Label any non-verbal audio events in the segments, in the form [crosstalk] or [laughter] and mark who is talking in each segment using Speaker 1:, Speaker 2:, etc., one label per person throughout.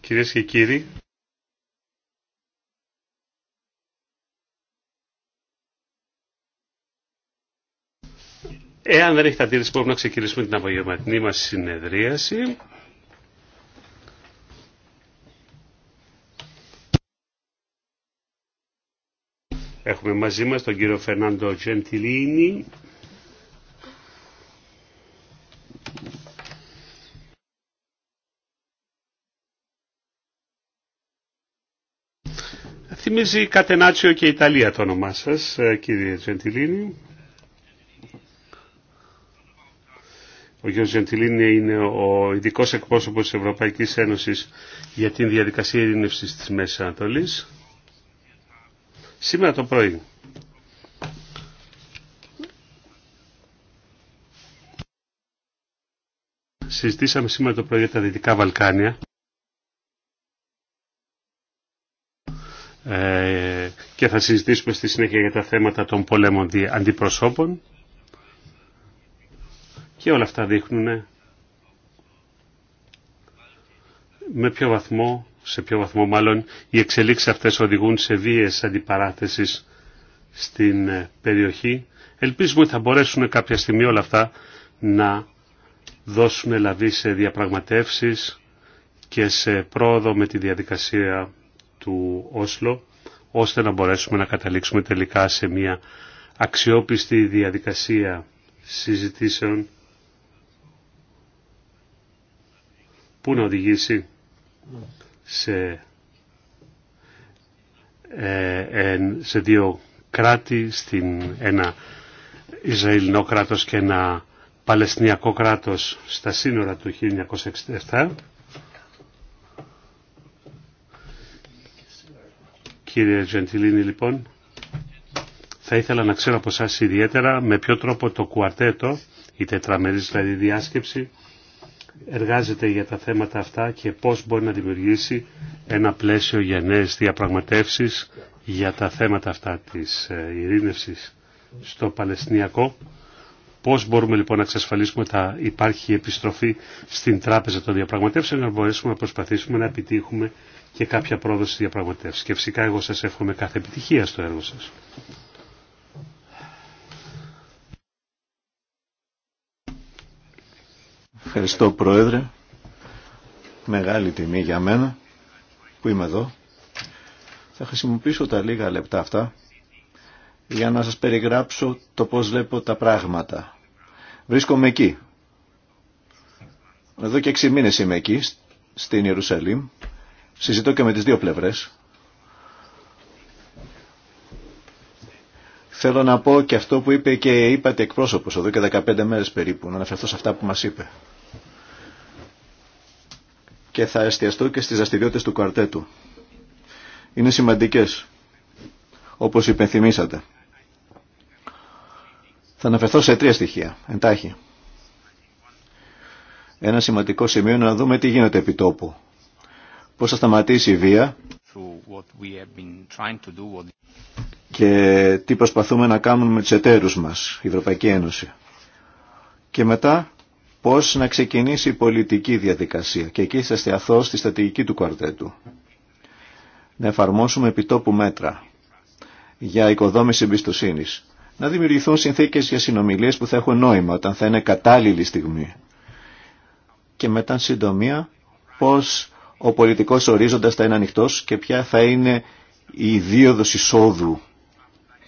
Speaker 1: Κυρίες και κύριοι, εάν δεν έχετε αντίρρηση μπορούμε να ξεκινήσουμε την απογευματινή μας συνεδρίαση. Έχουμε μαζί μας τον κύριο Φερνάντο Τζεντιλίνη, Θυμίζει Κατενάτσιο και Ιταλία το όνομά σας, ε, κύριε Τζεντιλίνη. Ο κ. Τζεντιλίνη είναι ο ειδικό εκπρόσωπος της Ευρωπαϊκής Ένωσης για την διαδικασία ειρήνευσης της Μέσης Ανατολής. Σήμερα το πρωί. Συζητήσαμε σήμερα το πρωί για τα Δυτικά Βαλκάνια. Ε, και θα συζητήσουμε στη συνέχεια για τα θέματα των πολέμων αντιπροσώπων και όλα αυτά δείχνουν με ποιο βαθμό, σε ποιο βαθμό μάλλον οι εξελίξεις αυτές οδηγούν σε βίες αντιπαράθεσης στην ε, περιοχή. Ελπίζουμε ότι θα μπορέσουν κάποια στιγμή όλα αυτά να δώσουν λαβή σε διαπραγματεύσεις και σε πρόοδο με τη διαδικασία του Όσλο, ώστε να μπορέσουμε να καταλήξουμε τελικά σε μια αξιόπιστη διαδικασία συζητήσεων που να οδηγήσει σε, ε, ε, σε δύο κράτη, στην, ένα Ισραηλινό κράτος και ένα Παλαιστινιακό κράτος στα σύνορα του 1967 Κύριε Τζεντιλίνη, λοιπόν, θα ήθελα να ξέρω από εσά ιδιαίτερα με ποιο τρόπο το κουαρτέτο, η τετραμερής δηλαδή διάσκεψη, εργάζεται για τα θέματα αυτά και πώς μπορεί να δημιουργήσει ένα πλαίσιο για νέες διαπραγματεύσεις για τα θέματα αυτά της ε, ειρήνευσης στο Παλαιστινιακό. Πώς μπορούμε λοιπόν να εξασφαλίσουμε ότι υπάρχει επιστροφή στην Τράπεζα των Διαπραγματεύσεων για να μπορέσουμε να προσπαθήσουμε να επιτύχουμε και κάποια πρόοδο στι διαπραγματεύσεις. Και φυσικά εγώ σας εύχομαι κάθε επιτυχία στο έργο σας.
Speaker 2: Ευχαριστώ Πρόεδρε. Μεγάλη τιμή για μένα που είμαι εδώ. Θα χρησιμοποιήσω τα λίγα λεπτά αυτά για να σας περιγράψω το πώς βλέπω τα πράγματα. Βρίσκομαι εκεί. Εδώ και έξι μήνες είμαι εκεί, στην Ιερουσαλήμ, Συζητώ και με τις δύο πλευρές. Θέλω να πω και αυτό που είπε και είπατε εκπρόσωπος εδώ και 15 μέρες περίπου, να αναφερθώ σε αυτά που μας είπε. Και θα εστιαστώ και στις δραστηριότητε του κουαρτέτου. Είναι σημαντικές, όπως υπενθυμίσατε. Θα αναφερθώ σε τρία στοιχεία, εντάχει. Ένα σημαντικό σημείο είναι να δούμε τι γίνεται επί τόπου πώς θα σταματήσει η βία και τι προσπαθούμε να κάνουμε με τους εταίρους μας, η Ευρωπαϊκή Ένωση. Και μετά πώς να ξεκινήσει η πολιτική διαδικασία. Και εκεί θα εστιαθώ στη στρατηγική του κουαρτέτου. Να εφαρμόσουμε επιτόπου μέτρα για οικοδόμηση εμπιστοσύνη. Να δημιουργηθούν συνθήκες για συνομιλίες που θα έχουν νόημα όταν θα είναι κατάλληλη στιγμή. Και μετά συντομία πώς ο πολιτικός ορίζοντας θα είναι ανοιχτό και ποια θα είναι η δίωδος εισόδου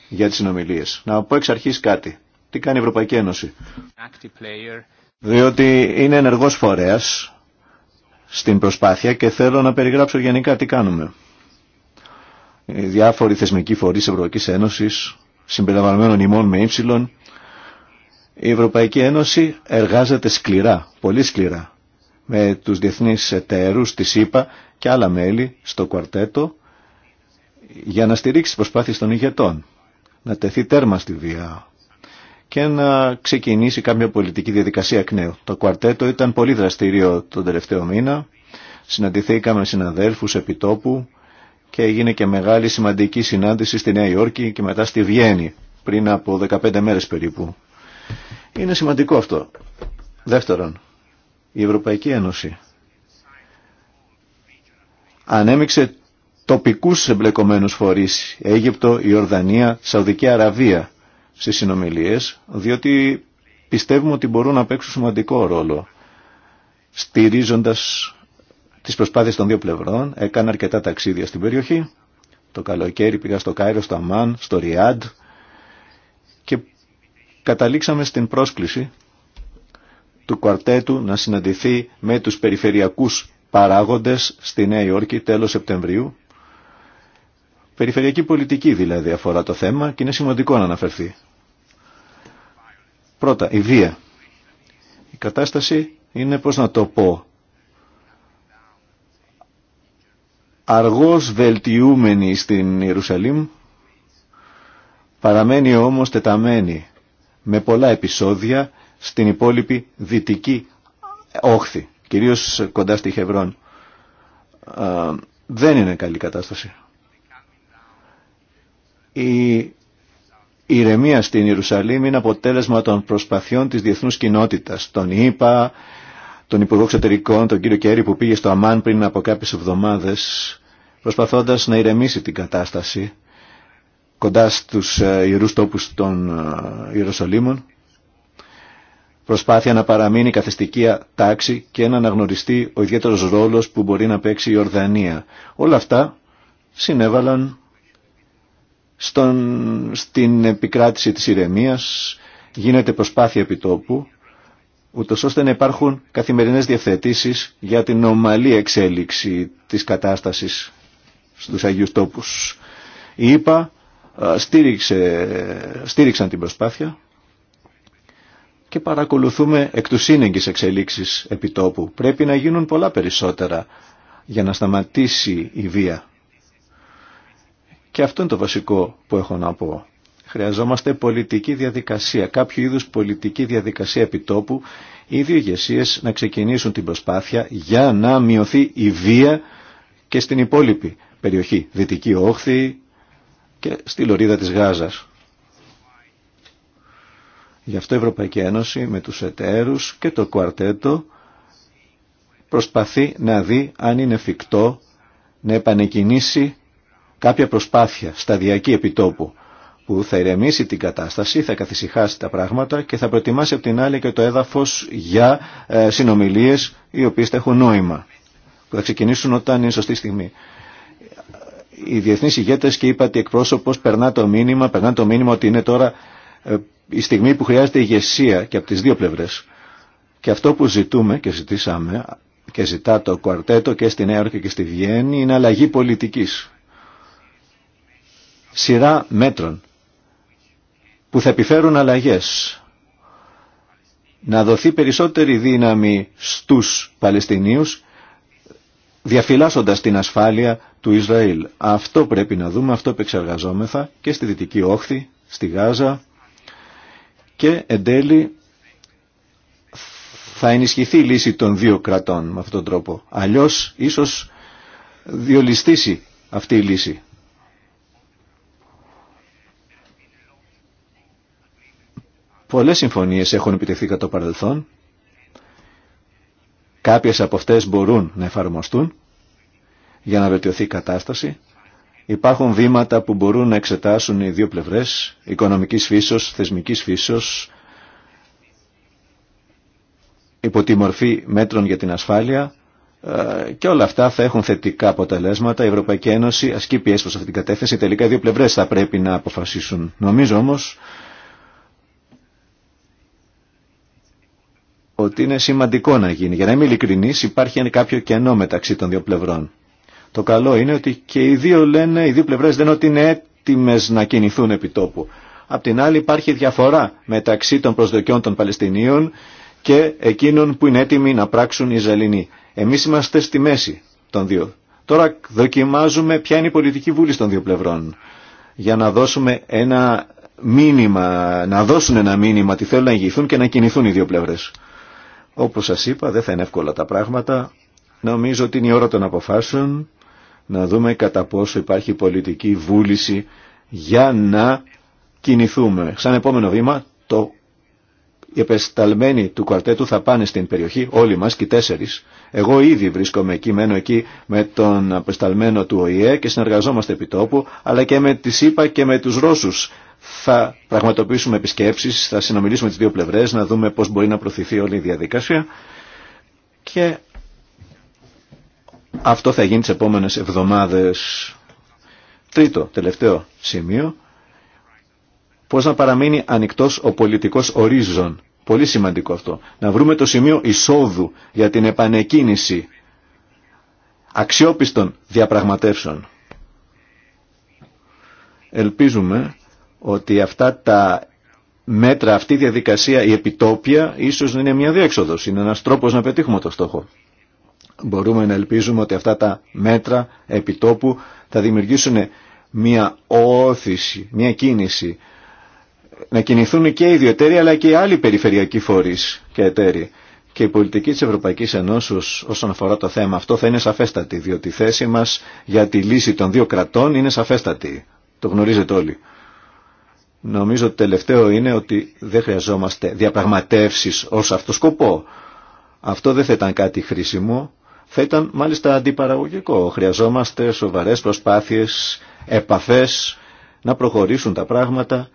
Speaker 2: για τις συνομιλίες. Να πω εξ αρχής κάτι. Τι κάνει η Ευρωπαϊκή Ένωση. Διότι είναι ενεργός φορέας στην προσπάθεια και θέλω να περιγράψω γενικά τι κάνουμε. Οι διάφοροι θεσμικοί φορείς Ευρωπαϊκής Ένωσης, συμπεριλαμβανομένων ημών με ύψιλον, η Ευρωπαϊκή Ένωση εργάζεται σκληρά, πολύ σκληρά, με τους διεθνείς εταίρους, τη ΣΥΠΑ και άλλα μέλη στο κουαρτέτο για να στηρίξει τις προσπάθειες των ηγετών, να τεθεί τέρμα στη βία και να ξεκινήσει κάποια πολιτική διαδικασία εκ νέου. Το κουαρτέτο ήταν πολύ δραστηριό τον τελευταίο μήνα, συναντηθήκαμε με συναδέλφους επιτόπου και έγινε και μεγάλη σημαντική συνάντηση στη Νέα Υόρκη και μετά στη Βιέννη πριν από 15 μέρες περίπου. Είναι σημαντικό αυτό. Δεύτερον, η Ευρωπαϊκή Ένωση ανέμειξε τοπικούς εμπλεκομένους φορείς Αίγυπτο, Ιορδανία, Σαουδική Αραβία στις συνομιλίες διότι πιστεύουμε ότι μπορούν να παίξουν σημαντικό ρόλο στηρίζοντας τις προσπάθειες των δύο πλευρών έκανα αρκετά ταξίδια στην περιοχή το καλοκαίρι πήγα στο Κάιρο, στο Αμάν, στο Ριάντ και καταλήξαμε στην πρόσκληση του Κουαρτέτου να συναντηθεί με τους περιφερειακούς παράγοντες στη Νέα Υόρκη τέλος Σεπτεμβρίου. Περιφερειακή πολιτική δηλαδή αφορά το θέμα και είναι σημαντικό να αναφερθεί. Πρώτα, η βία. Η κατάσταση είναι, πώς να το πω, αργώς βελτιούμενη στην Ιερουσαλήμ, παραμένει όμως τεταμένη με πολλά επεισόδια στην υπόλοιπη δυτική όχθη, κυρίως κοντά στη Χευρών. Δεν είναι καλή κατάσταση. Η ηρεμία στην Ιερουσαλήμ είναι αποτέλεσμα των προσπαθειών της διεθνούς κοινότητας, των ΙΠΑ, τον Υπουργό Εξωτερικών, τον κύριο Κέρι που πήγε στο Αμάν πριν από κάποιες εβδομάδες, προσπαθώντας να ηρεμήσει την κατάσταση κοντά στους ε, ιερούς τόπους των ε, Ιεροσολύμων προσπάθεια να παραμείνει καθεστική τάξη και να αναγνωριστεί ο ιδιαίτερος ρόλος που μπορεί να παίξει η Ορδανία. Όλα αυτά συνέβαλαν στον, στην επικράτηση της ηρεμίας, γίνεται προσπάθεια επιτόπου, ούτως ώστε να υπάρχουν καθημερινές διευθετήσεις για την ομαλή εξέλιξη της κατάστασης στους Αγίους Τόπους. Η ΕΠΑ στήριξε, στήριξαν την προσπάθεια και παρακολουθούμε εκ του σύνεγγης εξελίξεις επιτόπου. Πρέπει να γίνουν πολλά περισσότερα για να σταματήσει η βία. Και αυτό είναι το βασικό που έχω να πω. Χρειαζόμαστε πολιτική διαδικασία, κάποιο είδους πολιτική διαδικασία επιτόπου, οι δύο να ξεκινήσουν την προσπάθεια για να μειωθεί η βία και στην υπόλοιπη περιοχή, Δυτική Όχθη και στη Λωρίδα της Γάζας. Γι' αυτό η Ευρωπαϊκή Ένωση με τους εταίρους και το κουαρτέτο προσπαθεί να δει αν είναι εφικτό να επανεκκινήσει κάποια προσπάθεια σταδιακή επιτόπου που θα ηρεμήσει την κατάσταση, θα καθησυχάσει τα πράγματα και θα προετοιμάσει από την άλλη και το έδαφος για ε, συνομιλίες οι οποίες θα έχουν νόημα που θα ξεκινήσουν όταν είναι σωστή στιγμή. Οι διεθνείς ηγέτες και είπα ότι εκπρόσωπος περνά το μήνυμα, περνά το μήνυμα ότι είναι τώρα ε, η στιγμή που χρειάζεται ηγεσία και από τις δύο πλευρές. Και αυτό που ζητούμε και ζητήσαμε και ζητά το κουαρτέτο και στην Νέα και στη Βιέννη είναι αλλαγή πολιτικής. Σειρά μέτρων που θα επιφέρουν αλλαγές. Να δοθεί περισσότερη δύναμη στους Παλαιστινίους διαφυλάσσοντας την ασφάλεια του Ισραήλ. Αυτό πρέπει να δούμε, αυτό επεξεργαζόμεθα και στη Δυτική Όχθη, στη Γάζα, και εν τέλει θα ενισχυθεί η λύση των δύο κρατών με αυτόν τον τρόπο. Αλλιώς ίσως διολυστήσει αυτή η λύση. Πολλές συμφωνίες έχουν επιτευχθεί κατά το παρελθόν. Κάποιες από αυτές μπορούν να εφαρμοστούν για να βελτιωθεί η κατάσταση. Υπάρχουν βήματα που μπορούν να εξετάσουν οι δύο πλευρές, οικονομικής φύσεως, θεσμικής φύσεως, υπό τη μορφή μέτρων για την ασφάλεια ε, και όλα αυτά θα έχουν θετικά αποτελέσματα. Η Ευρωπαϊκή Ένωση ασκεί πιέσει προς αυτή την κατεύθυνση. Τελικά οι δύο πλευρές θα πρέπει να αποφασίσουν. Νομίζω όμως ότι είναι σημαντικό να γίνει. Για να είμαι ειλικρινής υπάρχει κάποιο κενό μεταξύ των δύο πλευρών. Το καλό είναι ότι και οι δύο, λένε, οι δύο πλευρές δεν ότι είναι έτοιμες να κινηθούν επί τόπου. Απ' την άλλη υπάρχει διαφορά μεταξύ των προσδοκιών των Παλαιστινίων και εκείνων που είναι έτοιμοι να πράξουν οι Ζαλινοί. Εμείς είμαστε στη μέση των δύο. Τώρα δοκιμάζουμε ποια είναι η πολιτική βούληση των δύο πλευρών για να δώσουμε ένα μήνυμα, να δώσουν ένα μήνυμα ότι θέλουν να ηγηθούν και να κινηθούν οι δύο πλευρές. Όπως σας είπα δεν θα είναι εύκολα τα πράγματα. Νομίζω ότι είναι η ώρα των αποφάσεων να δούμε κατά πόσο υπάρχει πολιτική βούληση για να κινηθούμε. Σαν επόμενο βήμα, το... οι επεσταλμένοι του κουαρτέτου θα πάνε στην περιοχή, όλοι μας και οι τέσσερις. Εγώ ήδη βρίσκομαι εκεί, μένω εκεί με τον επεσταλμένο του ΟΗΕ και συνεργαζόμαστε επί τόπου, αλλά και με τις ΗΠΑ και με τους Ρώσους. Θα πραγματοποιήσουμε επισκέψεις, θα συνομιλήσουμε τις δύο πλευρές, να δούμε πώς μπορεί να προωθηθεί όλη η διαδικασία και αυτό θα γίνει τις επόμενες εβδομάδες. Τρίτο, τελευταίο σημείο. Πώς να παραμείνει ανοιχτός ο πολιτικός ορίζον. Πολύ σημαντικό αυτό. Να βρούμε το σημείο εισόδου για την επανεκκίνηση αξιόπιστων διαπραγματεύσεων. Ελπίζουμε ότι αυτά τα μέτρα, αυτή η διαδικασία, η επιτόπια, ίσως είναι μια διέξοδος, είναι ένας τρόπος να πετύχουμε το στόχο μπορούμε να ελπίζουμε ότι αυτά τα μέτρα επιτόπου θα δημιουργήσουν μια όθηση, μια κίνηση. Να κινηθούν και οι ιδιωτέροι αλλά και οι άλλοι περιφερειακοί φορείς και εταίροι. Και η πολιτική της Ευρωπαϊκής Ενώσεω όσον αφορά το θέμα αυτό θα είναι σαφέστατη, διότι η θέση μας για τη λύση των δύο κρατών είναι σαφέστατη. Το γνωρίζετε όλοι. Νομίζω ότι τελευταίο είναι ότι δεν χρειαζόμαστε διαπραγματεύσεις ως αυτό σκοπό. Αυτό δεν θα ήταν κάτι χρήσιμο θα ήταν μάλιστα αντιπαραγωγικό. Χρειαζόμαστε σοβαρές προσπάθειες, επαφές, να προχωρήσουν τα πράγματα,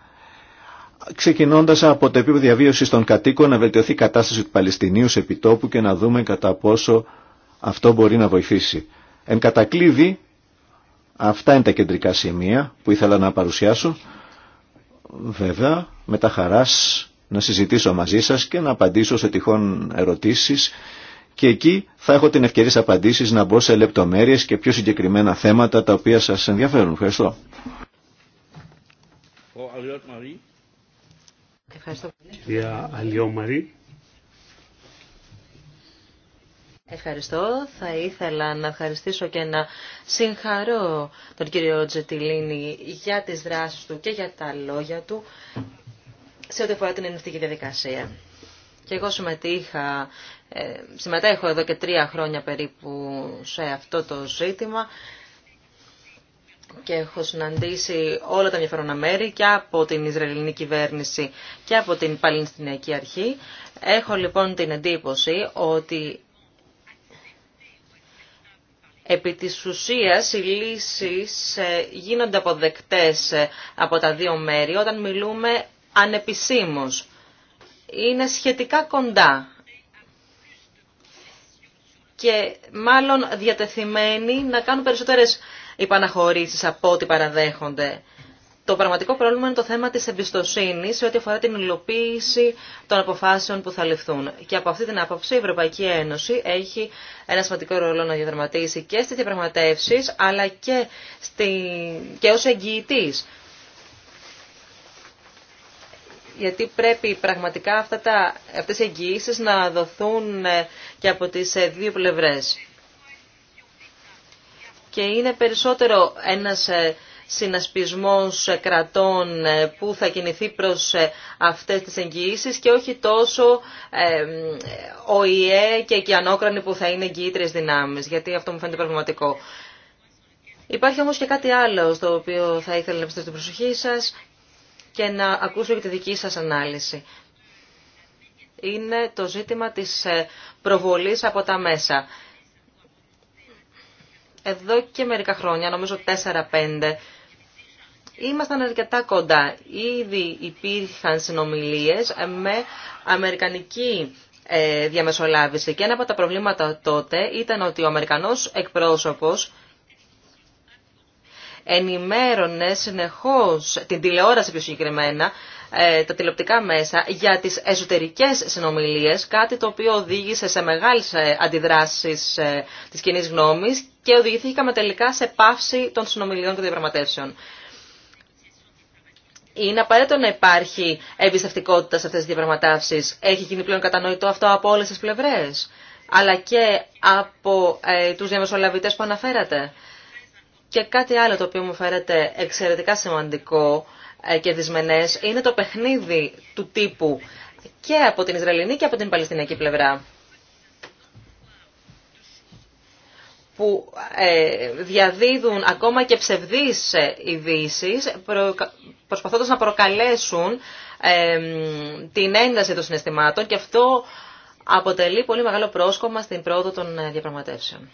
Speaker 2: ξεκινώντας από το επίπεδο διαβίωσης των κατοίκων να βελτιωθεί η κατάσταση του Παλαιστινίου σε επιτόπου και να δούμε κατά πόσο αυτό μπορεί να βοηθήσει. Εν κατακλείδη, αυτά είναι τα κεντρικά σημεία που ήθελα να παρουσιάσω. Βέβαια, με τα χαράς να συζητήσω μαζί σας και να απαντήσω σε τυχόν ερωτήσεις και εκεί θα έχω την ευκαιρία απαντήσεις να μπω σε λεπτομέρειες και πιο συγκεκριμένα θέματα τα οποία σας ενδιαφέρουν. Ευχαριστώ.
Speaker 3: Ευχαριστώ
Speaker 4: Ευχαριστώ. Θα ήθελα να ευχαριστήσω και να συγχαρώ τον κύριο Τζετιλίνη για τις δράσεις του και για τα λόγια του σε ό,τι αφορά την ενευτική διαδικασία. Και εγώ συμμετείχα ε, συμμετέχω εδώ και τρία χρόνια περίπου σε αυτό το ζήτημα και έχω συναντήσει όλα τα ενδιαφέροντα μέρη και από την Ισραηλινή κυβέρνηση και από την Παλαιστινιακή Αρχή. Έχω λοιπόν την εντύπωση ότι επί της ουσίας οι λύσεις ε, γίνονται αποδεκτές ε, από τα δύο μέρη όταν μιλούμε ανεπισήμως. Είναι σχετικά κοντά και μάλλον διατεθειμένοι να κάνουν περισσότερες υπαναχωρήσεις από ό,τι παραδέχονται. Το πραγματικό πρόβλημα είναι το θέμα της εμπιστοσύνης σε ό,τι αφορά την υλοποίηση των αποφάσεων που θα ληφθούν. Και από αυτή την άποψη η Ευρωπαϊκή Ένωση έχει ένα σημαντικό ρόλο να διαδραματίσει και στις διαπραγματεύσεις αλλά και, στη... και ως εγγυητής γιατί πρέπει πραγματικά αυτά τα, αυτές οι εγγυήσεις να δοθούν ε, και από τις ε, δύο πλευρές. Και είναι περισσότερο ένας ε, συνασπισμός κρατών που θα κινηθεί προς αυτές τις εγγυήσεις και όχι τόσο ο ΙΕ και οι ανόκρανοι που θα είναι εγγυήτριες δυνάμεις, γιατί αυτό μου φαίνεται πραγματικό. Υπάρχει όμως και κάτι άλλο στο οποίο θα ήθελα να πιστεύω την προσοχή σας και να ακούσω και τη δική σας ανάλυση. Είναι το ζήτημα της ε, προβολής από τα μέσα. Εδώ και μερικά χρόνια, νομίζω 4-5, ήμασταν αρκετά κοντά. Ήδη υπήρχαν συνομιλίες με αμερικανική ε, διαμεσολάβηση και ένα από τα προβλήματα τότε ήταν ότι ο Αμερικανός εκπρόσωπος ενημέρωνε συνεχώς την τηλεόραση πιο συγκεκριμένα, ε, τα τηλεοπτικά μέσα για τις εσωτερικές συνομιλίες, κάτι το οποίο οδήγησε σε μεγάλες ε, αντιδράσεις ε, της κοινή γνώμης και οδηγηθήκαμε τελικά σε πάυση των συνομιλιών και διαπραγματεύσεων. Είναι απαραίτητο να υπάρχει εμπιστευτικότητα σε αυτές τις διαπραγματεύσεις. Έχει γίνει πλέον κατανοητό αυτό από όλες τις πλευρές, αλλά και από ε, τους διαμεσολαβητές που αναφέρατε. Και κάτι άλλο το οποίο μου φαίνεται εξαιρετικά σημαντικό ε, και δυσμενές είναι το παιχνίδι του τύπου και από την Ισραηλινή και από την Παλαιστινιακή πλευρά. που ε, διαδίδουν ακόμα και ψευδείς ε, ειδήσει, προσπαθώντας να προκαλέσουν την ένταση των συναισθημάτων και αυτό αποτελεί πολύ μεγάλο πρόσκομα στην πρόοδο των διαπραγματεύσεων.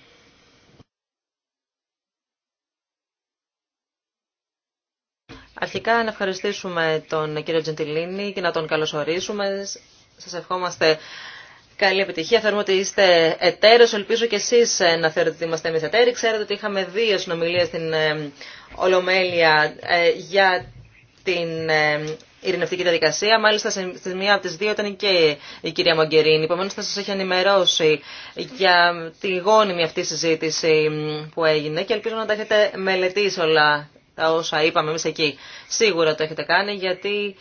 Speaker 4: Αρχικά να ευχαριστήσουμε τον κύριο Τζεντιλίνη και να τον καλωσορίσουμε. Σας ευχόμαστε καλή επιτυχία. Θεωρούμε ότι είστε εταίρος. Ελπίζω και εσείς ε, να θεωρείτε ότι είμαστε εμείς εταίροι. Ξέρετε ότι είχαμε δύο συνομιλίες στην ε, Ολομέλεια ε, για την ειρηνευτική διαδικασία. Μάλιστα, στη μία από τι δύο ήταν και η κυρία Μογκερίνη. Επομένω, θα σα έχει ενημερώσει για τη γόνιμη αυτή συζήτηση που έγινε και ελπίζω να τα έχετε μελετήσει όλα τα όσα είπαμε εμείς εκεί. Σίγουρα το έχετε κάνει γιατί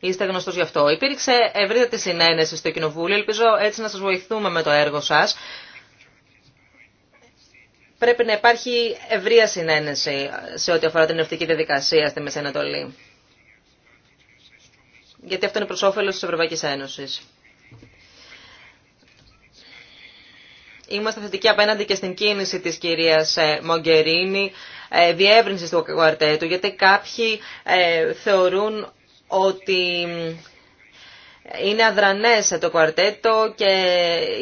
Speaker 4: είστε γνωστός γι' αυτό. Υπήρξε ευρύτατη συνένεση στο Κοινοβούλιο, ελπίζω έτσι να σας βοηθούμε με το έργο σας. Πρέπει να υπάρχει ευρεία συνένεση σε ό,τι αφορά την ευτική διαδικασία στη Μεσανατολή. Γιατί αυτό είναι προς όφελος της Ευρωπαϊκής Ένωσης. Είμαστε θετικοί απέναντι και στην κίνηση της κυρίας ε, Μογκερίνη, ε, διεύρυνση του κουαρτέτου, γιατί κάποιοι ε, θεωρούν ότι είναι αδρανές το κουαρτέτο και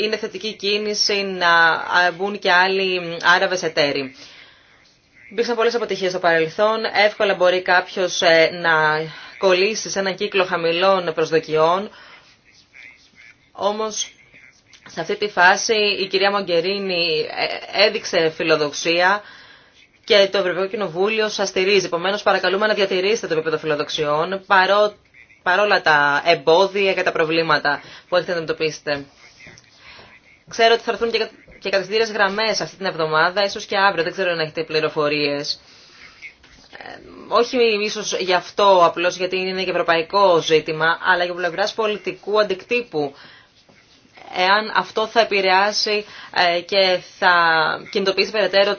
Speaker 4: είναι θετική κίνηση να μπουν και άλλοι Άραβες εταίροι. Υπήρξαν πολλές αποτυχίες στο παρελθόν. Εύκολα μπορεί κάποιος να κολλήσει σε έναν κύκλο χαμηλών προσδοκιών. Όμως σε αυτή τη φάση η κυρία Μογκερίνη ε, έδειξε φιλοδοξία και το Ευρωπαϊκό Κοινοβούλιο σας στηρίζει. Επομένως παρακαλούμε να διατηρήσετε το επίπεδο φιλοδοξιών παρό, παρόλα τα εμπόδια και τα προβλήματα που έχετε να αντιμετωπίσετε. Ξέρω ότι θα έρθουν και, και κατευθυντήρες γραμμές αυτή την εβδομάδα, ίσως και αύριο, δεν ξέρω αν έχετε πληροφορίες. Ε, όχι ίσως γι' αυτό απλώς γιατί είναι και ευρωπαϊκό ζήτημα, αλλά για πλευρά πολιτικού αντικτύπου εάν αυτό θα επηρεάσει ε, και θα κινητοποιήσει περαιτέρω ε,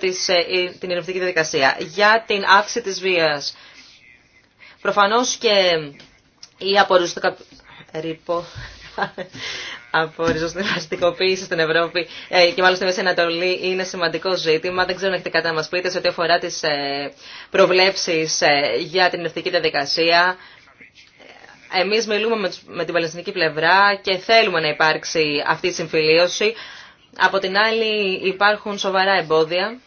Speaker 4: την ειρηνευτική διαδικασία. Για την αύξηση της βίας. Προφανώς και η αποριστοκα... Ρίπο... [laughs] στην Ευρώπη ε, και μάλιστα μέσα Μέση Ανατολή είναι σημαντικό ζήτημα. Δεν ξέρω αν έχετε κατά να μα πείτε σε ό,τι αφορά τι προβλέψει για την ειρηνευτική διαδικασία. Εμείς μιλούμε με την Παλαιστινική πλευρά και θέλουμε να υπάρξει αυτή η συμφιλίωση. Από την άλλη υπάρχουν σοβαρά εμπόδια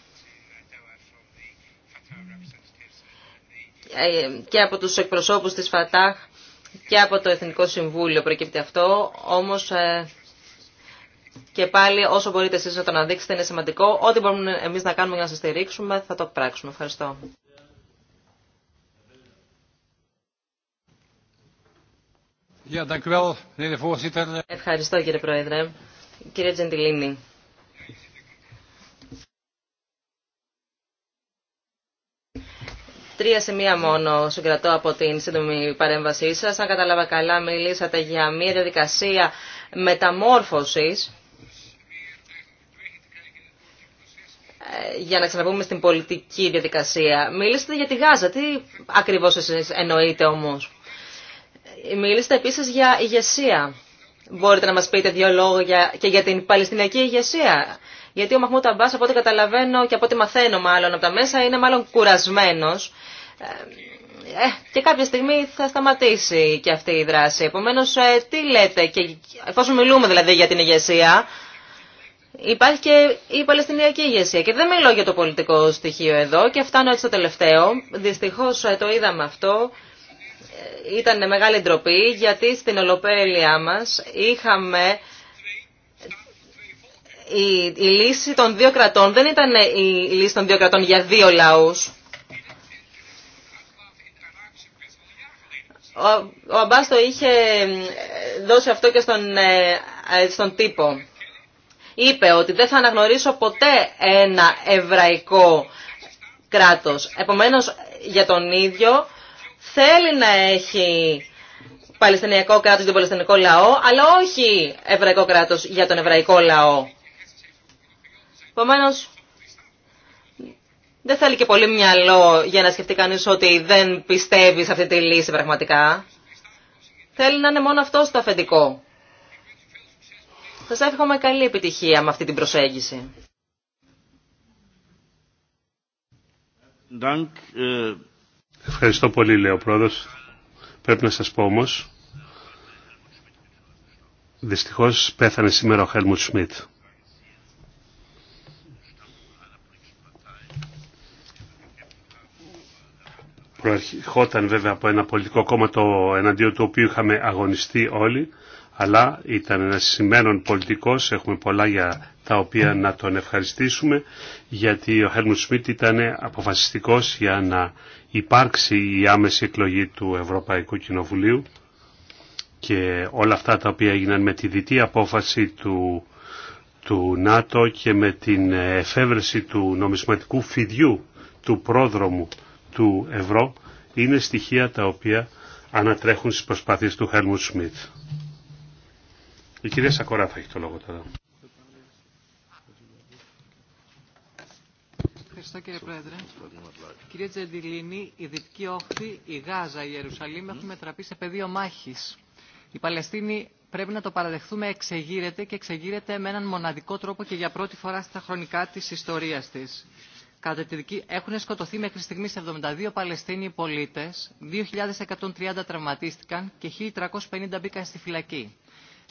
Speaker 4: ε, και από τους εκπροσώπους της ΦΑΤΑΧ και από το Εθνικό Συμβούλιο προκύπτει αυτό, όμως ε, και πάλι όσο μπορείτε εσείς να το αναδείξετε είναι σημαντικό. Ό,τι μπορούμε εμείς να κάνουμε για να σας στηρίξουμε θα το πράξουμε. Ευχαριστώ. Ευχαριστώ κύριε Πρόεδρε. Κύριε Τζεντιλίνη. Τρία σημεία μόνο συγκρατώ από την σύντομη παρέμβασή σας. Αν κατάλαβα καλά μιλήσατε για μια διαδικασία μεταμόρφωσης ε, για να ξαναπούμε στην πολιτική διαδικασία. Μίλησατε για τη Γάζα. Τι ακριβώς εσείς εννοείτε όμως. Μιλήσατε επίσης για ηγεσία. Μπορείτε να μας πείτε δύο λόγια και για την Παλαιστινιακή ηγεσία. Γιατί ο Μαχμούτα Αμπάς, από ό,τι καταλαβαίνω και από ό,τι μαθαίνω μάλλον από τα μέσα, είναι μάλλον κουρασμένος. Ε, ε και κάποια στιγμή θα σταματήσει και αυτή η δράση. Επομένως, ε, τι λέτε, και, εφόσον μιλούμε δηλαδή για την ηγεσία, υπάρχει και η Παλαιστινιακή ηγεσία. Και δεν μιλώ για το πολιτικό στοιχείο εδώ και φτάνω έτσι στο τελευταίο. Δυστυχώς ε, το είδαμε αυτό ήταν μεγάλη ντροπή γιατί στην ολοπέλειά μας είχαμε η, λύση των δύο κρατών δεν ήταν η λύση των δύο κρατών για δύο λαούς. Ο, ο είχε δώσει αυτό και στον, ε, ε, στον τύπο. Είπε ότι δεν θα αναγνωρίσω ποτέ ένα εβραϊκό κράτος. Επομένως, για τον ίδιο θέλει να έχει Παλαιστινιακό κράτος για τον Παλαιστινικό λαό, αλλά όχι Εβραϊκό κράτος για τον Εβραϊκό λαό. Επομένω, δεν θέλει και πολύ μυαλό για να σκεφτεί κανείς ότι δεν πιστεύει σε αυτή τη λύση πραγματικά. Θέλει να είναι μόνο αυτό το αφεντικό. Σας εύχομαι καλή επιτυχία με αυτή την προσέγγιση.
Speaker 3: Ε,
Speaker 1: Ευχαριστώ πολύ, λέει ο πρόεδρος. Πρέπει να σας πω όμως, δυστυχώς πέθανε σήμερα ο Χέλμουτ Σμιτ. Προερχόταν βέβαια από ένα πολιτικό κόμμα το εναντίον του οποίου είχαμε αγωνιστεί όλοι, αλλά ήταν ένας σημαίνων πολιτικός, έχουμε πολλά για τα οποία να τον ευχαριστήσουμε, γιατί ο Χέλμουτ Σμιτ ήταν αποφασιστικός για να υπάρξει η άμεση εκλογή του Ευρωπαϊκού Κοινοβουλίου και όλα αυτά τα οποία έγιναν με τη δυτή απόφαση του, του ΝΑΤΟ και με την εφεύρεση του νομισματικού φιδιού του πρόδρομου του ευρώ είναι στοιχεία τα οποία ανατρέχουν στις προσπάθειες του Χέρμου Σμιτ. Η κυρία Σακορά θα έχει το λόγο τώρα.
Speaker 5: Ευχαριστώ κύριε Πρόεδρε. Κύριε Τζεντιλίνη, η Δυτική Όχθη, η Γάζα, η Ιερουσαλήμ έχουν μετραπεί σε πεδίο μάχη. Η Παλαιστίνη πρέπει να το παραδεχθούμε εξεγείρεται και εξεγείρεται με έναν μοναδικό τρόπο και για πρώτη φορά στα χρονικά τη ιστορία τη. τη δική, έχουν σκοτωθεί μέχρι στιγμή 72 Παλαιστίνοι πολίτε, 2.130 τραυματίστηκαν και 1.350 μπήκαν στη φυλακή.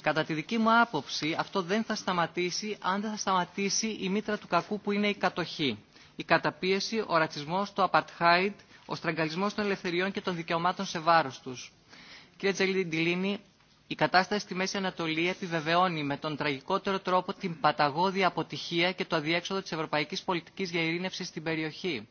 Speaker 5: Κατά τη δική μου άποψη, αυτό δεν θα σταματήσει αν δεν θα σταματήσει η μήτρα του κακού που είναι η κατοχή η καταπίεση, ο ρατσισμός, το apartheid, ο στραγγαλισμός των ελευθεριών και των δικαιωμάτων σε βάρος τους. Κύριε Τζελίδη Ντιλίνη, η κατάσταση στη Μέση Ανατολή επιβεβαιώνει με τον τραγικότερο τρόπο την παταγώδη αποτυχία και το αδιέξοδο της ευρωπαϊκής πολιτικής για ειρήνευση στην περιοχή.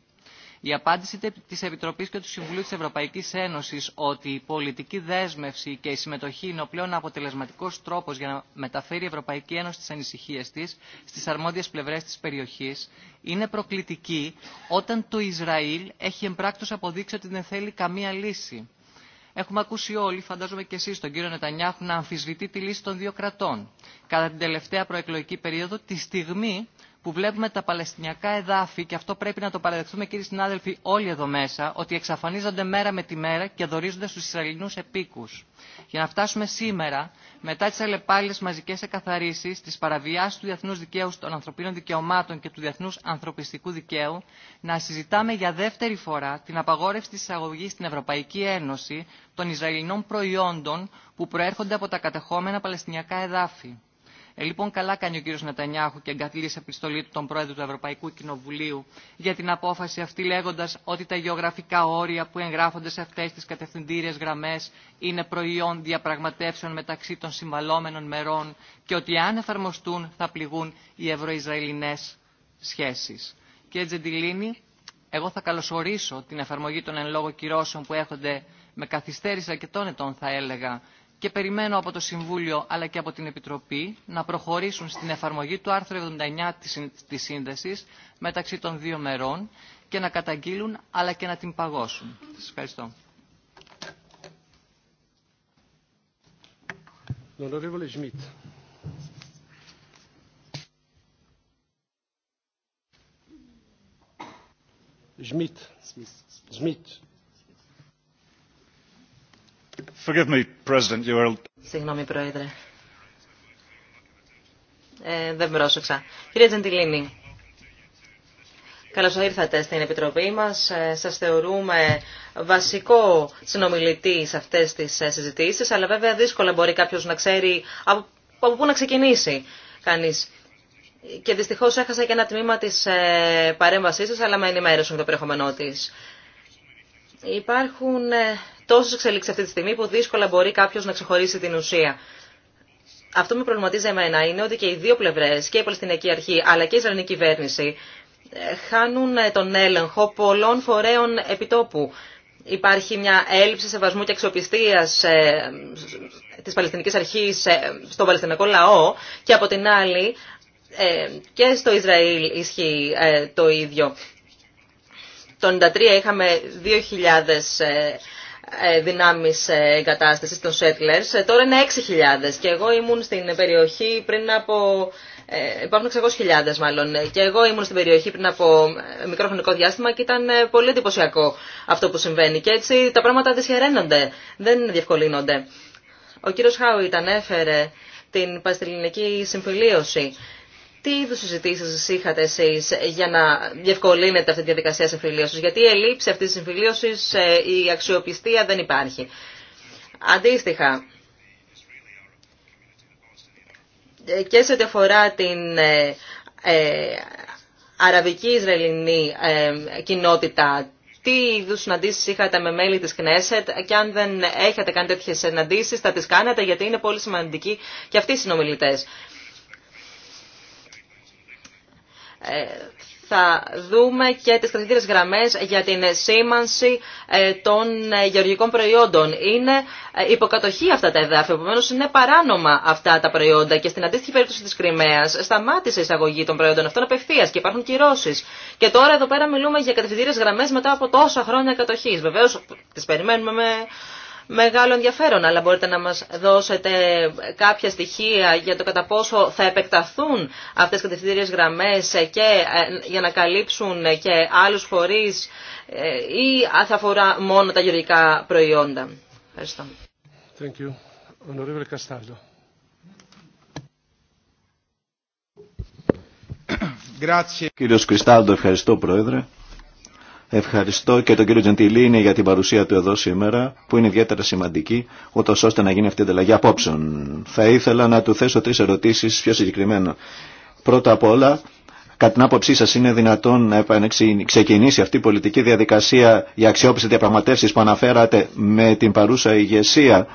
Speaker 5: Η απάντηση τη Επιτροπή και του Συμβουλίου τη Ευρωπαϊκή Ένωση, ότι η πολιτική δέσμευση και η συμμετοχή είναι ο πλέον αποτελεσματικό τρόπο για να μεταφέρει η Ευρωπαϊκή Ένωση τι ανησυχίες τη, στι αρμόδιες πλευρέ τη περιοχή, είναι προκλητική όταν το Ισραήλ έχει εμπράκτως αποδείξει ότι δεν θέλει καμία λύση. Έχουμε ακούσει όλοι, φαντάζομαι και εσεί, τον κύριο Νετανιάχου να αμφισβητεί τη λύση των δύο κρατών. Κατά την τελευταία προεκλογική περίοδο, τη στιγμή που βλέπουμε τα παλαιστινιακά εδάφη, και αυτό πρέπει να το παραδεχθούμε κύριοι συνάδελφοι όλοι εδώ μέσα, ότι εξαφανίζονται μέρα με τη μέρα και δορίζονται στους Ισραηλινούς επίκους. Για να φτάσουμε σήμερα, μετά τις αλλεπάλληλες μαζικές εκαθαρίσεις, τις παραβιάσεις του διεθνούς δικαίου των ανθρωπίνων δικαιωμάτων και του διεθνούς ανθρωπιστικού δικαίου, να συζητάμε για δεύτερη φορά την απαγόρευση της εισαγωγής στην Ευρωπαϊκή Ένωση των Ισραηλινών προϊόντων που προέρχονται από τα κατεχόμενα παλαιστινιακά εδάφη. Ε, λοιπόν, καλά κάνει ο κύριο Νετανιάχου και εγκαθίδει σε επιστολή του τον πρόεδρο του Ευρωπαϊκού Κοινοβουλίου για την απόφαση αυτή, λέγοντα ότι τα γεωγραφικά όρια που εγγράφονται σε αυτέ τι κατευθυντήριε γραμμέ είναι προϊόν διαπραγματεύσεων μεταξύ των συμβαλόμενων μερών και ότι αν εφαρμοστούν θα πληγούν οι ευρωισραηλινέ σχέσει. Κύριε Τζεντιλίνη, εγώ θα καλωσορίσω την εφαρμογή των εν λόγω κυρώσεων που έρχονται με καθυστέρηση αρκετών ετών, θα έλεγα, και περιμένω από το Συμβούλιο αλλά και από την Επιτροπή να προχωρήσουν στην εφαρμογή του άρθρου 79 της Σύνδεσης μεταξύ των δύο μερών και να καταγγείλουν αλλά και να την παγώσουν. Σας ευχαριστώ.
Speaker 1: Schmidt. Schmidt.
Speaker 4: Συγγνώμη, Πρόεδρε. Ε, δεν πρόσεξα. Κύριε Τζεντιλίνη, καλώς ήρθατε στην Επιτροπή μας. Ε, σας θεωρούμε βασικό συνομιλητή σε αυτές τις ε, συζητήσεις, αλλά βέβαια δύσκολα μπορεί κάποιος να ξέρει από, πού να ξεκινήσει κανείς. Και δυστυχώς έχασα και ένα τμήμα της ε, παρέμβασής σας, αλλά με ενημέρωσαν το περιεχόμενό της. Υπάρχουν τόσε εξελίξει αυτή τη στιγμή που δύσκολα μπορεί κάποιο να ξεχωρίσει την ουσία. Αυτό που με προβληματίζει εμένα είναι ότι και οι δύο πλευρέ, και η Παλαιστινιακή Αρχή αλλά και η Ισραηλινή κυβέρνηση, ε, χάνουν ε, τον έλεγχο πολλών φορέων επιτόπου. Υπάρχει μια έλλειψη σεβασμού και αξιοπιστία ε, τη Παλαιστινική Αρχή στον Παλαιστινιακό λαό και από την άλλη και στο Ισραήλ ισχύει το ίδιο. Το 1993 είχαμε 2.000 ε, δυνάμει ε, εγκατάσταση των settlers. Ε, τώρα είναι 6.000 και εγώ ήμουν στην περιοχή πριν από. Ε, υπάρχουν 600.000 μάλλον. Και εγώ ήμουν στην περιοχή πριν από μικρό χρονικό διάστημα και ήταν πολύ εντυπωσιακό αυτό που συμβαίνει. Και έτσι τα πράγματα δυσχεραίνονται, δεν διευκολύνονται. Ο κύριο Χάουιτ ανέφερε την παστιλινική συμφιλίωση τι είδου συζητήσει είχατε εσεί για να διευκολύνετε αυτή τη διαδικασία συμφιλίωση, Γιατί η ελλείψη αυτή τη συμφιλίωση, ε, η αξιοπιστία δεν υπάρχει. Αντίστοιχα, ε, και σε ό,τι αφορά την ε, αραβική-ισραηλινή κοινότητα, τι είδου συναντήσει είχατε με μέλη τη Κνέσετ και αν δεν έχετε κάνει τέτοιε συναντήσει, θα τι κάνετε γιατί είναι πολύ σημαντικοί και αυτοί οι συνομιλητέ. Ε, θα δούμε και τις καθηγητήρες γραμμές για την σήμανση ε, των ε, γεωργικών προϊόντων. Είναι υποκατοχή αυτά τα εδάφη, επομένως είναι παράνομα αυτά τα προϊόντα και στην αντίστοιχη περίπτωση της Κρυμαίας σταμάτησε η εισαγωγή των προϊόντων αυτών απευθεία και υπάρχουν κυρώσει. Και τώρα εδώ πέρα μιλούμε για κατευθυντήρες γραμμές μετά από τόσα χρόνια κατοχής. Βεβαίως τις περιμένουμε με μεγάλο ενδιαφέρον, αλλά μπορείτε να μας δώσετε κάποια στοιχεία για το κατά πόσο θα επεκταθούν αυτές οι κατευθυντήριες γραμμές και ε, για να καλύψουν και άλλους φορείς ε, ή θα αφορά μόνο τα γεωργικά προϊόντα. Ευχαριστώ. Thank you.
Speaker 2: Κύριος Κρυστάλτο, ευχαριστώ Πρόεδρε. Ευχαριστώ και τον κύριο Τζεντιλίνη για την παρουσία του εδώ σήμερα, που είναι ιδιαίτερα σημαντική, ούτω ώστε να γίνει αυτή η ανταλλαγή απόψεων. Θα ήθελα να του θέσω τρει ερωτήσει πιο συγκεκριμένα. Πρώτα απ' όλα, κατά την άποψή σα, είναι δυνατόν να ξεκινήσει αυτή η πολιτική διαδικασία για αξιοπιστή διαπραγματεύσει που αναφέρατε με την παρούσα ηγεσία,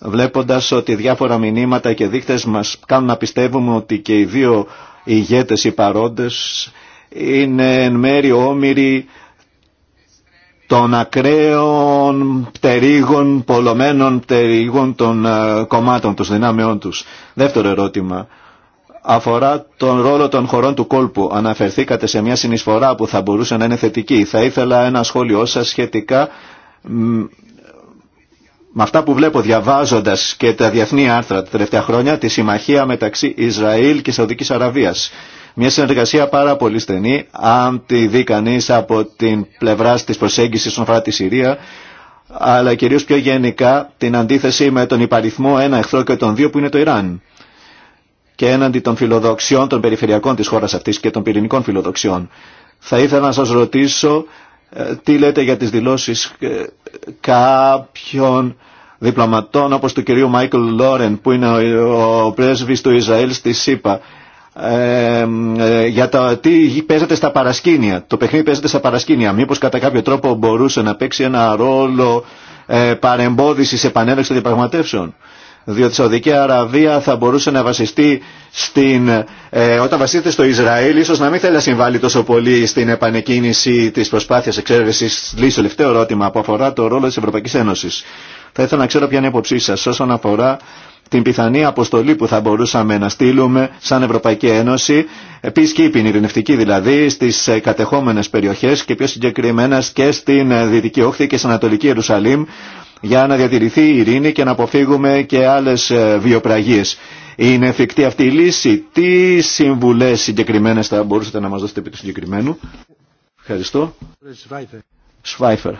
Speaker 2: βλέποντα ότι διάφορα μηνύματα και δείκτε μα κάνουν να πιστεύουμε ότι και οι δύο ηγέτε, οι παρόντε, είναι εν μέρει όμοιροι των ακραίων πτερίγων, πολλωμένων πτερίγων των ε, κομμάτων τους, δυνάμεών τους. Δεύτερο ερώτημα αφορά τον ρόλο των χωρών του κόλπου. Αναφερθήκατε σε μια συνεισφορά που θα μπορούσε να είναι θετική. Θα ήθελα ένα σχόλιο σας σχετικά με αυτά που βλέπω διαβάζοντας και τα διεθνή άρθρα τα τελευταία χρόνια, τη συμμαχία μεταξύ Ισραήλ και Σαουδικής Αραβίας. Μια συνεργασία πάρα πολύ στενή, αν τη δει κανεί από την πλευρά τη προσέγγιση όσον αφορά τη Συρία, αλλά κυρίω πιο γενικά την αντίθεση με τον υπαριθμό ένα εχθρό και τον δύο που είναι το Ιράν. Και έναντι των φιλοδοξιών των περιφερειακών τη χώρα αυτή και των πυρηνικών φιλοδοξιών. Θα ήθελα να σα ρωτήσω ε, τι λέτε για τις δηλώσεις ε, κάποιων διπλωματών όπως του κυρίου Μάικλ Λόρεν που είναι ο πρέσβης του Ισραήλ στη ΣΥΠΑ ε, για το τι παίζεται στα παρασκήνια. Το παιχνίδι παίζεται στα παρασκήνια. Μήπως κατά κάποιο τρόπο μπορούσε να παίξει ένα ρόλο ε, παρεμπόδιση επανέλεξη των διαπραγματεύσεων διότι η Σαουδική Αραβία θα μπορούσε να βασιστεί στην, ε, όταν βασίζεται στο Ισραήλ, ίσως να μην θέλει να συμβάλλει τόσο πολύ στην επανεκκίνηση της προσπάθειας εξέρευσης λύσης. Τελευταίο ερώτημα που αφορά το ρόλο της Ευρωπαϊκής Ένωσης. Θα ήθελα να ξέρω ποια είναι η υποψή σα όσον αφορά την πιθανή αποστολή που θα μπορούσαμε να στείλουμε σαν Ευρωπαϊκή Ένωση, peacekeeping, ε, ειρηνευτική δηλαδή, στι ε, κατεχόμενες περιοχές και πιο συγκεκριμένα και στην Δυτική Όχθη και στην Ανατολική Ιερουσαλήμ, για να διατηρηθεί η ειρήνη και να αποφύγουμε και άλλες ε, βιοπραγίες. Είναι εφικτή αυτή η λύση. Τι συμβουλές συγκεκριμένες θα μπορούσατε να μας δώσετε επί του συγκεκριμένου. Ευχαριστώ. Σφάιφερ.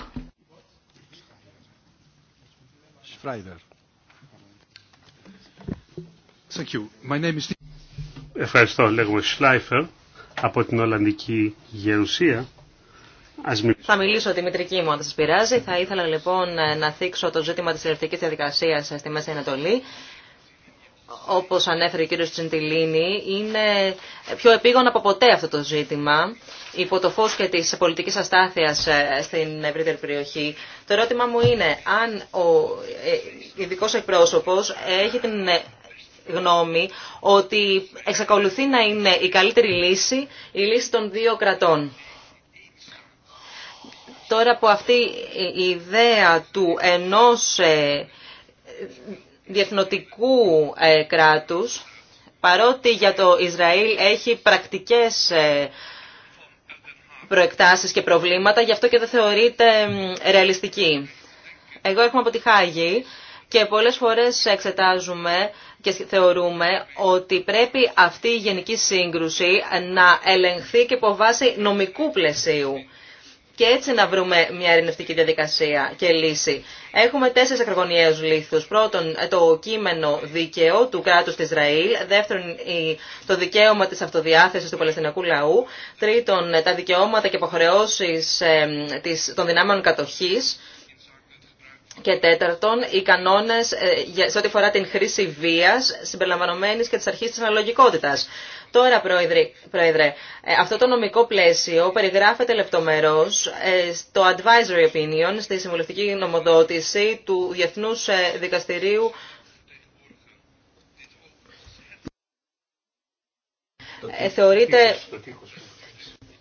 Speaker 1: Ευχαριστώ. Λέγομαι Σλάιφερ από την Ολλανδική Γερουσία.
Speaker 4: Θα μιλήσω τη μητρική μου, αν σα πειράζει. Θα ήθελα λοιπόν ε, να θίξω το ζήτημα τη ελευθερικής Διαδικασία ε, στη Μέση Ανατολή. όπω ανέφερε ο κύριο Τσιντιλίνη, είναι πιο επίγον από ποτέ αυτό το ζήτημα, υπό το φως και της πολιτικής αστάθειας ε, στην ευρύτερη περιοχή. Το ερώτημα μου είναι αν ο ειδικό εκπρόσωπος έχει την γνώμη ότι εξακολουθεί να είναι η καλύτερη λύση η λύση των δύο κρατών τώρα που αυτή η ιδέα του ενός ε, διεθνοτικού ε, κράτους, παρότι για το Ισραήλ έχει πρακτικές ε, προεκτάσεις και προβλήματα, γι' αυτό και δεν θεωρείται ρεαλιστική. Εγώ έρχομαι από τη Χάγη και πολλές φορές εξετάζουμε και θεωρούμε ότι πρέπει αυτή η γενική σύγκρουση να ελεγχθεί και από βάση νομικού πλαισίου και έτσι να βρούμε μια ειρηνευτική διαδικασία και λύση. Έχουμε τέσσερι ακρογωνιαίου λήθους. Πρώτον, το κείμενο δίκαιο του κράτους τη Ισραήλ. Δεύτερον, το δικαίωμα της αυτοδιάθεσης του Παλαιστινιακού λαού. Τρίτον, τα δικαιώματα και υποχρεώσει των δυνάμεων κατοχής. Και τέταρτον, οι κανόνε ε, σε ό,τι αφορά την χρήση βία, συμπεριλαμβανομένη και τη αρχή τη αναλογικότητα. Τώρα, Πρόεδρε, ε, αυτό το νομικό πλαίσιο περιγράφεται λεπτομερώς ε, στο Advisory Opinion, στη συμβουλευτική νομοδότηση του Διεθνούς ε, Δικαστηρίου θεωρείται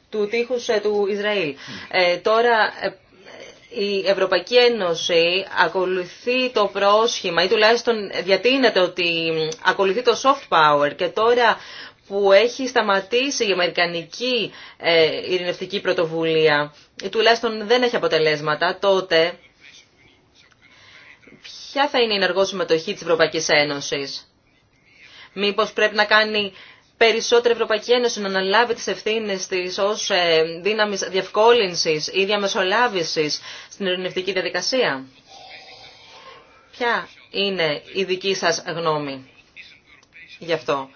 Speaker 4: του τείχους του Ισραήλ. τώρα η Ευρωπαϊκή Ένωση ακολουθεί το πρόσχημα ή τουλάχιστον διατείνεται ότι ακολουθεί το soft power και τώρα που έχει σταματήσει η Αμερικανική ε, ειρηνευτική πρωτοβουλία ή τουλάχιστον δεν έχει αποτελέσματα, τότε ποια θα είναι η ενεργό συμμετοχή της Ευρωπαϊκής Ένωσης. Μήπως πρέπει να κάνει περισσότερη Ευρωπαϊκή Ένωση να αναλάβει τις ευθύνες της ως ε, δύναμη διευκόλυνσης ή διαμεσολάβησης στην ειρηνευτική διαδικασία. Ποια είναι η δική σας γνώμη γι' αυτό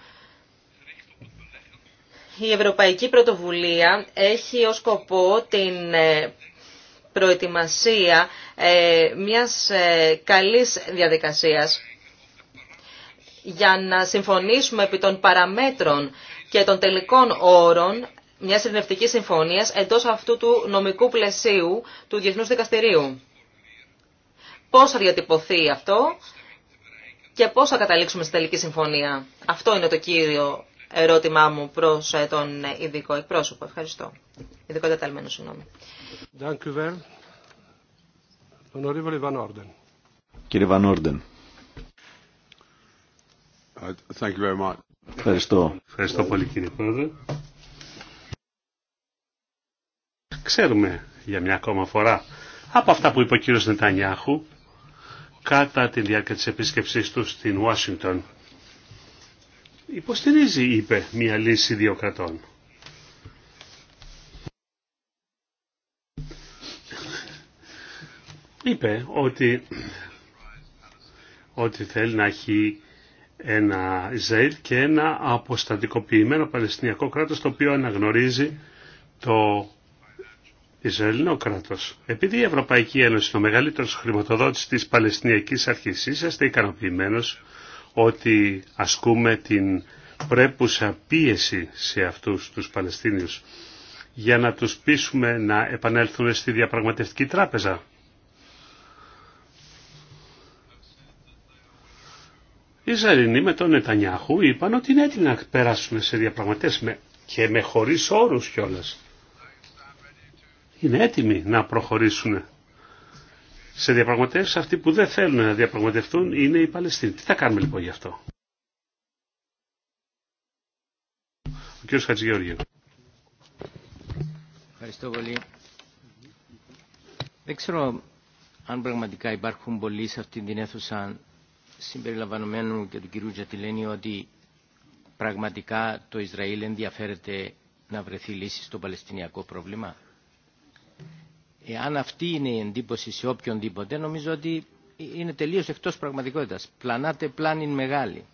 Speaker 4: η Ευρωπαϊκή Πρωτοβουλία έχει ως σκοπό την ε, προετοιμασία ε, μιας ε, καλής διαδικασίας για να συμφωνήσουμε επί των παραμέτρων και των τελικών όρων μιας ειρηνευτικής συμφωνίας εντός αυτού του νομικού πλαισίου του Διεθνούς Δικαστηρίου. Πώς θα διατυπωθεί αυτό και πώς θα καταλήξουμε στη τελική συμφωνία. Αυτό είναι το κύριο ερώτημά μου προ ε, τον ειδικό εκπρόσωπο. Ευχαριστώ. Ειδικό εντεταλμένο, συγγνώμη.
Speaker 2: Κύριε Βανόρντεν.
Speaker 1: Uh, Ευχαριστώ. Ευχαριστώ πολύ κύριε Πρόεδρε. Ξέρουμε για μια ακόμα φορά από αυτά που είπε ο κύριος Νετανιάχου κατά τη διάρκεια της επίσκεψής του στην Ουάσιγκτον υποστηρίζει, είπε, μια λύση δύο κρατών. Είπε ότι, ότι θέλει να έχει ένα Ισραήλ και ένα αποστατικοποιημένο Παλαιστινιακό κράτος το οποίο αναγνωρίζει το Ισραηλινό κράτος. Επειδή η Ευρωπαϊκή Ένωση είναι ο μεγαλύτερος χρηματοδότης της Παλαιστινιακής Αρχής, είσαστε ικανοποιημένος ότι ασκούμε την πρέπουσα πίεση σε αυτούς τους Παλαιστίνιους για να τους πείσουμε να επανέλθουν στη διαπραγματευτική τράπεζα. Οι Ζαρινοί με τον Νετανιάχου είπαν ότι είναι έτοιμοι να περάσουν σε διαπραγματεύσεις και με χωρίς όρους κιόλας. Είναι έτοιμοι να προχωρήσουν σε διαπραγματεύσεις αυτοί που δεν θέλουν να διαπραγματευτούν είναι οι Παλαιστίνοι. Τι θα κάνουμε λοιπόν γι' αυτό. Ο κ. Χατζηγεωργίου.
Speaker 6: Ευχαριστώ πολύ. Δεν ξέρω αν πραγματικά υπάρχουν πολλοί σε αυτή την αίθουσα συμπεριλαμβανομένου και του κ. Τζατιλένη ότι πραγματικά το Ισραήλ ενδιαφέρεται να βρεθεί λύση στο Παλαιστινιακό πρόβλημα εάν αυτή είναι η εντύπωση σε οποιονδήποτε, νομίζω ότι είναι τελείως εκτός πραγματικότητας. Πλανάτε πλάνην μεγάλη.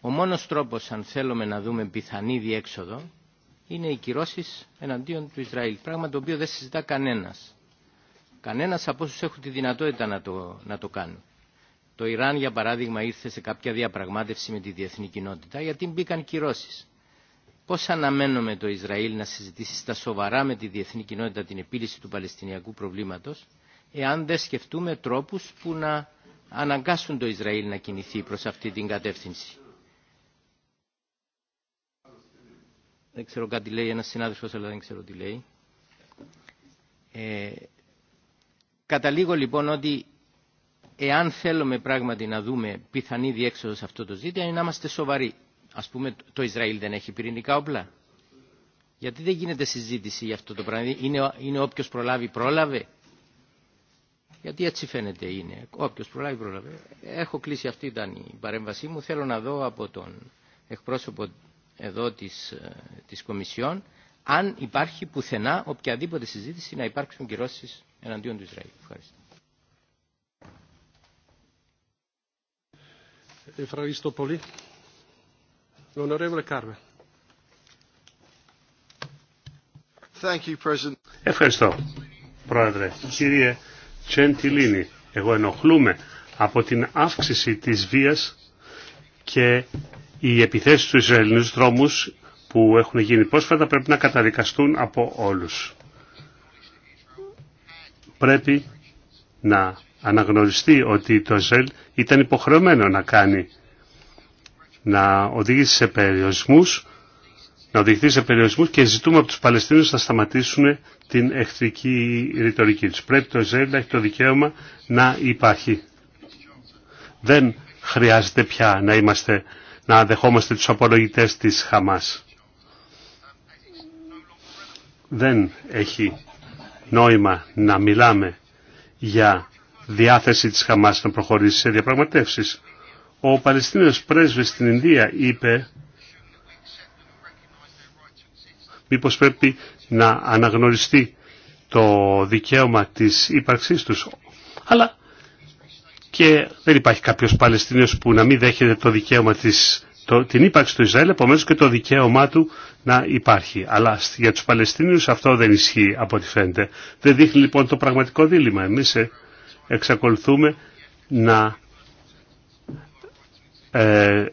Speaker 6: Ο μόνος τρόπος, αν θέλουμε να δούμε πιθανή διέξοδο, είναι οι κυρώσει εναντίον του Ισραήλ. Πράγμα το οποίο δεν συζητά κανένα. Κανένα από όσου έχουν τη δυνατότητα να το, να το κάνουν. Το Ιράν, για παράδειγμα, ήρθε σε κάποια διαπραγμάτευση με τη διεθνή κοινότητα γιατί μπήκαν κυρώσει. Πώς αναμένουμε το Ισραήλ να συζητήσει στα σοβαρά με τη διεθνή κοινότητα την επίλυση του Παλαιστινιακού προβλήματος, εάν δεν σκεφτούμε τρόπους που να αναγκάσουν το Ισραήλ να κινηθεί προς αυτή την κατεύθυνση. Δεν ξέρω κάτι λέει ένας συνάδελφος, αλλά δεν ξέρω τι λέει. Ε, καταλήγω λοιπόν ότι εάν θέλουμε πράγματι να δούμε πιθανή διέξοδο σε αυτό το ζήτημα, είναι να είμαστε σοβαροί ας πούμε το Ισραήλ δεν έχει πυρηνικά όπλα. Γιατί δεν γίνεται συζήτηση για αυτό το πράγμα. Είναι, είναι όποιος προλάβει πρόλαβε. Γιατί έτσι φαίνεται είναι. Όποιος προλάβει πρόλαβε. Έχω κλείσει αυτή ήταν η παρέμβασή μου. Θέλω να δω από τον εκπρόσωπο εδώ της, ε, της Κομισιόν αν υπάρχει πουθενά οποιαδήποτε συζήτηση να υπάρξουν κυρώσεις εναντίον του Ισραήλ. Ευχαριστώ.
Speaker 1: Ευχαριστώ πολύ. Ευχαριστώ, Πρόεδρε. Κύριε Τσεντιλίνη, εγώ ενοχλούμε από την αύξηση της βίας και οι επιθέσεις στους Ισραηλινούς δρόμους που έχουν γίνει πρόσφατα πρέπει να καταδικαστούν από όλους. Πρέπει να αναγνωριστεί ότι το Ισραήλ ήταν υποχρεωμένο να κάνει να οδηγήσει σε περιορισμού, να οδηγηθεί σε περιορισμού και ζητούμε από τους Παλαιστίνους να σταματήσουν την εχθρική ρητορική του. Πρέπει το Ισραήλ να έχει το δικαίωμα να υπάρχει. Δεν χρειάζεται πια να, είμαστε, να δεχόμαστε τους απολογητές της Χαμάς. Δεν έχει νόημα να μιλάμε για διάθεση της Χαμάς να προχωρήσει σε διαπραγματεύσεις. Ο Παλαιστίνιος πρέσβης στην Ινδία είπε μήπως πρέπει να αναγνωριστεί το δικαίωμα της ύπαρξής τους. Αλλά και δεν υπάρχει κάποιος Παλαιστινίος που να μην δέχεται το δικαίωμα της, την ύπαρξη του Ισραήλ, επομένως και το δικαίωμά του να υπάρχει. Αλλά για τους Παλαιστινίους αυτό δεν ισχύει από ό,τι φαίνεται. Δεν δείχνει λοιπόν το πραγματικό δίλημα. Εμείς ε, εξακολουθούμε να ε,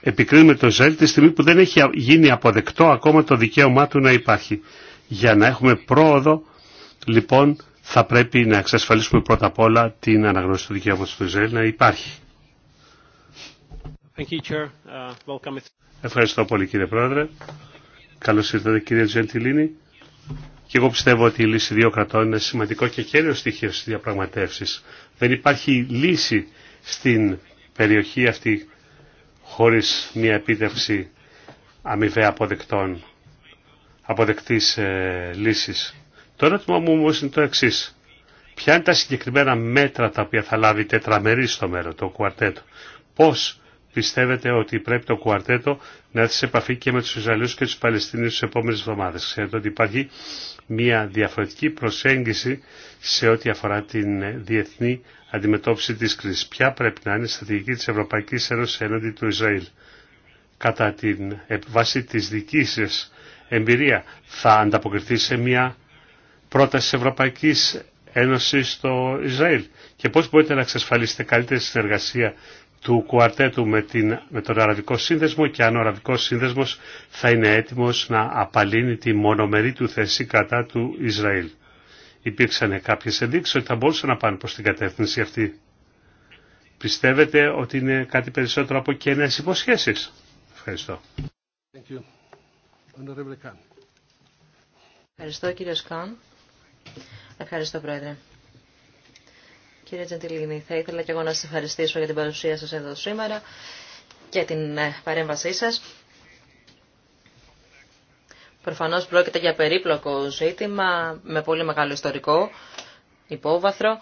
Speaker 1: επικρίνουμε το Ισραήλ τη στιγμή που δεν έχει γίνει αποδεκτό ακόμα το δικαίωμά του να υπάρχει. Για να έχουμε πρόοδο, λοιπόν, θα πρέπει να εξασφαλίσουμε πρώτα απ' όλα την αναγνώριση του δικαίωματος του Ισραήλ να υπάρχει.
Speaker 2: Uh,
Speaker 1: Ευχαριστώ πολύ κύριε Πρόεδρε. Καλώ ήρθατε κύριε Τζεντιλίνη. Και εγώ πιστεύω ότι η λύση δύο κρατών είναι σημαντικό και κέριο στοιχείο στι διαπραγματεύσει. Δεν υπάρχει λύση στην περιοχή αυτή χωρίς μια επίτευξη αμοιβαία αποδεκτών, αποδεκτής ε, λύσης. Το ερώτημα μου όμως είναι το εξή. Ποια είναι τα συγκεκριμένα μέτρα τα οποία θα λάβει τετραμερή στο μέρο το κουαρτέτο. Πώς πιστεύετε ότι πρέπει το κουαρτέτο να έρθει σε επαφή και με τους Ισραηλούς και τους Παλαιστινίους στις επόμενες εβδομάδες. Ξέρετε ότι υπάρχει μια διαφορετική προσέγγιση σε ό,τι αφορά την διεθνή αντιμετώπιση της κρίσης. Ποια πρέπει να είναι η στρατηγική της Ευρωπαϊκής Ένωσης έναντι του Ισραήλ. Κατά την βάση της δικής σας εμπειρία θα ανταποκριθεί σε μια πρόταση της Ευρωπαϊκής Ένωση στο Ισραήλ και πώς μπορείτε να εξασφαλίσετε καλύτερη συνεργασία του κουαρτέτου με, την, με τον Αραβικό Σύνδεσμο και αν ο Αραβικός Σύνδεσμος θα είναι έτοιμος να απαλύνει τη μονομερή του θέση κατά του Ισραήλ. Υπήρξαν κάποιες ενδείξεις ότι θα μπορούσαν να πάνε προς την κατεύθυνση αυτή. Πιστεύετε ότι είναι κάτι περισσότερο από κενές υποσχέσεις. Ευχαριστώ. Thank
Speaker 4: Ευχαριστώ κύριε Σκάν. Ευχαριστώ πρόεδρε. Κύριε Τζεντιλίνη, θα ήθελα και εγώ να σα ευχαριστήσω για την παρουσία σα εδώ σήμερα και την ε, παρέμβασή σα. Προφανώ πρόκειται για περίπλοκο ζήτημα με πολύ μεγάλο ιστορικό υπόβαθρο.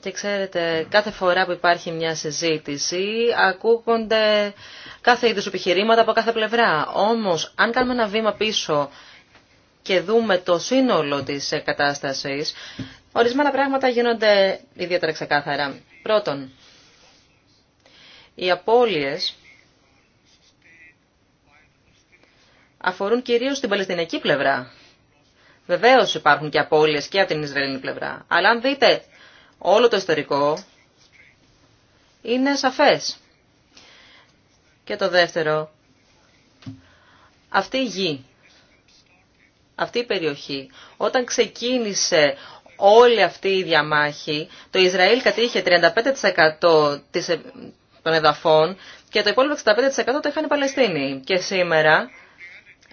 Speaker 4: Και ξέρετε, κάθε φορά που υπάρχει μια συζήτηση ακούγονται κάθε είδους επιχειρήματα από κάθε πλευρά. Όμως, αν κάνουμε ένα βήμα πίσω και δούμε το σύνολο της ε, κατάστασης, Ορισμένα πράγματα γίνονται ιδιαίτερα ξεκάθαρα. Πρώτον, οι απώλειες αφορούν κυρίως την Παλαιστινιακή πλευρά. Βεβαίως υπάρχουν και απώλειες και από την Ισραηλινή πλευρά. Αλλά αν δείτε όλο το ιστορικό, είναι σαφές. Και το δεύτερο, αυτή η γη, αυτή η περιοχή, όταν ξεκίνησε όλη αυτή η διαμάχη. Το Ισραήλ κατήχε 35% ε, των εδαφών και το υπόλοιπο 65% το είχαν οι Παλαιστίνοι. Και σήμερα,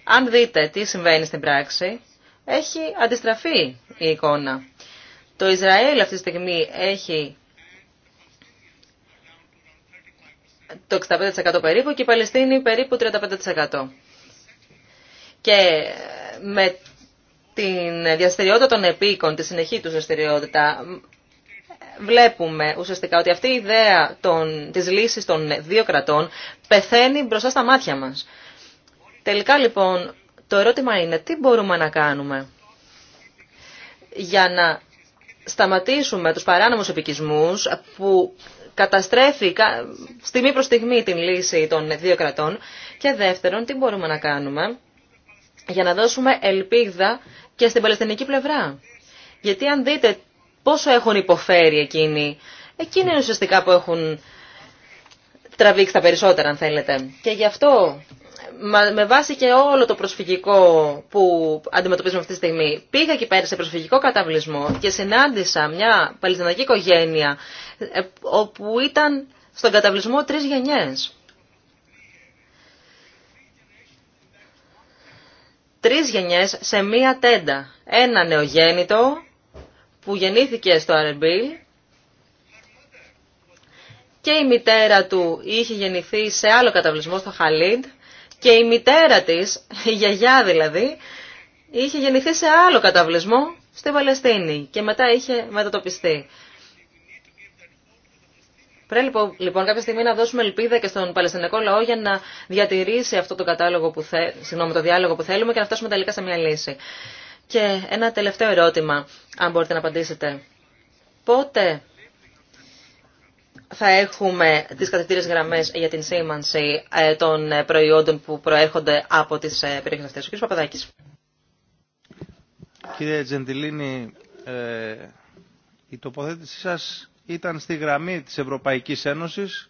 Speaker 4: αν δείτε τι συμβαίνει στην πράξη, έχει αντιστραφεί η εικόνα. Το Ισραήλ αυτή τη στιγμή έχει το 65% περίπου και η Παλαιστίνη περίπου 35%. Και με την διαστηριότητα των επίκων, τη συνεχή του διαστηριότητα, βλέπουμε ουσιαστικά ότι αυτή η ιδέα των, της λύσης των δύο κρατών πεθαίνει μπροστά στα μάτια μας. Τελικά λοιπόν το ερώτημα είναι τι μπορούμε να κάνουμε για να σταματήσουμε τους παράνομους επικισμούς που καταστρέφει στιγμή προς στιγμή την λύση των δύο κρατών και δεύτερον τι μπορούμε να κάνουμε για να δώσουμε ελπίδα και στην Παλαιστινική πλευρά. Γιατί αν δείτε πόσο έχουν υποφέρει εκείνοι, εκείνοι είναι ουσιαστικά που έχουν τραβήξει τα περισσότερα αν θέλετε. Και γι' αυτό με βάση και όλο το προσφυγικό που αντιμετωπίζουμε αυτή τη στιγμή, πήγα εκεί πέρα σε προσφυγικό καταβλισμό και συνάντησα μια Παλαιστινική οικογένεια ε, όπου ήταν στον καταβλισμό τρεις γενιές. τρεις γενιές σε μία τέντα. Ένα νεογέννητο που γεννήθηκε στο Αρεμπίλ και η μητέρα του είχε γεννηθεί σε άλλο καταβλισμό στο Χαλίντ και η μητέρα της, η γιαγιά δηλαδή, είχε γεννηθεί σε άλλο καταβλισμό στη Βαλαιστίνη και μετά είχε μετατοπιστεί. Πρέπει λοιπόν, λοιπόν κάποια στιγμή να δώσουμε ελπίδα και στον Παλαιστινιακό λαό για να διατηρήσει αυτό το, κατάλογο που θε... το διάλογο που θέλουμε και να φτάσουμε τελικά σε μια λύση. Και ένα τελευταίο ερώτημα, αν μπορείτε να απαντήσετε. Πότε θα έχουμε τις κατευθύνες γραμμές για την σήμανση ε, των προϊόντων που προέρχονται από τις ε, περιοχές αυτές. Ο κ. Παπαδάκης.
Speaker 3: Κύριε Τζεντιλίνη, ε, η τοποθέτησή σας ήταν στη γραμμή της Ευρωπαϊκής Ένωσης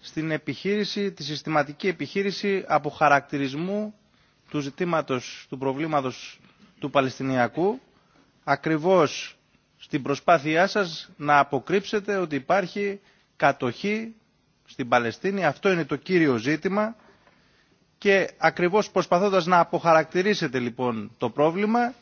Speaker 3: στην επιχείρηση, τη συστηματική επιχείρηση αποχαρακτηρισμού του ζητήματος, του προβλήματος του Παλαιστινιακού ακριβώς στην προσπάθειά σας να αποκρύψετε ότι υπάρχει κατοχή στην Παλαιστίνη. Αυτό είναι το κύριο ζήτημα και ακριβώς προσπαθώντας να αποχαρακτηρίσετε λοιπόν το πρόβλημα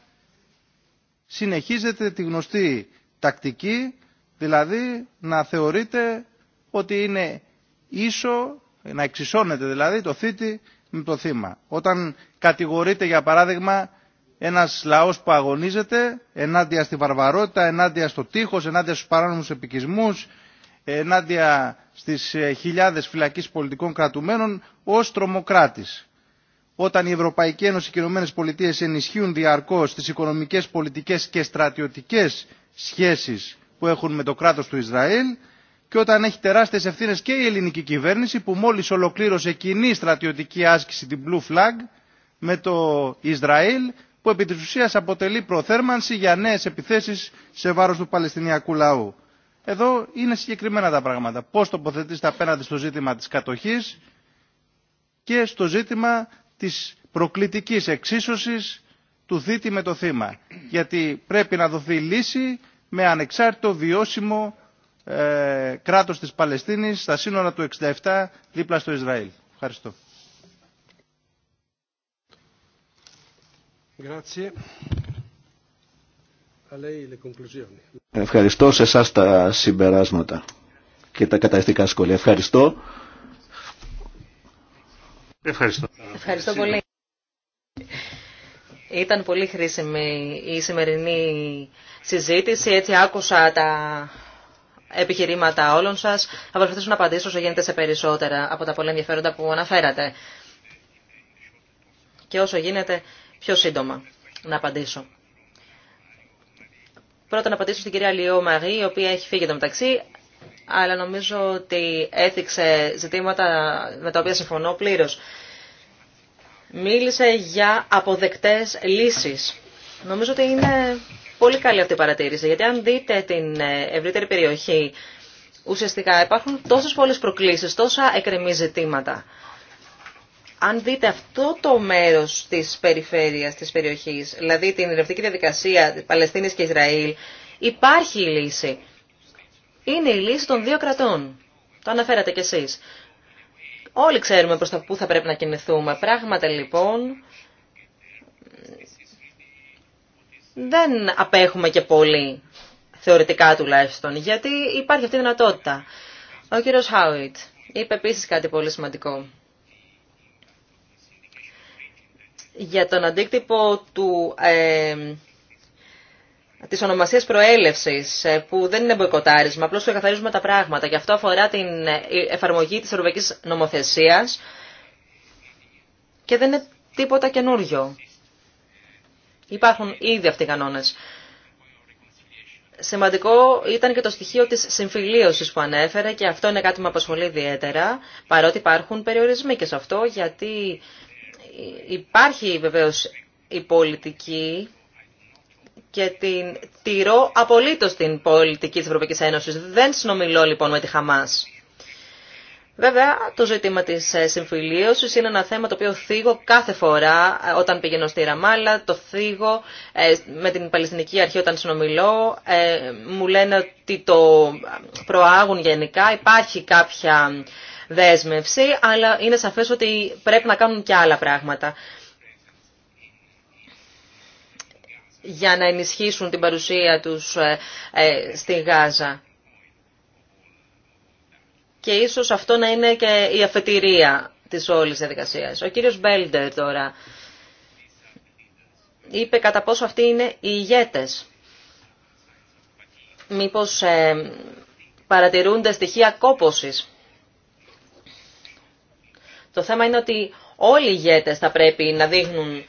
Speaker 3: συνεχίζετε τη γνωστή τακτική Δηλαδή να θεωρείται ότι είναι ίσο, να εξισώνεται δηλαδή το θήτη με το θύμα. Όταν κατηγορείται για παράδειγμα ένας λαός που αγωνίζεται ενάντια στη βαρβαρότητα, ενάντια στο τείχος, ενάντια στους παράνομους επικισμούς, ενάντια στις ε, χιλιάδες φυλακής πολιτικών κρατουμένων ως τρομοκράτης. Όταν η Ευρωπαϊκή Ένωση και οι Ηνωμένες Πολιτείες ενισχύουν διαρκώς τις οικονομικές, πολιτικές και στρατιωτικές σχέσεις που έχουν με το κράτος του Ισραήλ και όταν έχει τεράστιες ευθύνες και η ελληνική κυβέρνηση που μόλις ολοκλήρωσε κοινή στρατιωτική άσκηση την Blue Flag με το Ισραήλ που επί της ουσίας αποτελεί προθέρμανση για νέες επιθέσεις σε βάρος του Παλαιστινιακού λαού. Εδώ είναι συγκεκριμένα τα πράγματα. Πώς τοποθετείστε απέναντι στο ζήτημα της κατοχής και στο ζήτημα της προκλητικής εξίσωσης του θήτη με το θύμα. Γιατί πρέπει να δοθεί λύση με ανεξάρτητο βιώσιμο ε, κράτος της Παλαιστίνης στα σύνορα του 67 δίπλα στο Ισραήλ. Ευχαριστώ.
Speaker 2: Ευχαριστώ σε εσά τα συμπεράσματα και τα καταστικά σχόλια. Ευχαριστώ.
Speaker 1: Ευχαριστώ.
Speaker 4: Ευχαριστώ πολύ. Ήταν πολύ χρήσιμη η σημερινή συζήτηση, έτσι άκουσα τα επιχειρήματα όλων σας. Θα προσπαθήσω να απαντήσω όσο γίνεται σε περισσότερα από τα πολύ ενδιαφέροντα που αναφέρατε. Και όσο γίνεται πιο σύντομα να απαντήσω. Πρώτα να απαντήσω στην κυρία Λιο Μαγή, η οποία έχει φύγει το μεταξύ, αλλά νομίζω ότι έθιξε ζητήματα με τα οποία συμφωνώ πλήρως μίλησε για αποδεκτές λύσεις. Νομίζω ότι είναι πολύ καλή αυτή η παρατήρηση, γιατί αν δείτε την ε, ευρύτερη περιοχή, ουσιαστικά υπάρχουν τόσες πολλές προκλήσεις, τόσα εκρεμή ζητήματα. Αν δείτε αυτό το μέρος της περιφέρειας, της περιοχής, δηλαδή την ερευνητική διαδικασία Παλαιστίνης και Ισραήλ, υπάρχει η λύση. Είναι η λύση των δύο κρατών. Το αναφέρατε κι εσείς. Όλοι ξέρουμε προς τα πού θα πρέπει να κινηθούμε. Πράγματα λοιπόν δεν απέχουμε και πολύ, θεωρητικά τουλάχιστον, γιατί υπάρχει αυτή η δυνατότητα. Ο κύριος Χάουιτ είπε επίσης κάτι πολύ σημαντικό. Για τον αντίκτυπο του ε, τη ονομασία προέλευση, ε, που δεν είναι μποϊκοτάρισμα, απλώ ξεκαθαρίζουμε τα πράγματα. Και αυτό αφορά την ε, εφαρμογή τη ευρωπαϊκή νομοθεσία και δεν είναι τίποτα καινούριο. Υπάρχουν ήδη αυτοί οι κανόνε. Σημαντικό ήταν και το στοιχείο της συμφιλίωσης που ανέφερε και αυτό είναι κάτι που με απασχολεί ιδιαίτερα, παρότι υπάρχουν περιορισμοί και σε αυτό, γιατί υπάρχει βεβαίως η πολιτική και την τηρώ απολύτως την πολιτική της Ευρωπαϊκής Ένωσης. Δεν συνομιλώ λοιπόν με τη Χαμάς. Βέβαια, το ζήτημα τη ε, συμφιλίωση είναι ένα θέμα το οποίο θίγω κάθε φορά ε, όταν πηγαίνω στη Ραμάλα, το θίγω ε, με την Παλαιστινική Αρχή όταν συνομιλώ. Μου λένε ότι το προάγουν γενικά, υπάρχει κάποια δέσμευση, αλλά είναι σαφές ότι πρέπει να κάνουν και άλλα πράγματα. για να ενισχύσουν την παρουσία τους ε, ε, στη Γάζα. Και ίσως αυτό να είναι και η αφετηρία της όλης διαδικασίας. Ο κύριος Μπέλντερ τώρα είπε κατά πόσο αυτοί είναι οι ηγέτες. Μήπως ε, παρατηρούνται στοιχεία κόπωσης. Το θέμα είναι ότι όλοι οι ηγέτες θα πρέπει να δείχνουν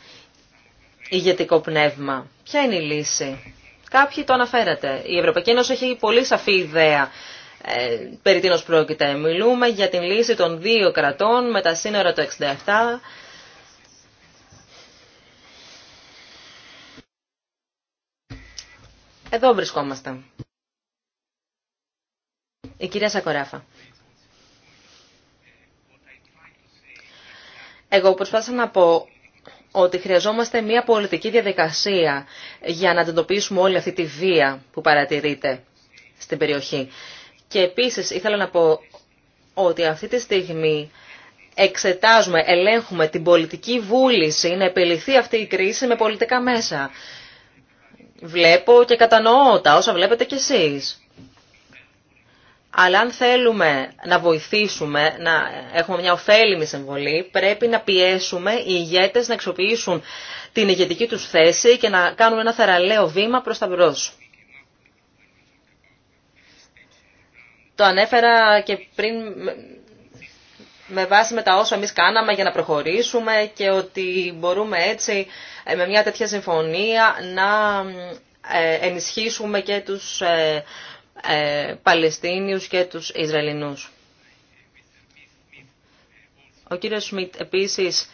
Speaker 4: ηγετικό πνεύμα. Ποια είναι η λύση. Κάποιοι το αναφέρατε. Η Ευρωπαϊκή Ένωση έχει πολύ σαφή ιδέα ε, περί τίνος πρόκειται. Μιλούμε για την λύση των δύο κρατών με τα σύνορα του 67. Εδώ βρισκόμαστε. Η κυρία Σακοράφα. Εγώ προσπάθησα να πω ότι χρειαζόμαστε μια πολιτική διαδικασία για να αντιμετωπίσουμε όλη αυτή τη βία που παρατηρείται στην περιοχή. Και επίσης ήθελα να πω ότι αυτή τη στιγμή εξετάζουμε, ελέγχουμε την πολιτική βούληση να επιληθεί αυτή η κρίση με πολιτικά μέσα. Βλέπω και κατανοώ τα όσα βλέπετε κι εσείς. Αλλά αν θέλουμε να βοηθήσουμε, να έχουμε μια ωφέλιμη συμβολή, πρέπει να πιέσουμε οι ηγέτες να αξιοποιήσουν την ηγετική τους θέση και να κάνουν ένα θεραλέο βήμα προς τα μπρος. Το ανέφερα και πριν με βάση με τα όσα εμείς κάναμε για να προχωρήσουμε και ότι μπορούμε έτσι ε, με μια τέτοια συμφωνία να ε, ενισχύσουμε και τους ε, ε, Παλαιστίνιους και τους Ισραηλινούς. Ο κύριος Σμιτ επίσης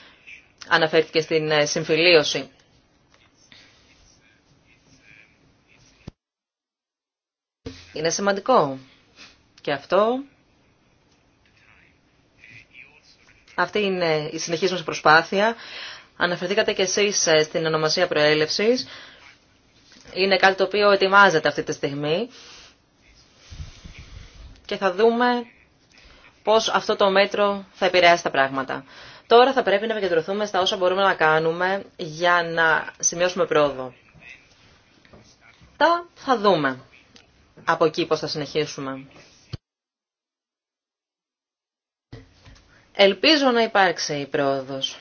Speaker 4: αναφέρθηκε στην ε, συμφιλίωση. Είναι σημαντικό και αυτό. Αυτή είναι η συνεχής μας προσπάθεια. Αναφερθήκατε και εσείς ε, στην ονομασία προέλευσης. Είναι κάτι το οποίο ετοιμάζεται αυτή τη στιγμή και θα δούμε πώς αυτό το μέτρο θα επηρεάσει τα πράγματα. Τώρα θα πρέπει να επικεντρωθούμε στα όσα μπορούμε να κάνουμε για να σημειώσουμε πρόοδο. Τα θα δούμε από εκεί πώς θα συνεχίσουμε. Ελπίζω να υπάρξει η πρόοδος.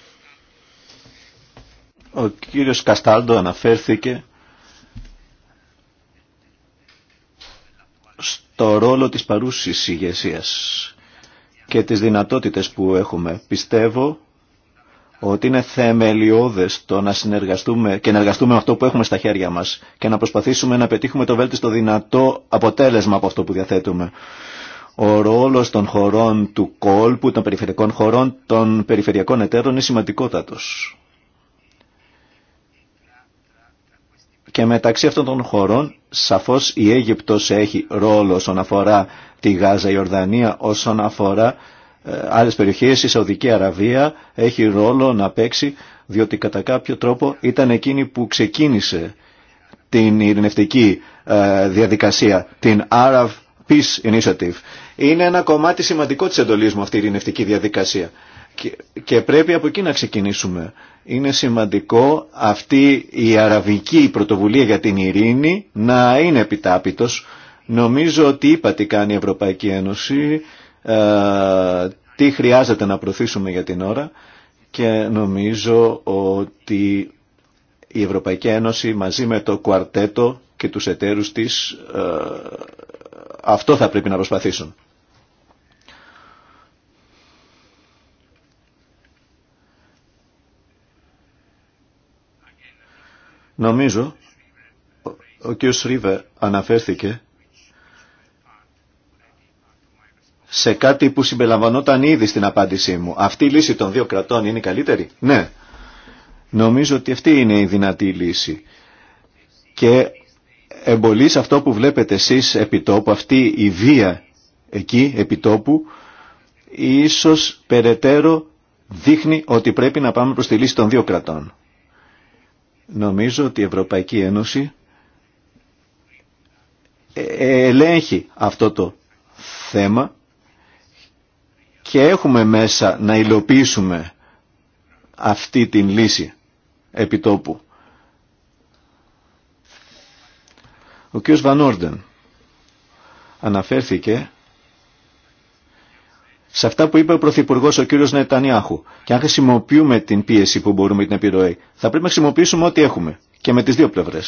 Speaker 1: Ο
Speaker 2: κύριος Καστάλντο αναφέρθηκε το ρόλο της παρούσης ηγεσία και τις δυνατότητες που έχουμε. Πιστεύω ότι είναι θεμελιώδες το να συνεργαστούμε και να εργαστούμε με αυτό που έχουμε στα χέρια μας και να προσπαθήσουμε να πετύχουμε το βέλτιστο δυνατό αποτέλεσμα από αυτό που διαθέτουμε. Ο ρόλος των χωρών του κόλπου, των περιφερειακών χωρών, των περιφερειακών εταίρων είναι σημαντικότατος. Και μεταξύ αυτών των χωρών σαφώς η Αίγυπτος έχει ρόλο όσον αφορά τη Γάζα, η Ορδανία όσον αφορά ε, άλλες περιοχές, η Σαουδική Αραβία έχει ρόλο να παίξει διότι κατά κάποιο τρόπο ήταν εκείνη που ξεκίνησε την ειρηνευτική ε, διαδικασία, την Arab Peace Initiative. Είναι ένα κομμάτι σημαντικό της εντολής μου αυτή η ειρηνευτική διαδικασία και πρέπει από εκεί να ξεκινήσουμε είναι σημαντικό αυτή η αραβική πρωτοβουλία για την ειρήνη να είναι επιτάπητος. Νομίζω ότι είπα τι κάνει η Ευρωπαϊκή Ένωση, ε, τι χρειάζεται να προωθήσουμε για την ώρα και νομίζω ότι η Ευρωπαϊκή Ένωση μαζί με το κουαρτέτο και τους εταίρους της ε, αυτό θα πρέπει να προσπαθήσουν. Νομίζω ο κ. Σρίβερ αναφέρθηκε σε κάτι που συμπεριλαμβανόταν ήδη στην απάντησή μου. Αυτή η λύση των δύο κρατών είναι η καλύτερη. Ναι. Νομίζω ότι αυτή είναι η δυνατή λύση. Και εμπολείς αυτό που βλέπετε εσείς επιτόπου, αυτή η βία εκεί επιτόπου, ίσως περαιτέρω δείχνει ότι πρέπει να πάμε προς τη λύση των δύο κρατών. Νομίζω ότι η Ευρωπαϊκή Ένωση ε, ε, ελέγχει αυτό το θέμα και έχουμε μέσα να υλοποιήσουμε αυτή την λύση επιτόπου. Ο κ. Βανόρντεν αναφέρθηκε σε αυτά που είπε ο Πρωθυπουργό ο κύριος Νετανιάχου και αν χρησιμοποιούμε την πίεση που μπορούμε την επιρροή, θα πρέπει να χρησιμοποιήσουμε ό,τι έχουμε και με τι δύο πλευρέ.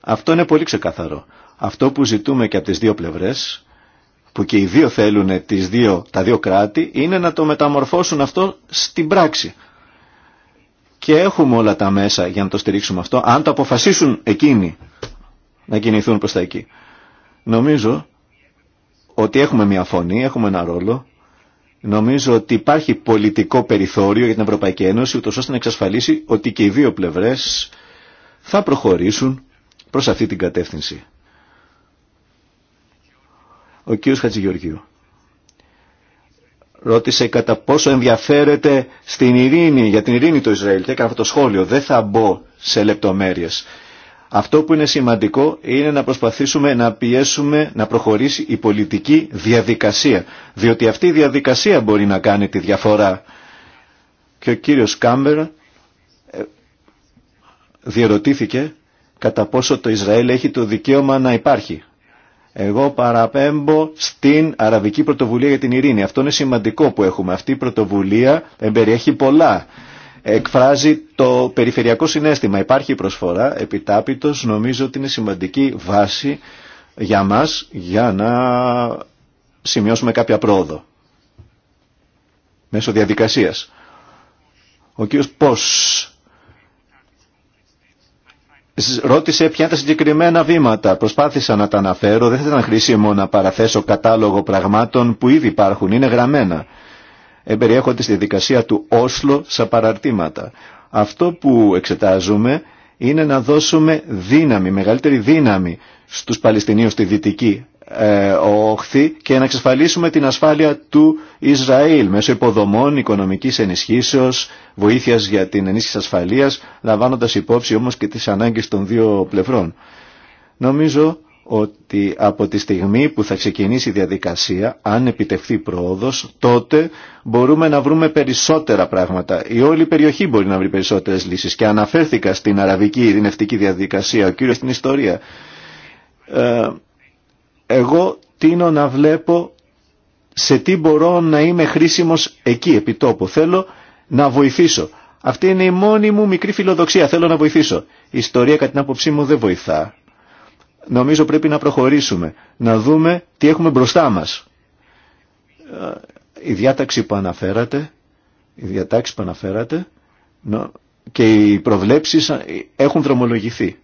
Speaker 2: Αυτό είναι πολύ ξεκαθαρό. Αυτό που ζητούμε και από τι δύο πλευρέ, που και οι δύο θέλουν τις δύο, τα δύο κράτη, είναι να το μεταμορφώσουν αυτό στην πράξη. Και έχουμε όλα τα μέσα για να το στηρίξουμε αυτό, αν το αποφασίσουν εκείνοι να κινηθούν προς τα εκεί. Νομίζω ότι έχουμε μια φωνή, έχουμε ένα ρόλο Νομίζω ότι υπάρχει πολιτικό περιθώριο για την Ευρωπαϊκή Ένωση, ούτως ώστε να εξασφαλίσει ότι και οι δύο πλευρές θα προχωρήσουν προς αυτή την κατεύθυνση. Ο κ. Χατζηγεωργίου ρώτησε κατά πόσο ενδιαφέρεται στην ειρήνη, για την ειρήνη του Ισραήλ και αυτό το σχόλιο. Δεν θα μπω σε λεπτομέρειες. Αυτό που είναι σημαντικό είναι να προσπαθήσουμε να πιέσουμε να προχωρήσει η πολιτική διαδικασία. Διότι αυτή η διαδικασία μπορεί να κάνει τη διαφορά. Και ο κύριος Κάμπερ ε, διερωτήθηκε κατά πόσο το Ισραήλ έχει το δικαίωμα να υπάρχει. Εγώ παραπέμπω στην Αραβική Πρωτοβουλία για την Ειρήνη. Αυτό είναι σημαντικό που έχουμε. Αυτή η πρωτοβουλία εμπεριέχει πολλά εκφράζει το περιφερειακό συνέστημα. Υπάρχει προσφορά, επιτάπητος, νομίζω ότι είναι σημαντική βάση για μας για να σημειώσουμε κάποια πρόοδο μέσω διαδικασίας. Ο κύριος Πώς ρώτησε ποια είναι τα συγκεκριμένα βήματα. Προσπάθησα να τα αναφέρω, δεν θα ήταν χρήσιμο να παραθέσω κατάλογο πραγμάτων που ήδη υπάρχουν, είναι γραμμένα εμπεριέχονται στη δικασία του Όσλο σαν παραρτήματα. Αυτό που εξετάζουμε είναι να δώσουμε δύναμη, μεγαλύτερη δύναμη στους Παλαιστινίους στη Δυτική ε, Όχθη και να εξασφαλίσουμε την ασφάλεια του Ισραήλ μέσω υποδομών, οικονομικής ενισχύσεως, βοήθειας για την ενίσχυση ασφαλείας, λαμβάνοντας υπόψη όμως και τις ανάγκες των δύο πλευρών. Νομίζω ότι από τη στιγμή που θα ξεκινήσει η διαδικασία, αν επιτευχθεί πρόοδος, τότε μπορούμε να βρούμε περισσότερα πράγματα. Η όλη περιοχή μπορεί να βρει περισσότερες λύσεις. Και αναφέρθηκα στην αραβική ειρηνευτική διαδικασία, ο κύριος στην ιστορία. Ε, εγώ τίνω να βλέπω σε τι μπορώ να είμαι χρήσιμος εκεί, επί τόπου. Θέλω να βοηθήσω. Αυτή είναι η μόνη μου μικρή φιλοδοξία. Θέλω να βοηθήσω. Η ιστορία κατά την άποψή μου δεν βοηθά νομίζω πρέπει να προχωρήσουμε, να δούμε τι έχουμε μπροστά μας. Ε, η διάταξη που αναφέρατε, η διατάξη που αναφέρατε και οι προβλέψεις έχουν δρομολογηθεί.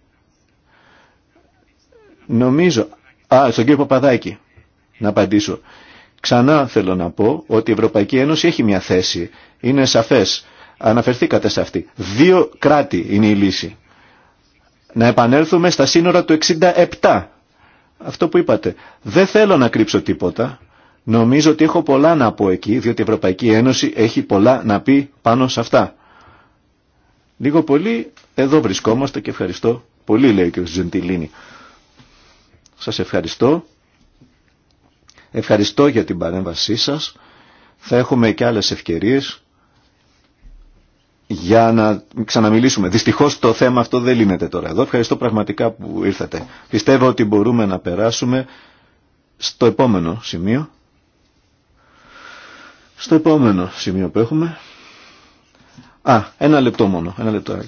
Speaker 2: Νομίζω, α, στον κύριο Παπαδάκη να απαντήσω. Ξανά θέλω να πω ότι η Ευρωπαϊκή Ένωση έχει μια θέση. Είναι σαφές. Αναφερθήκατε σε αυτή. Δύο κράτη είναι η λύση να επανέλθουμε στα σύνορα του 67. Αυτό που είπατε. Δεν θέλω να κρύψω τίποτα. Νομίζω ότι έχω πολλά να πω εκεί, διότι η Ευρωπαϊκή Ένωση έχει πολλά να πει πάνω σε αυτά. Λίγο πολύ εδώ βρισκόμαστε και ευχαριστώ πολύ, λέει ο κ. Ζεντιλίνη. Σας ευχαριστώ. Ευχαριστώ για την παρέμβασή σας. Θα έχουμε και άλλες ευκαιρίες για να ξαναμιλήσουμε. Δυστυχώς το θέμα αυτό δεν λύνεται τώρα εδώ. Ευχαριστώ πραγματικά που ήρθατε. Πιστεύω ότι μπορούμε να περάσουμε στο επόμενο σημείο. Στο επόμενο σημείο που έχουμε. Α, ένα λεπτό μόνο. Ένα λεπτό.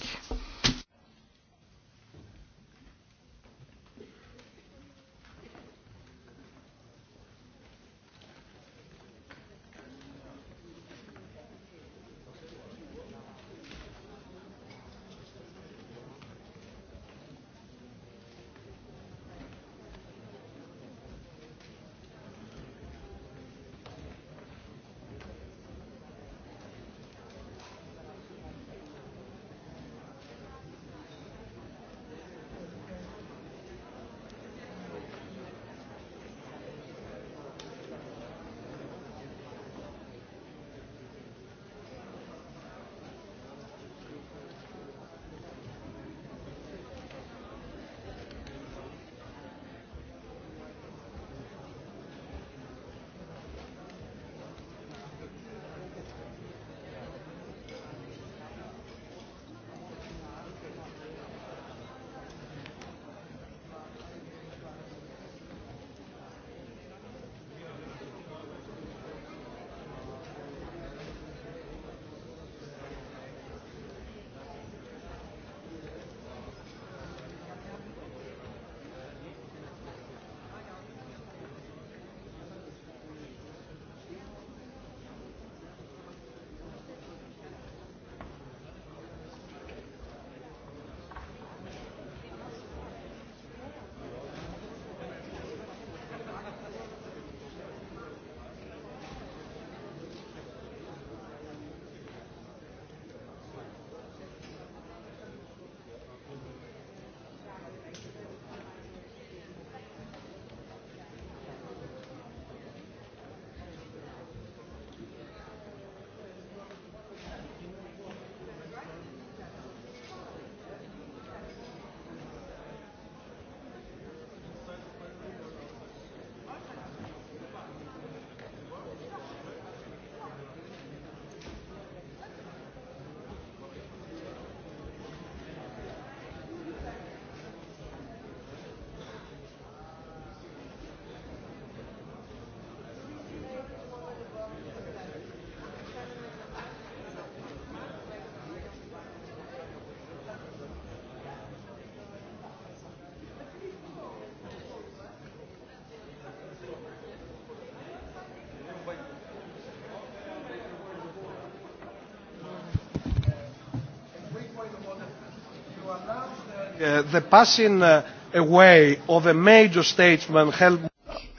Speaker 3: Uh, the passing uh, away of major statesman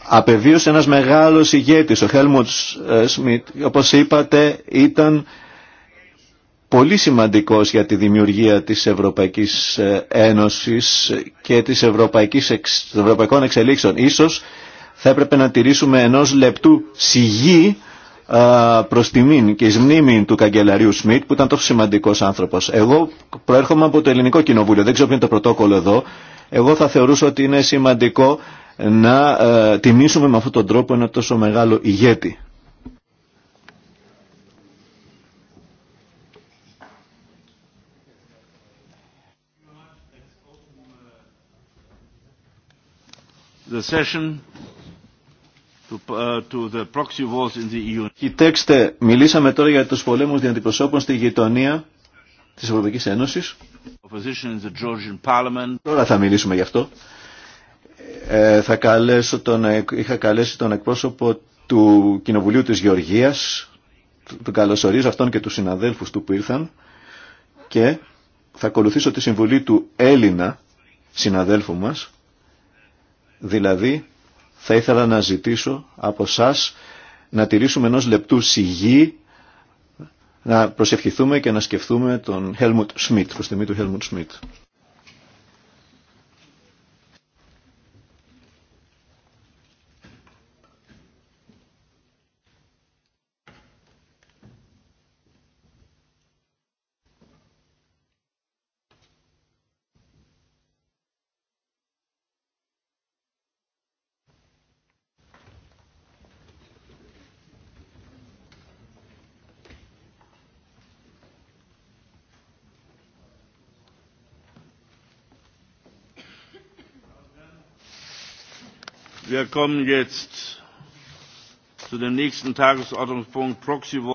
Speaker 2: Απεβίωσε ένας μεγάλος ηγέτης, ο Χέλμουτ Σμιτ, uh, όπως είπατε, ήταν πολύ σημαντικός για τη δημιουργία της Ευρωπαϊκής Ένωσης και της Ευρωπαϊκής, των Ευρωπαϊκών Εξελίξεων. Ίσως θα έπρεπε να τηρήσουμε ενός λεπτού σιγή ε, προς τιμήν και εις μνήμη του καγκελαρίου Σμιτ που ήταν τόσο σημαντικός άνθρωπος. Εγώ προέρχομαι από το ελληνικό κοινοβούλιο, δεν ξέρω ποιο είναι το πρωτόκολλο εδώ. Εγώ θα θεωρούσα ότι είναι σημαντικό να ε, τιμήσουμε με αυτόν τον τρόπο ένα τόσο μεγάλο ηγέτη.
Speaker 1: The session
Speaker 3: Uh, e Κοιτάξτε,
Speaker 2: μιλήσαμε τώρα για τους πολέμους αντιπροσώπων στη γειτονία της Ευρωπαϊκής Ένωσης. Τώρα θα μιλήσουμε γι' αυτό. Ε, θα καλέσω τον, είχα καλέσει τον εκπρόσωπο του Κοινοβουλίου της Γεωργίας, τον καλωσορίζω αυτόν και του συναδέλφους του που ήρθαν και θα ακολουθήσω τη συμβουλή του Έλληνα συναδέλφου μας, δηλαδή θα ήθελα να ζητήσω από σας να τηρήσουμε ενός λεπτού σιγή, να προσευχηθούμε και να σκεφτούμε τον Helmut Schmidt, προς τιμή του Helmut Σμιτ.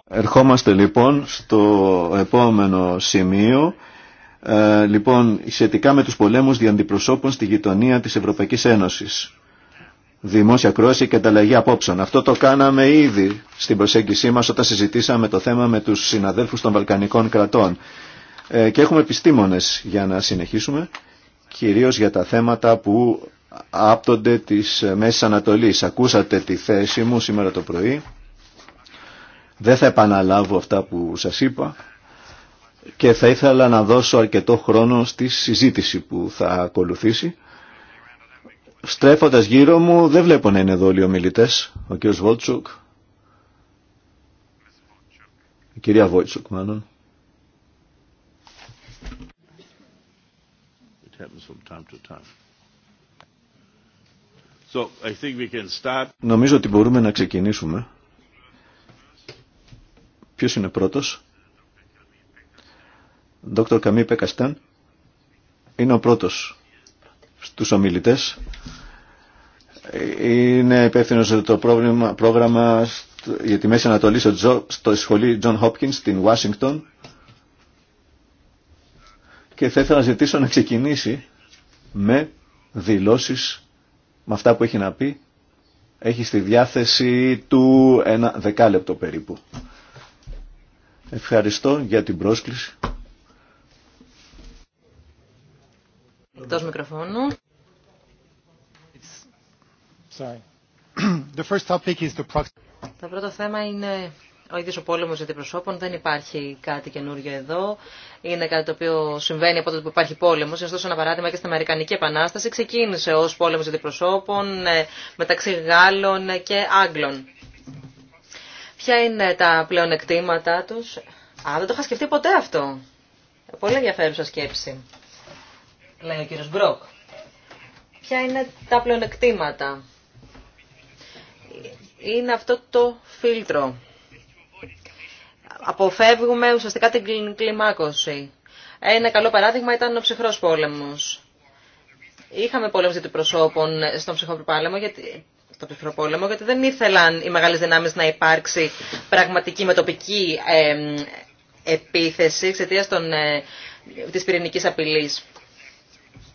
Speaker 2: Ερχόμαστε λοιπόν στο επόμενο σημείο. Ε, λοιπόν, σχετικά με τους πολέμους διαντιπροσώπων στη γειτονία της Ευρωπαϊκής Ένωσης. Δημόσια κρόση και ανταλλαγή απόψεων. Αυτό το κάναμε ήδη στην προσέγγισή μας όταν συζητήσαμε το θέμα με τους συναδέλφους των Βαλκανικών κρατών. Ε, και έχουμε επιστήμονες για να συνεχίσουμε, κυρίως για τα θέματα που άπτονται της Μέσης Ανατολής. Ακούσατε τη θέση μου σήμερα το πρωί. Δεν θα επαναλάβω αυτά που σας είπα και θα ήθελα να δώσω αρκετό χρόνο στη συζήτηση που θα ακολουθήσει. Στρέφοντας γύρω μου, δεν βλέπω να είναι εδώ όλοι οι ομιλητές. Ο κ. Βόλτσουκ, η κυρία Βόλτσουκ μάλλον. Νομίζω ότι μπορούμε να ξεκινήσουμε. Ποιος είναι πρώτος? Δόκτωρ Καμί Πεκαστάν είναι ο πρώτος στους ομιλητές. Είναι υπεύθυνο για το πρόγραμμα, πρόγραμμα για τη Μέση Ανατολή στο, στο σχολείο John Hopkins στην Ουάσιγκτον και θα ήθελα να ζητήσω να ξεκινήσει με δηλώσεις με αυτά που έχει να πει. Έχει στη διάθεση του ένα δεκάλεπτο περίπου. Ευχαριστώ για την πρόσκληση.
Speaker 4: Εκτός μικροφώνου.
Speaker 6: [clears throat]
Speaker 4: Το πρώτο θέμα είναι ο ίδιο ο πόλεμος αντιπροσώπων, δεν υπάρχει κάτι καινούριο εδώ. Είναι κάτι το οποίο συμβαίνει από τότε που υπάρχει πόλεμος. Ωστόσο, ένα παράδειγμα και στην Αμερικανική Επανάσταση ξεκίνησε ως πόλεμος αντιπροσώπων ε, μεταξύ Γάλλων και Άγγλων. Ποια είναι τα πλεονεκτήματά του, Α, δεν το είχα σκεφτεί ποτέ αυτό. Πολύ ενδιαφέρουσα σκέψη, λέει ο κύριο Μπροκ. Ποια είναι τα πλεονεκτήματα. Είναι αυτό το φίλτρο αποφεύγουμε ουσιαστικά την κλιμάκωση. Ένα καλό παράδειγμα ήταν ο ψυχρός πόλεμος. Είχαμε πόλεμους για προσώπων στον ψυχρό πόλεμο, γιατί, στο ψυχρό πόλεμο, γιατί δεν ήθελαν οι μεγάλες δυνάμεις να υπάρξει πραγματική μετοπική επίθεση εξαιτία ε, της πυρηνικής απειλής.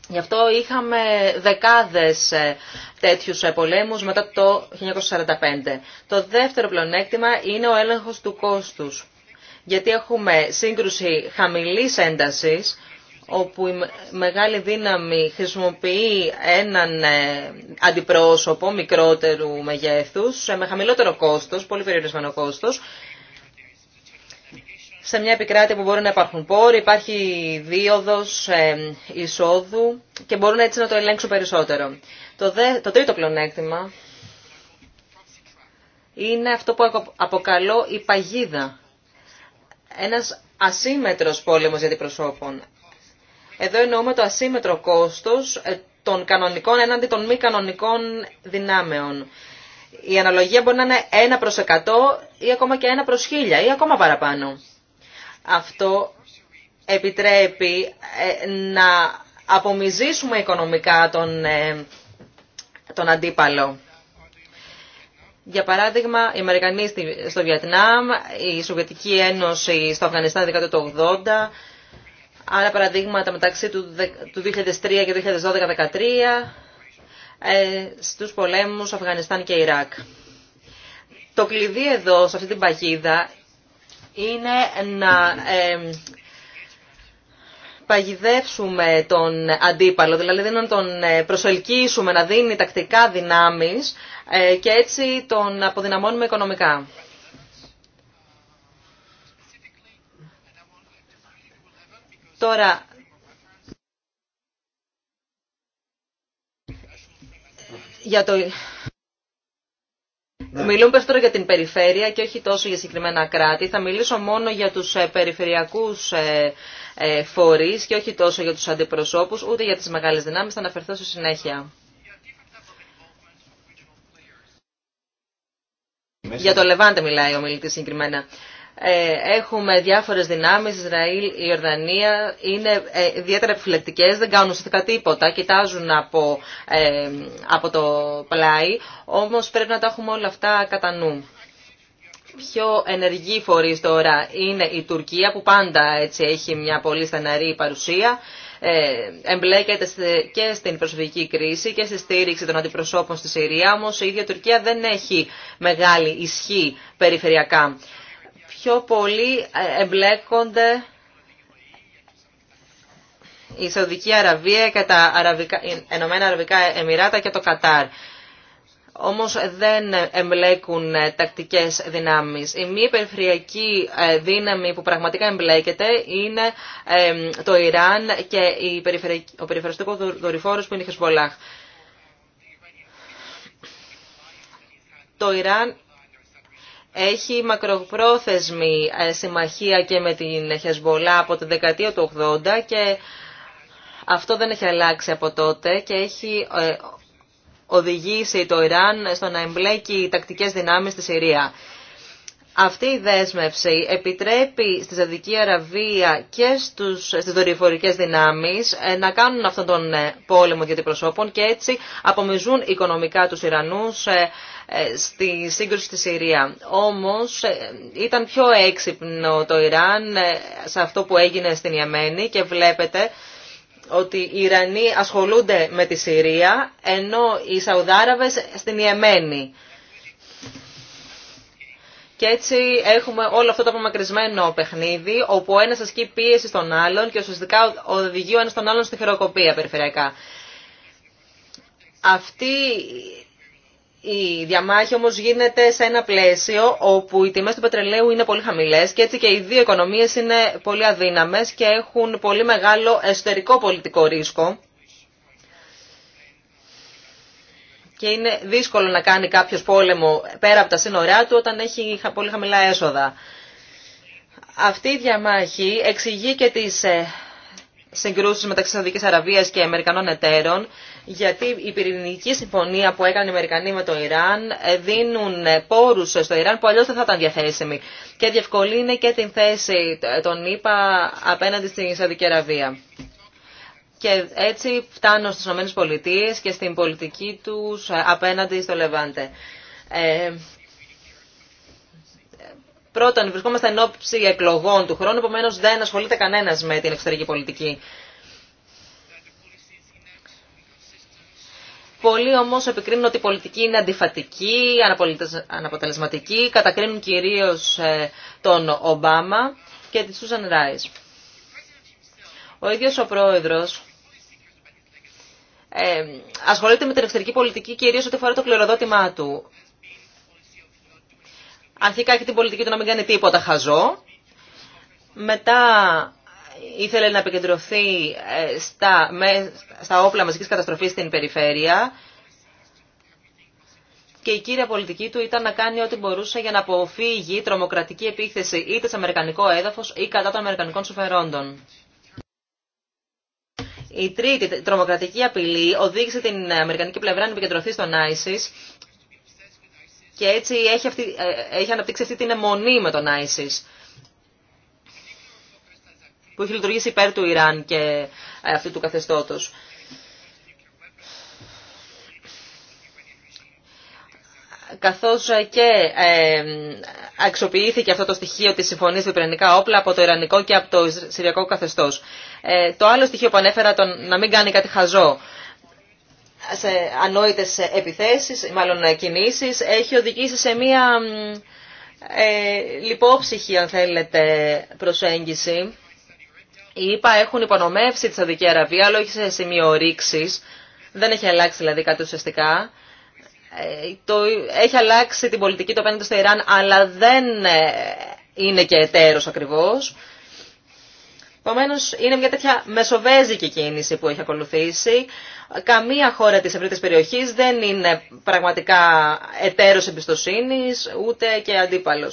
Speaker 4: Γι' αυτό είχαμε δεκάδες ε, τέτοιους ε, πολέμους μετά το 1945. Το δεύτερο πλεονέκτημα είναι ο έλεγχος του κόστους γιατί έχουμε σύγκρουση χαμηλής έντασης, όπου η μεγάλη δύναμη χρησιμοποιεί έναν ε, αντιπρόσωπο μικρότερου μεγέθους, ε, με χαμηλότερο κόστος, πολύ περιορισμένο κόστος, σε μια επικράτεια που μπορεί να υπάρχουν πόροι, υπάρχει δίωδος ε, εισόδου και μπορούν έτσι να το ελέγξουν περισσότερο. Το, δε, το τρίτο πλονέκτημα είναι αυτό που αποκαλώ η παγίδα ένας ασύμετρος πόλεμος για προσώπων. Εδώ εννοούμε το ασύμετρο κόστος ε, των κανονικών έναντι των μη κανονικών δυνάμεων. Η αναλογία μπορεί να είναι 1 προς 100 ή ακόμα και 1 προς 1000 ή ακόμα παραπάνω. Αυτό επιτρέπει ε, να απομυζήσουμε οικονομικά τον, ε, τον αντίπαλο. Για παράδειγμα, οι Αμερικανοί στο Βιετνάμ, η Σοβιετική Ένωση στο Αφγανιστάν 1980, άλλα παραδείγματα μεταξύ του 2003 και 2012-2013, ε, στους πολέμους Αφγανιστάν και Ιράκ. Το κλειδί εδώ, σε αυτή την παγίδα, είναι να ε, παγιδεύσουμε τον αντίπαλο, δηλαδή να τον ε, προσελκύσουμε να δίνει τακτικά δυνάμεις ε, και έτσι τον αποδυναμώνουμε οικονομικά. Τώρα, για το... Ναι. Μιλούμε περισσότερο για την περιφέρεια και όχι τόσο για συγκεκριμένα κράτη. Θα μιλήσω μόνο για τους ε, περιφερειακούς ε, ε, φορείς και όχι τόσο για τους αντιπροσώπους, ούτε για τις μεγάλες δυνάμεις. Θα αναφερθώ στη συνέχεια. Για το Λεβάντε μιλάει ο μιλητής συγκεκριμένα. Ε, έχουμε διάφορες δυνάμεις, Ισραήλ, η Ιορδανία, είναι ε, ιδιαίτερα επιφυλακτικέ, δεν κάνουν ουσιαστικά τίποτα, κοιτάζουν από, ε, από το πλάι, όμως πρέπει να τα έχουμε όλα αυτά κατά νου. Πιο ενεργοί φορεί τώρα είναι η Τουρκία που πάντα έτσι, έχει μια πολύ στεναρή παρουσία, εμπλέκεται και στην προσφυγική κρίση και στη στήριξη των αντιπροσώπων στη Συρία, όμως η ίδια Τουρκία δεν έχει μεγάλη ισχύ περιφερειακά πιο πολύ ε, εμπλέκονται η Σαουδική Αραβία και τα Αραβικά, ε, Ενωμένα Αραβικά Εμμυράτα και το Κατάρ. Όμως δεν εμπλέκουν ε, τακτικές δυνάμεις. Η μη περιφερειακή δύναμη που πραγματικά εμπλέκεται είναι το Ιράν και ο περιφερειακό δορυφόρος που είναι η Χεσβολάχ. Το Ιράν έχει μακροπρόθεσμη ε, συμμαχία και με την Χεσμολά από την δεκαετία του 80 και αυτό δεν έχει αλλάξει από τότε και έχει ε, οδηγήσει το Ιράν στο να εμπλέκει τακτικές δυνάμεις στη Συρία. Αυτή η δέσμευση επιτρέπει στη Σαδική Αραβία και στους, στις δορυφορικές δυνάμεις ε, να κάνουν αυτόν τον πόλεμο για την προσώπων και έτσι απομιζούν οικονομικά τους Ιρανούς ε, στη σύγκρουση στη Συρία. Όμως ε, ήταν πιο έξυπνο το Ιράν ε, σε αυτό που έγινε στην Ιεμένη και βλέπετε ότι οι Ιρανοί ασχολούνται με τη Συρία ενώ οι Σαουδάραβες στην Ιεμένη. Και έτσι έχουμε όλο αυτό το απομακρυσμένο παιχνίδι, όπου ο ένας ασκεί πίεση στον άλλον και ουσιαστικά οδηγεί ο ένας τον άλλον στη χειροκοπία περιφερειακά. Αυτή η διαμάχη όμω γίνεται σε ένα πλαίσιο όπου οι τιμέ του πετρελαίου είναι πολύ χαμηλέ και έτσι και οι δύο οικονομίε είναι πολύ αδύναμε και έχουν πολύ μεγάλο εσωτερικό πολιτικό ρίσκο. Και είναι δύσκολο να κάνει κάποιο πόλεμο πέρα από τα σύνορά του όταν έχει πολύ χαμηλά έσοδα. Αυτή η διαμάχη εξηγεί και τι ε, συγκρούσει μεταξύ Σαουδική Αραβία και Αμερικανών εταίρων γιατί η πυρηνική συμφωνία που έκανε οι Αμερικανοί με το Ιράν ε, δίνουν πόρους στο Ιράν που αλλιώς δεν θα ήταν διαθέσιμοι και διευκολύνει και την θέση ε, των ΗΠΑ απέναντι στην Σαουδική Αραβία. Και έτσι φτάνω στις ΗΠΑ και στην πολιτική τους ε, απέναντι στο Λεβάντε. Ε, πρώτον, βρισκόμαστε εν εκλογών του χρόνου, επομένω δεν ασχολείται κανένα με την εξωτερική πολιτική. Πολλοί όμως επικρίνουν ότι η πολιτική είναι αντιφατική, αναποτελεσματική, κατακρίνουν κυρίως ε, τον Ομπάμα και τη Σούζαν Ράι. Ο ίδιο ο πρόεδρο. Ε, ασχολείται με την εξωτερική πολιτική κυρίως ό,τι αφορά το κληροδότημά του. Αρχικά έχει την πολιτική του να μην κάνει τίποτα χαζό. Μετά ήθελε να επικεντρωθεί ε, στα, στα όπλα μαζικής καταστροφής στην περιφέρεια και η κύρια πολιτική του ήταν να κάνει ό,τι μπορούσε για να αποφύγει τρομοκρατική επίθεση είτε σε αμερικανικό έδαφος ή κατά των αμερικανικών συμφερόντων. Η τρίτη τρομοκρατική απειλή οδήγησε την αμερικανική πλευρά να επικεντρωθεί στον ISIS και έτσι έχει, αυτή, ε, αναπτύξει αυτή την αιμονή με τον ISIS που έχει λειτουργήσει υπέρ του Ιράν και ε, αυτού του καθεστώτος. καθώς ε, και ε, αξιοποιήθηκε αυτό το στοιχείο της συμφωνίας με όπλα από το Ιρανικό και από το Συριακό καθεστώς. το άλλο στοιχείο που ανέφερα, το να μην κάνει κάτι χαζό σε ανόητες επιθέσεις, μάλλον κινήσεις, έχει οδηγήσει σε μία ε, λιπόψυχη, αν θέλετε, προσέγγιση οι ΙΠΑ έχουν υπονομεύσει τη Σαουδική Αραβία, αλλά όχι σε σημείο ρήξη. Δεν έχει αλλάξει δηλαδή κάτι ουσιαστικά. Ε, το, έχει αλλάξει την πολιτική το απέναντι στο Ιράν, αλλά δεν ε, είναι και εταίρο ακριβώς. Επομένω, είναι μια τέτοια μεσοβέζικη κίνηση που έχει ακολουθήσει. Καμία χώρα τη ευρύτερη περιοχή δεν είναι πραγματικά εταίρο εμπιστοσύνη, ούτε και αντίπαλο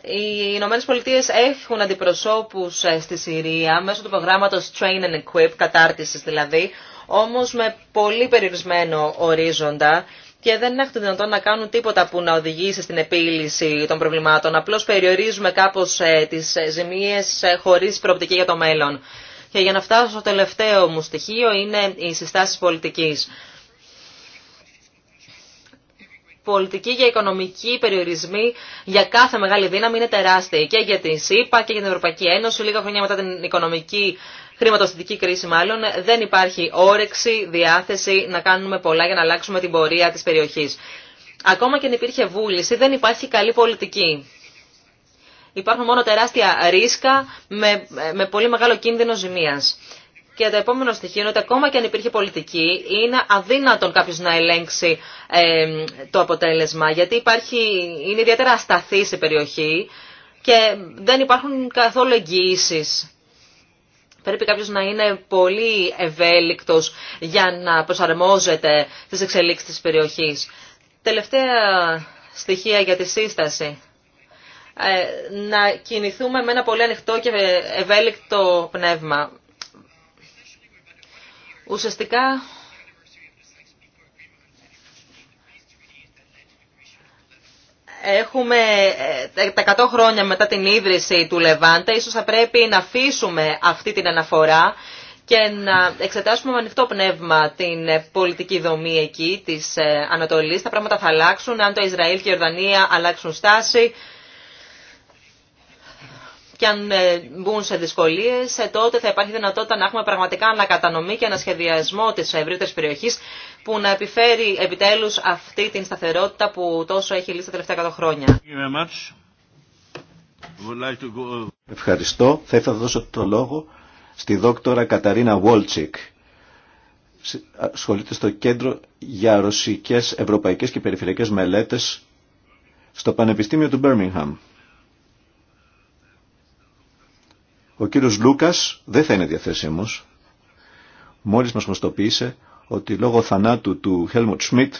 Speaker 4: οι Ηνωμένε Πολιτείε έχουν αντιπροσώπους ε, στη Συρία μέσω του προγράμματος Train and Equip, κατάρτισης δηλαδή, όμως με πολύ περιορισμένο ορίζοντα και δεν έχουν δυνατόν να κάνουν τίποτα που να οδηγήσει στην επίλυση των προβλημάτων. απλώ περιορίζουμε κάπω ε, τις ζημίες ε, χωρίς προοπτική για το μέλλον. Και για να φτάσω στο τελευταίο μου στοιχείο είναι οι συστάσει πολιτική πολιτική για οικονομική περιορισμοί για κάθε μεγάλη δύναμη είναι τεράστια και για την ΣΥΠΑ και για την Ευρωπαϊκή Ένωση. Λίγα χρόνια μετά την οικονομική χρηματοστατική κρίση μάλλον δεν υπάρχει όρεξη, διάθεση να κάνουμε πολλά για να αλλάξουμε την πορεία της περιοχής. Ακόμα και αν υπήρχε βούληση δεν υπάρχει καλή πολιτική. Υπάρχουν μόνο τεράστια ρίσκα με, με πολύ μεγάλο κίνδυνο ζημίας. Και το επόμενο στοιχείο είναι ότι ακόμα και αν υπήρχε πολιτική, είναι αδύνατον κάποιο να ελέγξει το αποτέλεσμα. Γιατί υπάρχει, είναι ιδιαίτερα ασταθή η περιοχή και δεν υπάρχουν καθόλου εγγυήσει. Πρέπει κάποιο να είναι πολύ ευέλικτο για να προσαρμόζεται τις εξελίξει της περιοχής. Τελευταία στοιχεία για τη σύσταση. Ε, να κινηθούμε με ένα πολύ ανοιχτό και ευέλικτο πνεύμα. Ουσιαστικά έχουμε ε, τα 100 χρόνια μετά την ίδρυση του Λεβάντα, ίσως θα πρέπει να αφήσουμε αυτή την αναφορά και να εξετάσουμε με ανοιχτό πνεύμα την πολιτική δομή εκεί της ε, Ανατολής. Τα πράγματα θα αλλάξουν αν το Ισραήλ και η Ορδανία αλλάξουν στάση και αν ε, μπουν σε δυσκολίε, ε, τότε θα υπάρχει δυνατότητα να έχουμε πραγματικά ανακατανομή και ανασχεδιασμό τη ευρύτερη περιοχή που να επιφέρει επιτέλου αυτή την σταθερότητα που τόσο έχει λύσει τα τελευταία 100 χρόνια.
Speaker 2: Ευχαριστώ. Θα ήθελα να δώσω το λόγο στη δόκτωρα Καταρίνα Βόλτσικ. Ασχολείται στο Κέντρο για Ρωσικές, Ευρωπαϊκές και Περιφερειακές Μελέτες στο Πανεπιστήμιο του Μπέρμιγχαμ. Ο κύριος Λούκας δεν θα είναι διαθέσιμος. Μόλις μας γνωστοποίησε ότι λόγω θανάτου του Χέλμουτ Σμιτ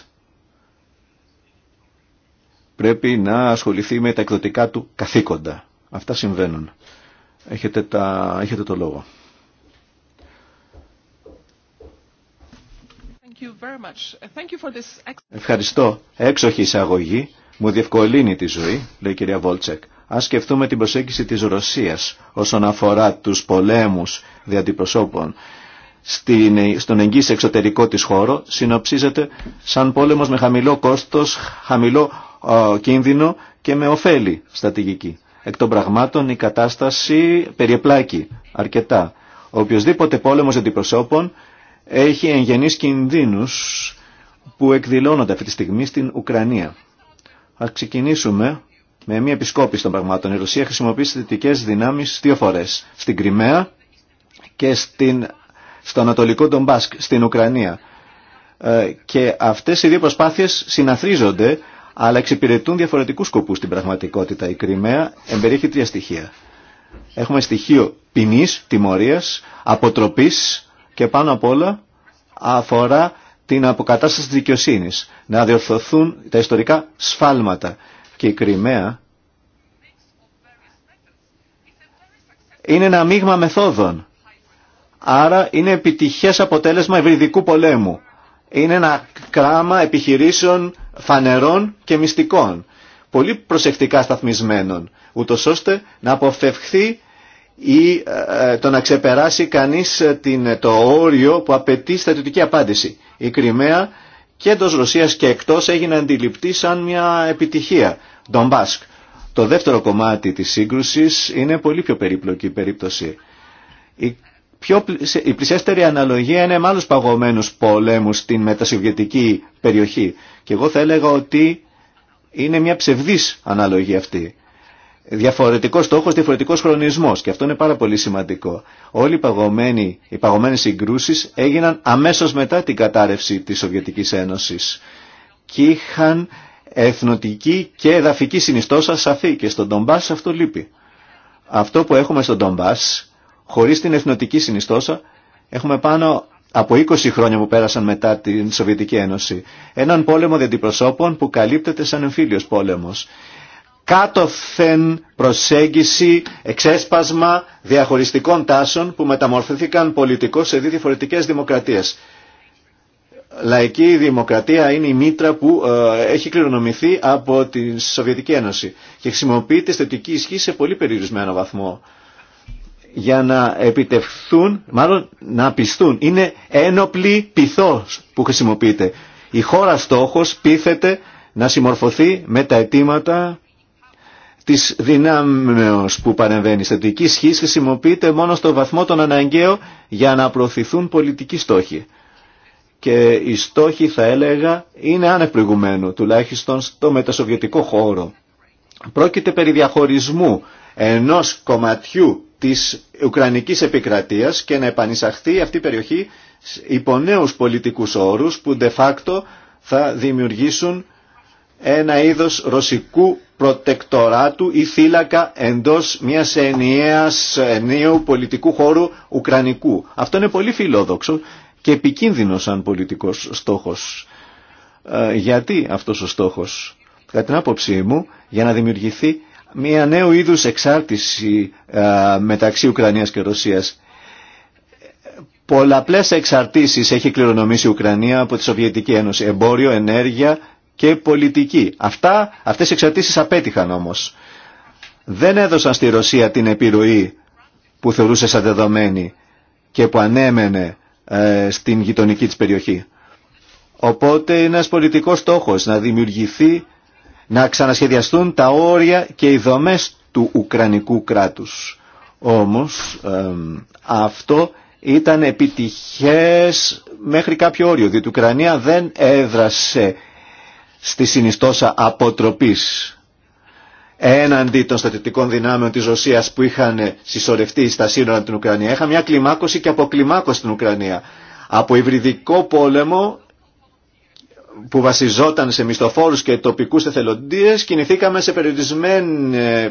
Speaker 2: πρέπει να ασχοληθεί με τα εκδοτικά του καθήκοντα. Αυτά συμβαίνουν. Έχετε, τα... Έχετε το λόγο. Ευχαριστώ. Έξοχη εισαγωγή μου διευκολύνει τη ζωή, λέει η κυρία Βόλτσεκ. Ας σκεφτούμε την προσέγγιση της Ρωσίας όσον αφορά τους πολέμους διατυπωσόπων στην, στον εγγύς εξωτερικό της χώρο συνοψίζεται σαν πόλεμος με χαμηλό κόστος, χαμηλό κίνδυνο και με ωφέλη στατηγική. Εκ των πραγμάτων η κατάσταση περιεπλάκει αρκετά. Οποιοδήποτε πόλεμος αντιπροσώπων έχει εγγενείς κινδύνους που εκδηλώνονται αυτή τη στιγμή στην Ουκρανία. Ας ξεκινήσουμε με μια επισκόπηση των πραγμάτων. Η Ρωσία χρησιμοποίησε θετικέ δυνάμει δύο φορέ. Στην Κρυμαία και στην, στο Ανατολικό Ντομπάσκ, στην Ουκρανία. Ε, και αυτέ οι δύο προσπάθειε συναθρίζονται, αλλά εξυπηρετούν διαφορετικού σκοπού στην πραγματικότητα. Η Κρυμαία εμπεριέχει τρία στοιχεία. Έχουμε στοιχείο ποινή, τιμωρία, αποτροπή και πάνω απ' όλα αφορά την αποκατάσταση της δικαιοσύνης. Να διορθωθούν τα ιστορικά σφάλματα και η Κρυμαία είναι ένα μείγμα μεθόδων. Άρα είναι επιτυχές αποτέλεσμα ευρυδικού πολέμου. Είναι ένα κράμα επιχειρήσεων φανερών και μυστικών, πολύ προσεκτικά σταθμισμένων, ούτω ώστε να αποφευχθεί ή ε, ε, το να ξεπεράσει κανείς ε, την, το όριο που απαιτεί στρατιωτική απάντηση. Η Κρυμαία και εντός Ρωσίας και εκτός έγινε αντιληπτή σαν μια επιτυχία Ντομπάσκ. Το δεύτερο κομμάτι της σύγκρουσης είναι πολύ πιο περίπλοκη η περίπτωση. Η, πιο, η πλησιέστερη αναλογία είναι με άλλους παγωμένους πολέμους στην μετασοβιετική περιοχή. Και εγώ θα έλεγα ότι είναι μια ψευδής αναλογία αυτή. Διαφορετικό στόχο, διαφορετικό χρονισμό. Και αυτό είναι πάρα πολύ σημαντικό. Όλοι οι παγωμένοι, οι παγωμένε συγκρούσει έγιναν αμέσω μετά την κατάρρευση τη Σοβιετική Ένωση και είχαν εθνοτική και εδαφική συνιστόσα σαφή και στον Ντομπάς αυτό λείπει. Αυτό που έχουμε στον Ντομπάς, χωρίς την εθνοτική συνιστόσα, έχουμε πάνω από 20 χρόνια που πέρασαν μετά την Σοβιετική Ένωση. Έναν πόλεμο διαντιπροσώπων που καλύπτεται σαν εμφύλιος πόλεμος. Κάτωθεν προσέγγιση, εξέσπασμα διαχωριστικών τάσεων που μεταμορφωθήκαν πολιτικώς σε δύο διαφορετικές δημοκρατίες λαϊκή δημοκρατία είναι η μήτρα που ε, έχει κληρονομηθεί από τη Σοβιετική Ένωση και χρησιμοποιείται στετική ισχύ σε πολύ περιορισμένο βαθμό για να επιτευχθούν, μάλλον να πιστούν. Είναι ένοπλη πυθός που χρησιμοποιείται. Η χώρα στόχος πίθεται να συμμορφωθεί με τα αιτήματα της δυνάμεως που παρεμβαίνει. στετική ισχύ χρησιμοποιείται μόνο στο βαθμό των αναγκαίων για να προωθηθούν πολιτικοί στόχοι και οι στόχοι θα έλεγα είναι του τουλάχιστον στο μετασοβιετικό χώρο. Πρόκειται περί διαχωρισμού ενός κομματιού της Ουκρανικής επικρατείας και να επανεισαχθεί αυτή η περιοχή υπό νέου πολιτικούς όρους που de facto θα δημιουργήσουν ένα είδος ρωσικού προτεκτοράτου ή θύλακα εντός μιας ενιαίας ενιαίου πολιτικού χώρου ουκρανικού. Αυτό είναι πολύ φιλόδοξο και επικίνδυνο σαν πολιτικός στόχος. Ε, γιατί αυτός ο στόχος. Κατά την άποψή μου, για να δημιουργηθεί μια νέου είδους εξάρτηση ε, μεταξύ Ουκρανίας και Ρωσίας. Πολλαπλές εξαρτήσεις έχει κληρονομήσει η Ουκρανία από τη Σοβιετική Ένωση. Εμπόριο, ενέργεια και πολιτική. Αυτά, αυτές οι εξαρτήσεις απέτυχαν όμως. Δεν έδωσαν στη Ρωσία την επιρροή που θεωρούσε σαν δεδομένη και που ανέμενε ε, στην γειτονική της περιοχή. Οπότε είναι ένας πολιτικός στόχος να δημιουργηθεί, να ξανασχεδιαστούν τα όρια και οι δομές του Ουκρανικού κράτους. Όμως αυτό ήταν επιτυχές μέχρι κάποιο όριο, διότι η Ουκρανία δεν έδρασε στη συνιστόσα αποτροπής έναντι των στατιωτικών δυνάμεων της Ρωσίας που είχαν συσσωρευτεί στα σύνορα την Ουκρανία. Είχα μια κλιμάκωση και αποκλιμάκωση στην Ουκρανία. Από υβριδικό πόλεμο που βασιζόταν σε μισθοφόρους και τοπικούς εθελοντίες κινηθήκαμε σε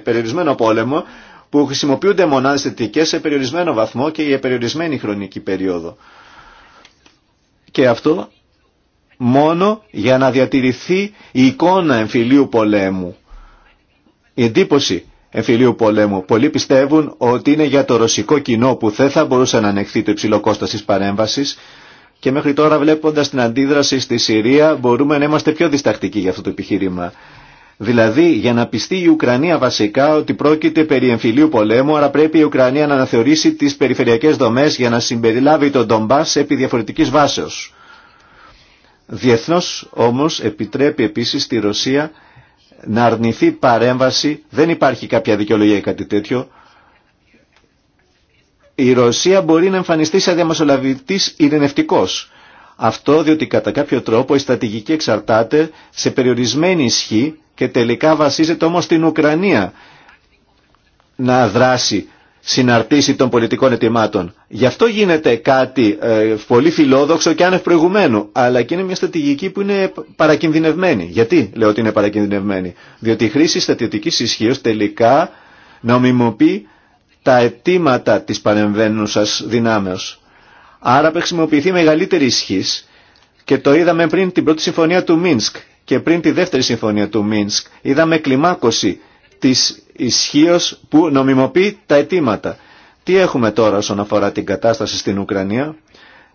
Speaker 2: περιορισμένο πόλεμο που χρησιμοποιούνται μονάδες θετικές σε περιορισμένο βαθμό και για περιορισμένη χρονική περίοδο. Και αυτό μόνο για να διατηρηθεί η εικόνα εμφυλίου πολέμου η εντύπωση εμφυλίου πολέμου. Πολλοί πιστεύουν ότι είναι για το ρωσικό κοινό που δεν θα μπορούσε να ανεχθεί το υψηλό κόστο τη παρέμβασης και μέχρι τώρα βλέποντα την αντίδραση στη Συρία μπορούμε να είμαστε πιο διστακτικοί για αυτό το επιχείρημα. Δηλαδή για να πιστεί η Ουκρανία βασικά ότι πρόκειται περί εμφυλίου πολέμου άρα πρέπει η Ουκρανία να αναθεωρήσει τι περιφερειακέ δομέ για να συμπεριλάβει τον Ντομπά επί διαφορετική βάσεω. Διεθνώ όμω επιτρέπει επίση στη Ρωσία να αρνηθεί παρέμβαση, δεν υπάρχει κάποια δικαιολογία ή κάτι τέτοιο. Η Ρωσία μπορεί να εμφανιστεί σαν διαμεσολαβητής ειρηνευτικός. Αυτό διότι κατά κάποιο τρόπο η στρατηγική εξαρτάται σε περιορισμένη ισχύ και τελικά βασίζεται όμως στην Ουκρανία να δράσει συναρτήσει των πολιτικών ετοιμάτων. Γι' αυτό γίνεται κάτι ε, πολύ φιλόδοξο και άνευ προηγουμένου, αλλά και είναι μια στρατηγική που είναι παρακινδυνευμένη. Γιατί λέω ότι είναι παρακινδυνευμένη. Διότι η χρήση στατιωτικής ισχύω τελικά νομιμοποιεί τα αιτήματα της παρεμβαίνουσας δυνάμεως. Άρα χρησιμοποιηθεί μεγαλύτερη ισχύ και το είδαμε πριν την πρώτη συμφωνία του Μίνσκ και πριν τη δεύτερη συμφωνία του Μίνσκ. Είδαμε κλιμάκωση της ισχύω που νομιμοποιεί τα αιτήματα. Τι έχουμε τώρα όσον αφορά την κατάσταση στην Ουκρανία.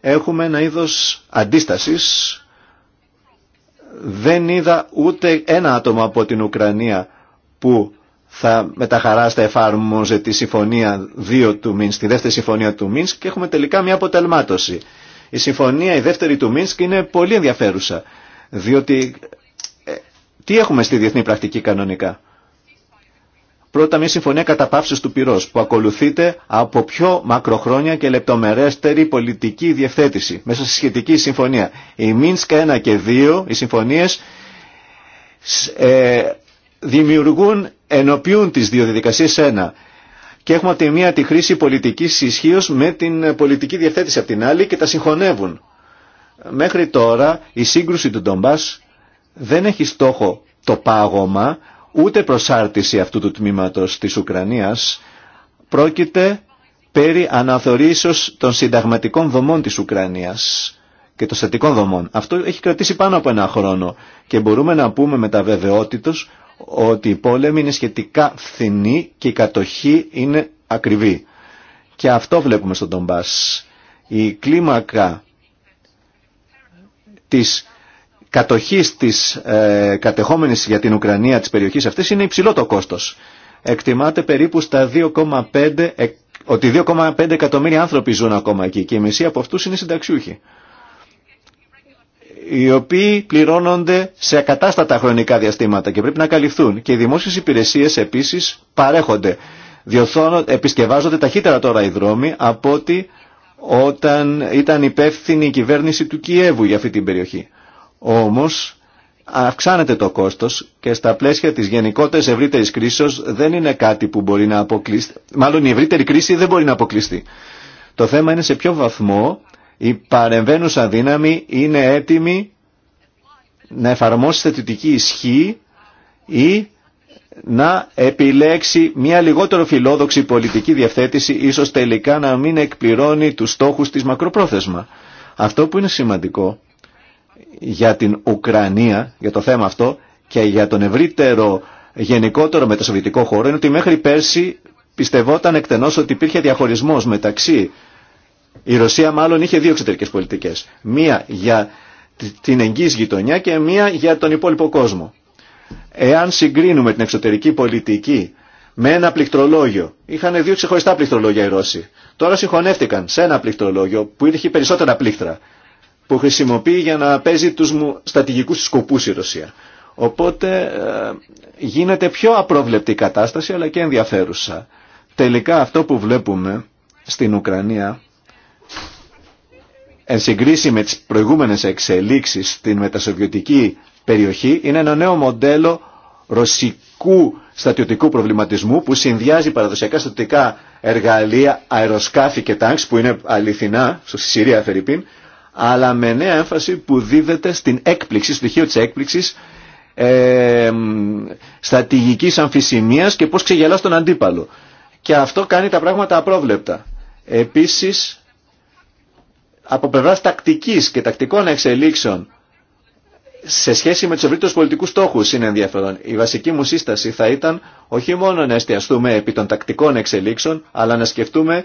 Speaker 2: Έχουμε ένα είδος αντίστασης. Δεν είδα ούτε ένα άτομο από την Ουκρανία που θα με τα χαρά στα εφάρμοζε τη συμφωνία 2 του Μίνσκ, τη δεύτερη συμφωνία του Μίνσκ και έχουμε τελικά μια αποτελμάτωση. Η συμφωνία η δεύτερη του Μίνσκ είναι πολύ ενδιαφέρουσα, διότι ε, τι έχουμε στη διεθνή πρακτική κανονικά. Πρώτα μια συμφωνία καταπαύσεως του πυρός που ακολουθείται από πιο μακροχρόνια και λεπτομερέστερη πολιτική διευθέτηση μέσα στη σχετική συμφωνία. Η Μίνσκα 1 και 2, οι συμφωνίες, ε, δημιουργούν, ενοποιούν τις δύο διαδικασίες ένα. Και έχουμε από τη μία τη χρήση πολιτικής ισχύω με την πολιτική διευθέτηση από την άλλη και τα συγχωνεύουν. Μέχρι τώρα η σύγκρουση του Ντομπάς δεν έχει στόχο το πάγωμα, ούτε προσάρτηση αυτού του τμήματος της Ουκρανίας, πρόκειται περί αναθεωρήσεως των συνταγματικών δομών της Ουκρανίας και των στατικών δομών. Αυτό έχει κρατήσει πάνω από ένα χρόνο και μπορούμε να πούμε με τα βεβαιότητος ότι η πόλεμη είναι σχετικά φθηνή και η κατοχή είναι ακριβή. Και αυτό βλέπουμε στον Τομπάς. Η κλίμακα της κατοχής της ε, κατεχόμενης για την Ουκρανία της περιοχής αυτής είναι υψηλό το κόστος. Εκτιμάται περίπου στα 2,5 ότι 2,5 εκατομμύρια άνθρωποι ζουν ακόμα εκεί και η μισή από αυτούς είναι συνταξιούχοι οι οποίοι πληρώνονται σε ακατάστατα χρονικά διαστήματα και πρέπει να καλυφθούν. Και οι δημόσιες υπηρεσίες επίσης παρέχονται. επισκευάζονται ταχύτερα τώρα οι δρόμοι από ότι όταν ήταν υπεύθυνη η κυβέρνηση του Κιέβου για αυτή την περιοχή. Όμως αυξάνεται το κόστος και στα πλαίσια της γενικότερης ευρύτερης κρίσης δεν είναι κάτι που μπορεί να αποκλειστεί. Μάλλον η ευρύτερη κρίση δεν μπορεί να αποκλειστεί. Το θέμα είναι σε ποιο βαθμό η παρεμβαίνουσα δύναμη είναι έτοιμη να εφαρμόσει θετική ισχύ ή να επιλέξει μια λιγότερο φιλόδοξη πολιτική διευθέτηση ίσως τελικά να μην εκπληρώνει τους στόχους της μακροπρόθεσμα. Αυτό που είναι σημαντικό για την Ουκρανία, για το θέμα αυτό και για τον ευρύτερο γενικότερο μετασοβιετικό χώρο είναι ότι μέχρι πέρσι πιστευόταν εκτενώς ότι υπήρχε διαχωρισμός μεταξύ η Ρωσία μάλλον είχε δύο εξωτερικές πολιτικές. Μία για την εγγύης γειτονιά και μία για τον υπόλοιπο κόσμο. Εάν συγκρίνουμε την εξωτερική πολιτική με ένα πληκτρολόγιο, είχαν δύο ξεχωριστά πληκτρολόγια οι Ρώσοι. Τώρα συγχωνεύτηκαν σε ένα πληκτρολόγιο που είχε περισσότερα πλήκτρα που χρησιμοποιεί για να παίζει τους στατηγικούς σκοπούς η Ρωσία. Οπότε ε, γίνεται πιο απρόβλεπτη η κατάσταση αλλά και ενδιαφέρουσα. Τελικά αυτό που βλέπουμε στην Ουκρανία εν συγκρίση με τις προηγούμενες εξελίξεις στην μετασοβιωτική περιοχή είναι ένα νέο μοντέλο ρωσικού στατιωτικού προβληματισμού που συνδυάζει παραδοσιακά στατιωτικά εργαλεία, αεροσκάφη και τάγκς που είναι αληθινά, στη Συρία Φερρυπίν, αλλά με νέα έμφαση που δίδεται στην έκπληξη, στοιχείο της έκπληξης, ε, στατηγικής και πώς ξεγελάς τον αντίπαλο. Και αυτό κάνει τα πράγματα απρόβλεπτα. Επίσης, από πλευρά τακτικής και τακτικών εξελίξεων σε σχέση με τους ευρύτερους πολιτικούς στόχους είναι ενδιαφέρον. Η βασική μου σύσταση θα ήταν όχι μόνο να εστιαστούμε επί των τακτικών εξελίξεων, αλλά να σκεφτούμε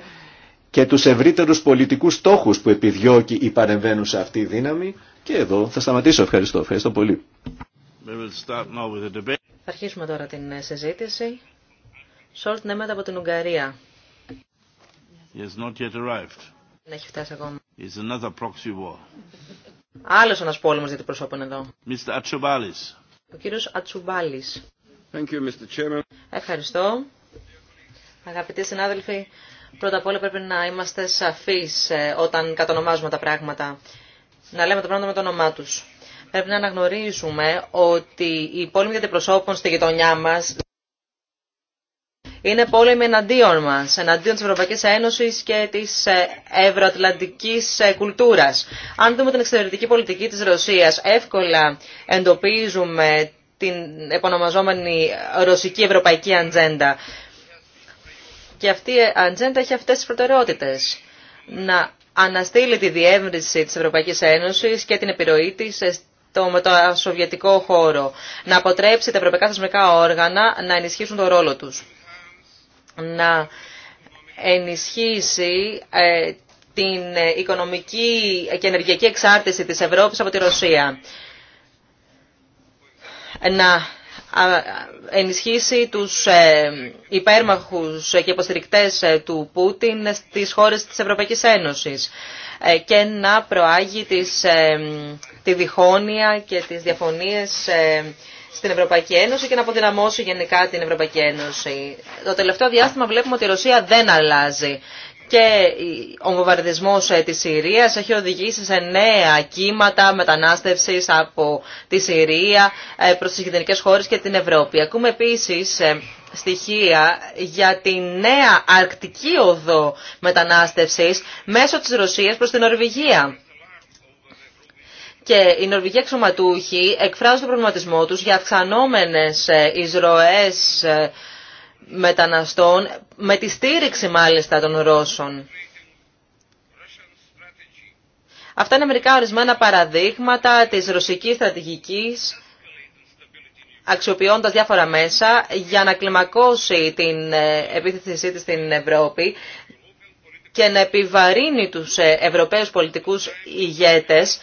Speaker 2: και τους ευρύτερους πολιτικούς στόχους που επιδιώκει η σε αυτή η δύναμη. Και εδώ θα σταματήσω. Ευχαριστώ. Ευχαριστώ πολύ.
Speaker 3: Θα
Speaker 4: αρχίσουμε τώρα την ε, συζήτηση. Σόλτ Νέμετα ναι, από την Ουγγαρία. Δεν έχει φτάσει ακόμα.
Speaker 3: another proxy
Speaker 4: Άλλος ένας πόλεμος για την προσώπων εδώ. Ο κύριος Ατσουμπάλης. Ευχαριστώ. Αγαπητοί συνάδελφοι, Πρώτα απ' όλα πρέπει να είμαστε σαφείς ε, όταν κατονομάζουμε τα πράγματα. Να λέμε το πράγματα με το όνομά τους. Πρέπει να αναγνωρίζουμε ότι οι πόλεμοι αντιπροσώπων στη γειτονιά μας είναι πόλεμοι εναντίον μας, εναντίον της Ευρωπαϊκής Ένωσης και της ε, ευρωατλαντικής ε, κουλτούρας. Αν δούμε την εξωτερική πολιτική της Ρωσίας, εύκολα εντοπίζουμε την επωνομαζόμενη ρωσική ευρωπαϊκή ατζέντα. Και αυτή η ατζέντα έχει αυτές τις προτεραιότητες. Να αναστείλει τη διεύρυνση της Ευρωπαϊκής Ένωσης και την επιρροή της το, με το σοβιετικό χώρο. Να αποτρέψει τα ευρωπαϊκά θεσμικά όργανα να ενισχύσουν τον ρόλο τους. Να ενισχύσει ε, την οικονομική και ενεργειακή εξάρτηση της Ευρώπης από τη Ρωσία. Να ενισχύσει τους ε, υπέρμαχους και υποστηρικτές ε, του Πούτιν στις χώρες της Ευρωπαϊκής Ένωσης ε, και να προάγει τις, τη διχόνοια και τις διαφωνίες στην Ευρωπαϊκή Ένωση και να αποδυναμώσει γενικά την Ευρωπαϊκή Ένωση. Το τελευταίο διάστημα βλέπουμε ότι η Ρωσία δεν αλλάζει και ο βομβαρδισμός ε, της Συρίας έχει οδηγήσει σε νέα κύματα μετανάστευσης από τη Συρία ε, προς τις γειτονικές χώρες και την Ευρώπη. Ακούμε επίσης ε, στοιχεία για τη νέα αρκτική οδό μετανάστευσης μέσω της Ρωσίας προς την Νορβηγία. Και οι Νορβηγοί αξιωματούχοι εκφράζουν τον προβληματισμό τους για αυξανόμενες εισρωές μεταναστών, με τη στήριξη μάλιστα των Ρώσων. Αυτά είναι μερικά ορισμένα παραδείγματα της ρωσικής στρατηγικής αξιοποιώντας διάφορα μέσα για να κλιμακώσει την ε, επίθεσή της στην Ευρώπη και να επιβαρύνει τους ε, Ευρωπαίους πολιτικούς ηγέτες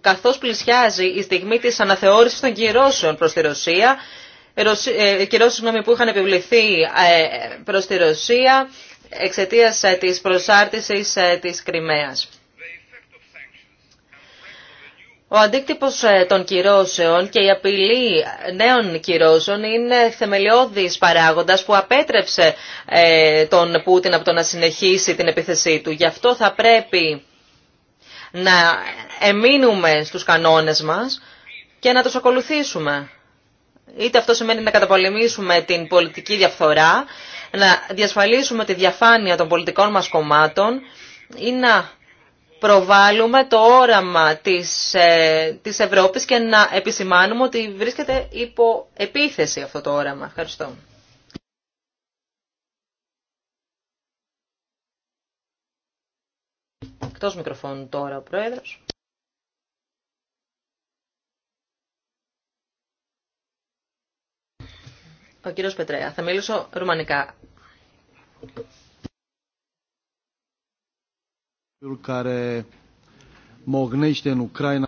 Speaker 4: καθώς πλησιάζει η στιγμή της αναθεώρησης των κυρώσεων προς τη Ρωσία ε, κυρώσεις που είχαν επιβληθεί ε, προς τη Ρωσία εξαιτίας ε, της προσάρτησης της Κρυμαίας. Ο αντίκτυπος των κυρώσεων και η απειλή νέων κυρώσεων είναι θεμελιώδης παράγοντας που απέτρεψε τον Πούτιν από το να συνεχίσει την επιθεσή του. Γι' αυτό θα πρέπει να εμείνουμε στους κανόνες μας και να τους ακολουθήσουμε. Είτε αυτό σημαίνει να καταπολεμήσουμε την πολιτική διαφθορά, να διασφαλίσουμε τη διαφάνεια των πολιτικών μας κομμάτων ή να προβάλλουμε το όραμα της, ε, της Ευρώπης και να επισημάνουμε ότι βρίσκεται υπό επίθεση αυτό το όραμα. Ευχαριστώ. Εκτός μικροφώνου τώρα ο Πρόεδρος. Ο κύριος Πετρέα. Θα μιλήσω ρουμανικά.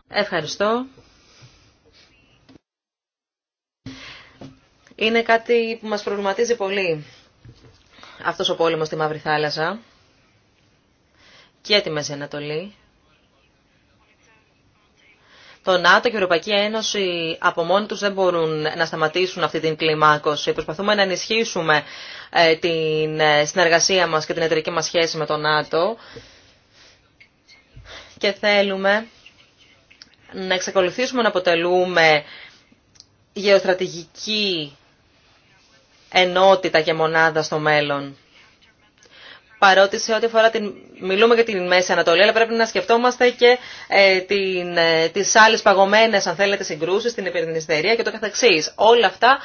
Speaker 4: Ευχαριστώ. Είναι κάτι που μας προβληματίζει πολύ αυτός ο πόλεμος στη Μαύρη Θάλασσα και τη Μέση Ανατολή. Το ΝΑΤΟ και η Ευρωπαϊκή Ένωση από μόνοι τους δεν μπορούν να σταματήσουν αυτή την κλιμάκωση. Προσπαθούμε να ενισχύσουμε ε, την ε, συνεργασία μας και την εταιρική μας σχέση με το ΝΑΤΟ και θέλουμε να εξακολουθήσουμε να αποτελούμε γεωστρατηγική ενότητα και μονάδα στο μέλλον παρότι σε ό,τι αφορά την... Μιλούμε για την Μέση Ανατολή, αλλά πρέπει να σκεφτόμαστε και ε, την, ε, τις άλλες παγωμένες, αν θέλετε, συγκρούσεις, την υπερδινιστερία και το καθεξής. Όλα αυτά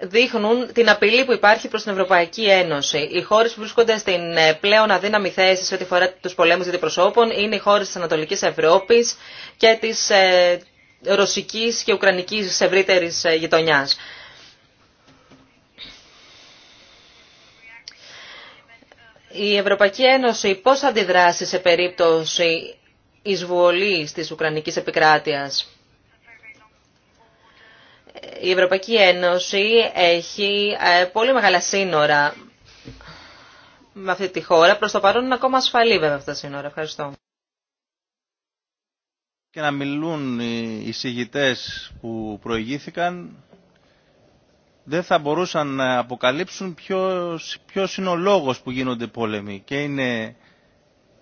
Speaker 4: δείχνουν την απειλή που υπάρχει προς την Ευρωπαϊκή Ένωση. Οι χώρες που βρίσκονται στην ε, πλέον αδύναμη θέση σε ό,τι αφορά τους πολέμους προσώπων, ή είναι οι χώρες της Ανατολικής Ευρώπης και της ε, ρωσικής και ουκρανικής ευρύτερης ε, γειτονιάς. η Ευρωπαϊκή Ένωση πώς θα αντιδράσει σε περίπτωση εισβολής της Ουκρανικής επικράτειας. Η Ευρωπαϊκή Ένωση έχει ε, πολύ μεγάλα σύνορα με αυτή τη χώρα. Προς το παρόν είναι ακόμα ασφαλή βέβαια αυτά τα σύνορα. Ευχαριστώ.
Speaker 3: Και να μιλούν οι συγητές που προηγήθηκαν δεν θα μπορούσαν να αποκαλύψουν ποιος, ποιος είναι ο λόγος που γίνονται πόλεμοι και είναι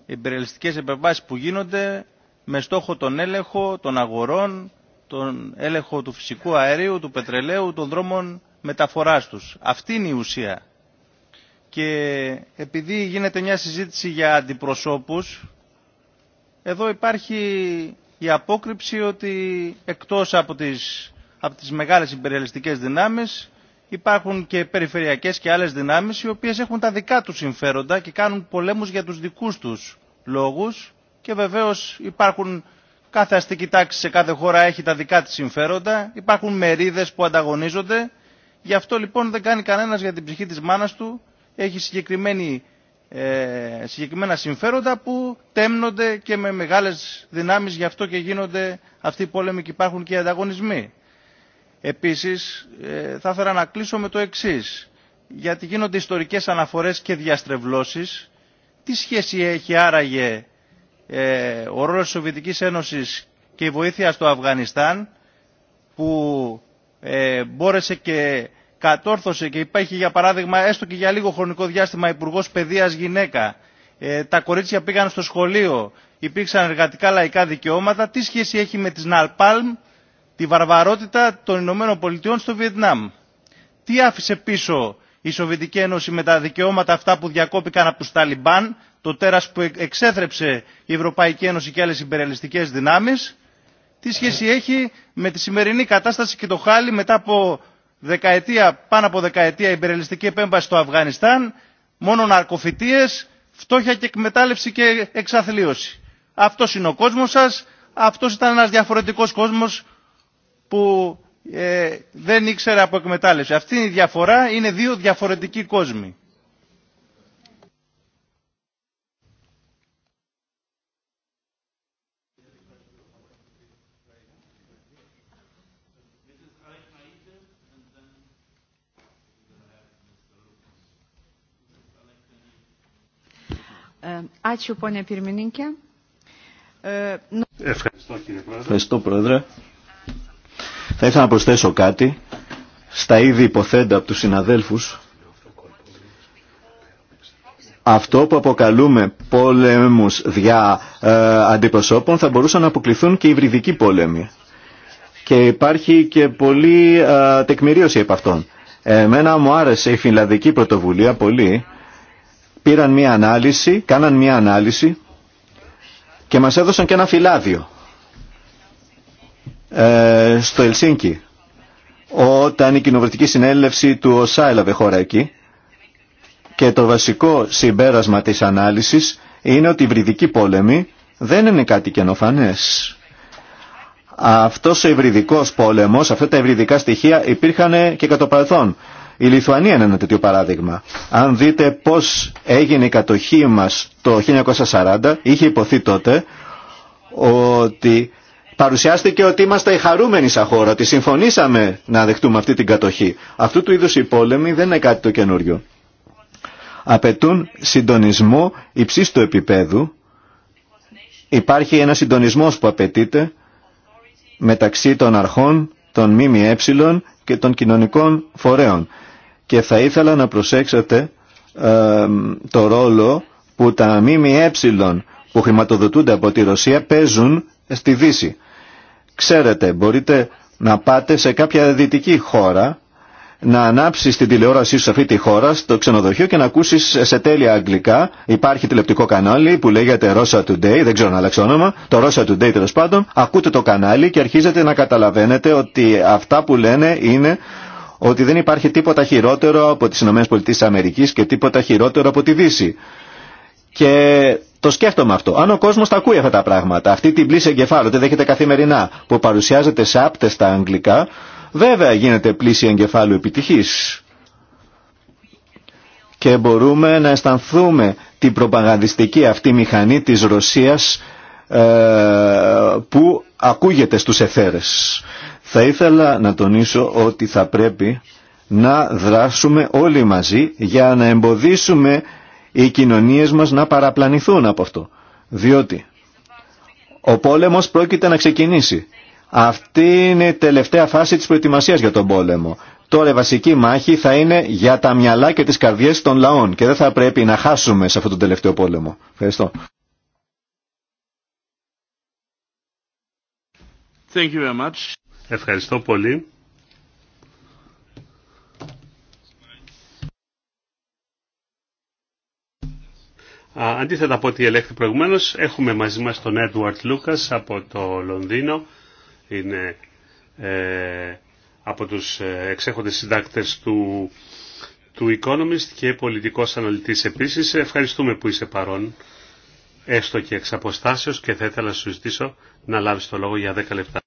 Speaker 3: οι περιελιστικές επεμβάσεις που γίνονται με στόχο τον έλεγχο των αγορών, τον έλεγχο του φυσικού αερίου, του πετρελαίου, των δρόμων μεταφοράς τους. Αυτή είναι η ουσία. Και επειδή γίνεται μια συζήτηση για αντιπροσώπους, εδώ υπάρχει η απόκρυψη ότι εκτός από τις, από τις μεγάλες υπεριαλιστικές δυνάμεις υπάρχουν και περιφερειακές και άλλες δυνάμεις οι οποίες έχουν τα δικά τους συμφέροντα και κάνουν πολέμους για τους δικούς τους λόγους και βεβαίως υπάρχουν κάθε αστική τάξη σε κάθε χώρα έχει τα δικά της συμφέροντα, υπάρχουν μερίδες που ανταγωνίζονται, γι' αυτό λοιπόν δεν κάνει κανένας για την ψυχή της μάνας του, έχει συγκεκριμένη, ε, συγκεκριμένα συμφέροντα που τέμνονται και με μεγάλες δυνάμεις, γι' αυτό και γίνονται αυτοί οι πόλεμοι και υπάρχουν και οι ανταγωνισμοί. Επίσης, ε, θα ήθελα να κλείσω με το εξής. Γιατί γίνονται ιστορικές αναφορές και διαστρεβλώσεις. Τι σχέση έχει άραγε ε, ο ρόλος της Σοβιετικής Ένωσης και η βοήθεια στο Αφγανιστάν που ε, μπόρεσε και κατόρθωσε και υπάρχει για παράδειγμα έστω και για λίγο χρονικό διάστημα υπουργό Παιδείας γυναίκα. τα κορίτσια πήγαν στο σχολείο, υπήρξαν εργατικά λαϊκά δικαιώματα. Τι σχέση έχει με τις Ναλπάλμ τη βαρβαρότητα των Ηνωμένων Πολιτειών στο Βιετνάμ. Τι άφησε πίσω η Σοβιετική Ένωση με τα δικαιώματα αυτά που διακόπηκαν από τους Ταλιμπάν, το τέρας που εξέθρεψε η Ευρωπαϊκή Ένωση και άλλες υπερελιστικές δυνάμεις, τι σχέση έχει με τη σημερινή κατάσταση και το χάλι μετά από δεκαετία, πάνω από δεκαετία υπερελιστική επέμβαση στο Αφγανιστάν, μόνο ναρκοφυτίες, φτώχεια και εκμετάλλευση και εξαθλίωση. Αυτός είναι ο κόσμος σας, αυτός ήταν ένας διαφορετικός κόσμος που ε, δεν ήξερα από εκμετάλλευση. Αυτή είναι η διαφορά, είναι δύο διαφορετικοί κόσμοι. Ε, ε,
Speaker 1: Ευχαριστώ κύριε
Speaker 2: πρόεδρε. Θα ήθελα να προσθέσω κάτι στα ήδη υποθέντα από τους συναδέλφους. Αυτό που αποκαλούμε πόλεμους δια ε, αντιπροσώπων θα μπορούσαν να αποκληθούν και υβριδικοί πόλεμοι. Και υπάρχει και πολλή ε, τεκμηρίωση από αυτόν. Εμένα μου άρεσε η φιλανδική πρωτοβουλία πολύ. Πήραν μια ανάλυση, κάναν μια ανάλυση και μας έδωσαν και ένα φυλάδιο ε, στο Ελσίνκι όταν η κοινοβουλευτική συνέλευση του ΟΣΑ έλαβε χώρα εκεί και το βασικό συμπέρασμα της ανάλυσης είναι ότι οι βρυδικοί πόλεμοι δεν είναι κάτι καινοφανές. Αυτός ο υβριδικός πόλεμος, αυτά τα υβριδικά στοιχεία υπήρχαν και κατά παρελθόν. Η Λιθουανία είναι ένα τέτοιο παράδειγμα. Αν δείτε πώς έγινε η κατοχή μας το 1940, είχε υποθεί τότε ότι παρουσιάστηκε ότι είμαστε οι χαρούμενοι σαν χώρα, ότι συμφωνήσαμε να δεχτούμε αυτή την κατοχή. Αυτού του είδους οι πόλεμοι δεν είναι κάτι το καινούριο. Απαιτούν συντονισμό υψίστου επίπεδου. Υπάρχει ένα συντονισμός που απαιτείται μεταξύ των αρχών, των ΜΜΕ και των κοινωνικών φορέων. Και θα ήθελα να προσέξετε ε, το ρόλο που τα ΜΜΕ που χρηματοδοτούνται από τη Ρωσία παίζουν στη Δύση. Ξέρετε, μπορείτε να πάτε σε κάποια δυτική χώρα, να ανάψει την τηλεόρασή σου σε αυτή τη χώρα, στο ξενοδοχείο και να ακούσει σε τέλεια αγγλικά. Υπάρχει τηλεπτικό κανάλι που λέγεται Russia Today, δεν ξέρω να αλλάξω όνομα, το Russia Today τέλο πάντων. Ακούτε το κανάλι και αρχίζετε να καταλαβαίνετε ότι αυτά που λένε είναι ότι δεν υπάρχει τίποτα χειρότερο από τι ΗΠΑ και τίποτα χειρότερο από τη Δύση. Και το σκέφτομαι αυτό. Αν ο κόσμο τα ακούει αυτά τα πράγματα, αυτή την πλήση εγκεφάλου, τη δέχεται καθημερινά, που παρουσιάζεται σε άπτε στα αγγλικά, βέβαια γίνεται πλήση εγκεφάλου επιτυχή. Και μπορούμε να αισθανθούμε την προπαγανδιστική αυτή μηχανή της Ρωσίας ε, που ακούγεται στους εθέρες. Θα ήθελα να τονίσω ότι θα πρέπει να δράσουμε όλοι μαζί για να εμποδίσουμε οι κοινωνίες μας να παραπλανηθούν από αυτό. Διότι ο πόλεμος πρόκειται να ξεκινήσει. Αυτή είναι η τελευταία φάση της προετοιμασίας για τον πόλεμο. Τώρα η βασική μάχη θα είναι για τα μυαλά και τις καρδιές των λαών και δεν θα πρέπει να χάσουμε σε αυτόν τον τελευταίο πόλεμο. Ευχαριστώ.
Speaker 1: Thank you very much. Ευχαριστώ πολύ. Αντίθετα από ό,τι ελέγχθη προηγουμένως, έχουμε μαζί μας τον Edward Lucas από το Λονδίνο. Είναι ε, από τους ε, εξέχοντες συντάκτες του, του Economist και πολιτικός αναλυτής επίσης. Ευχαριστούμε που είσαι παρόν, έστω και εξ και θα ήθελα να σου ζητήσω να λάβεις το λόγο για 10 λεπτά.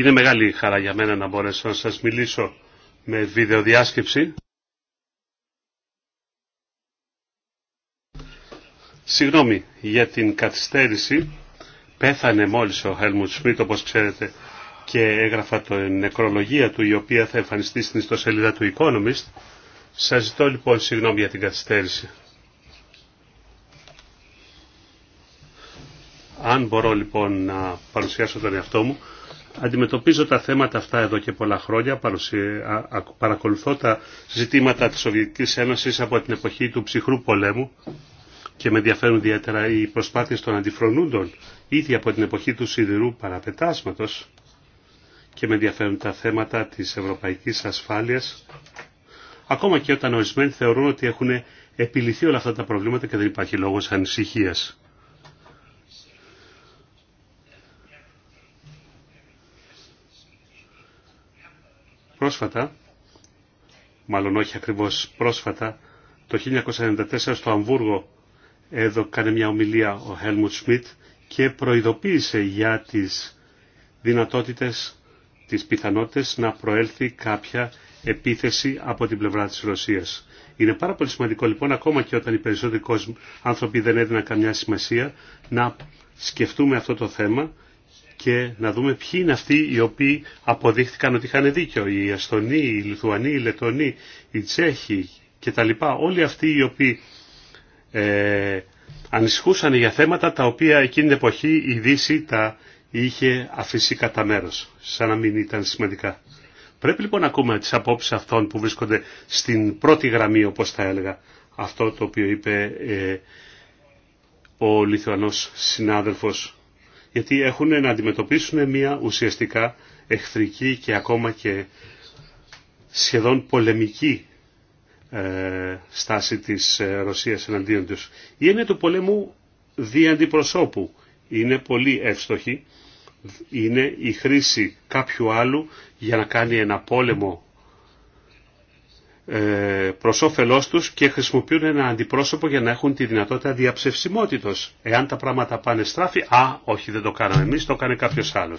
Speaker 1: Είναι μεγάλη χαρά για μένα να μπορέσω να σας μιλήσω με βιντεοδιάσκεψη. Συγγνώμη για την καθυστέρηση. Πέθανε μόλις ο Χέλμουντ Σμίτ, όπως ξέρετε, και έγραφα την νεκρολογία του, η οποία θα εμφανιστεί στην ιστοσελίδα του Economist. Σας ζητώ λοιπόν συγγνώμη για την καθυστέρηση. Αν μπορώ λοιπόν να παρουσιάσω τον εαυτό μου, Αντιμετωπίζω τα θέματα αυτά εδώ και πολλά χρόνια, παρακολουθώ τα ζητήματα της Σοβιετικής Ένωσης από την εποχή του ψυχρού πολέμου και με ενδιαφέρουν ιδιαίτερα οι προσπάθειες των αντιφρονούντων ήδη από την εποχή του σιδηρού παραπετάσματος και με ενδιαφέρουν τα θέματα της ευρωπαϊκής ασφάλειας ακόμα και όταν ορισμένοι θεωρούν ότι έχουν επιληθεί όλα αυτά τα προβλήματα και δεν υπάρχει λόγος ανησυχίας. Πρόσφατα, μάλλον όχι ακριβώς πρόσφατα, το 1994 στο Αμβούργο εδώ μια ομιλία ο Helmut Σμιτ και προειδοποίησε για τις δυνατότητες, τις πιθανότητες να προέλθει κάποια επίθεση από την πλευρά της Ρωσίας. Είναι πάρα πολύ σημαντικό λοιπόν ακόμα και όταν οι περισσότεροι κόσμοι, άνθρωποι δεν έδιναν καμιά σημασία να σκεφτούμε αυτό το θέμα και να δούμε ποιοι είναι αυτοί οι οποίοι αποδείχθηκαν ότι είχαν δίκιο. Οι Αστονοί, οι Λιθουανοί, οι Λετονοί, οι Τσέχοι κτλ. Όλοι αυτοί οι οποίοι ε, ανησυχούσαν για θέματα τα οποία εκείνη την εποχή η Δύση τα είχε αφήσει κατά μέρο, σαν να μην ήταν σημαντικά. Πρέπει λοιπόν να ακούμε τις απόψεις αυτών που βρίσκονται στην πρώτη γραμμή, όπως τα έλεγα, αυτό το οποίο είπε ε, ο Λιθουανός συνάδελφος γιατί έχουν να αντιμετωπίσουν μια ουσιαστικά εχθρική και ακόμα και σχεδόν πολεμική ε, στάση της ε, Ρωσίας εναντίον τους. Η έννοια του πολέμου δι' αντιπροσώπου είναι πολύ εύστοχη. Είναι η χρήση κάποιου άλλου για να κάνει ένα πόλεμο ε, προ όφελό του και χρησιμοποιούν ένα αντιπρόσωπο για να έχουν τη δυνατότητα διαψευσιμότητος. Εάν τα πράγματα πάνε στράφη, α, όχι δεν το κάναμε εμεί, το κάνει κάποιο άλλο.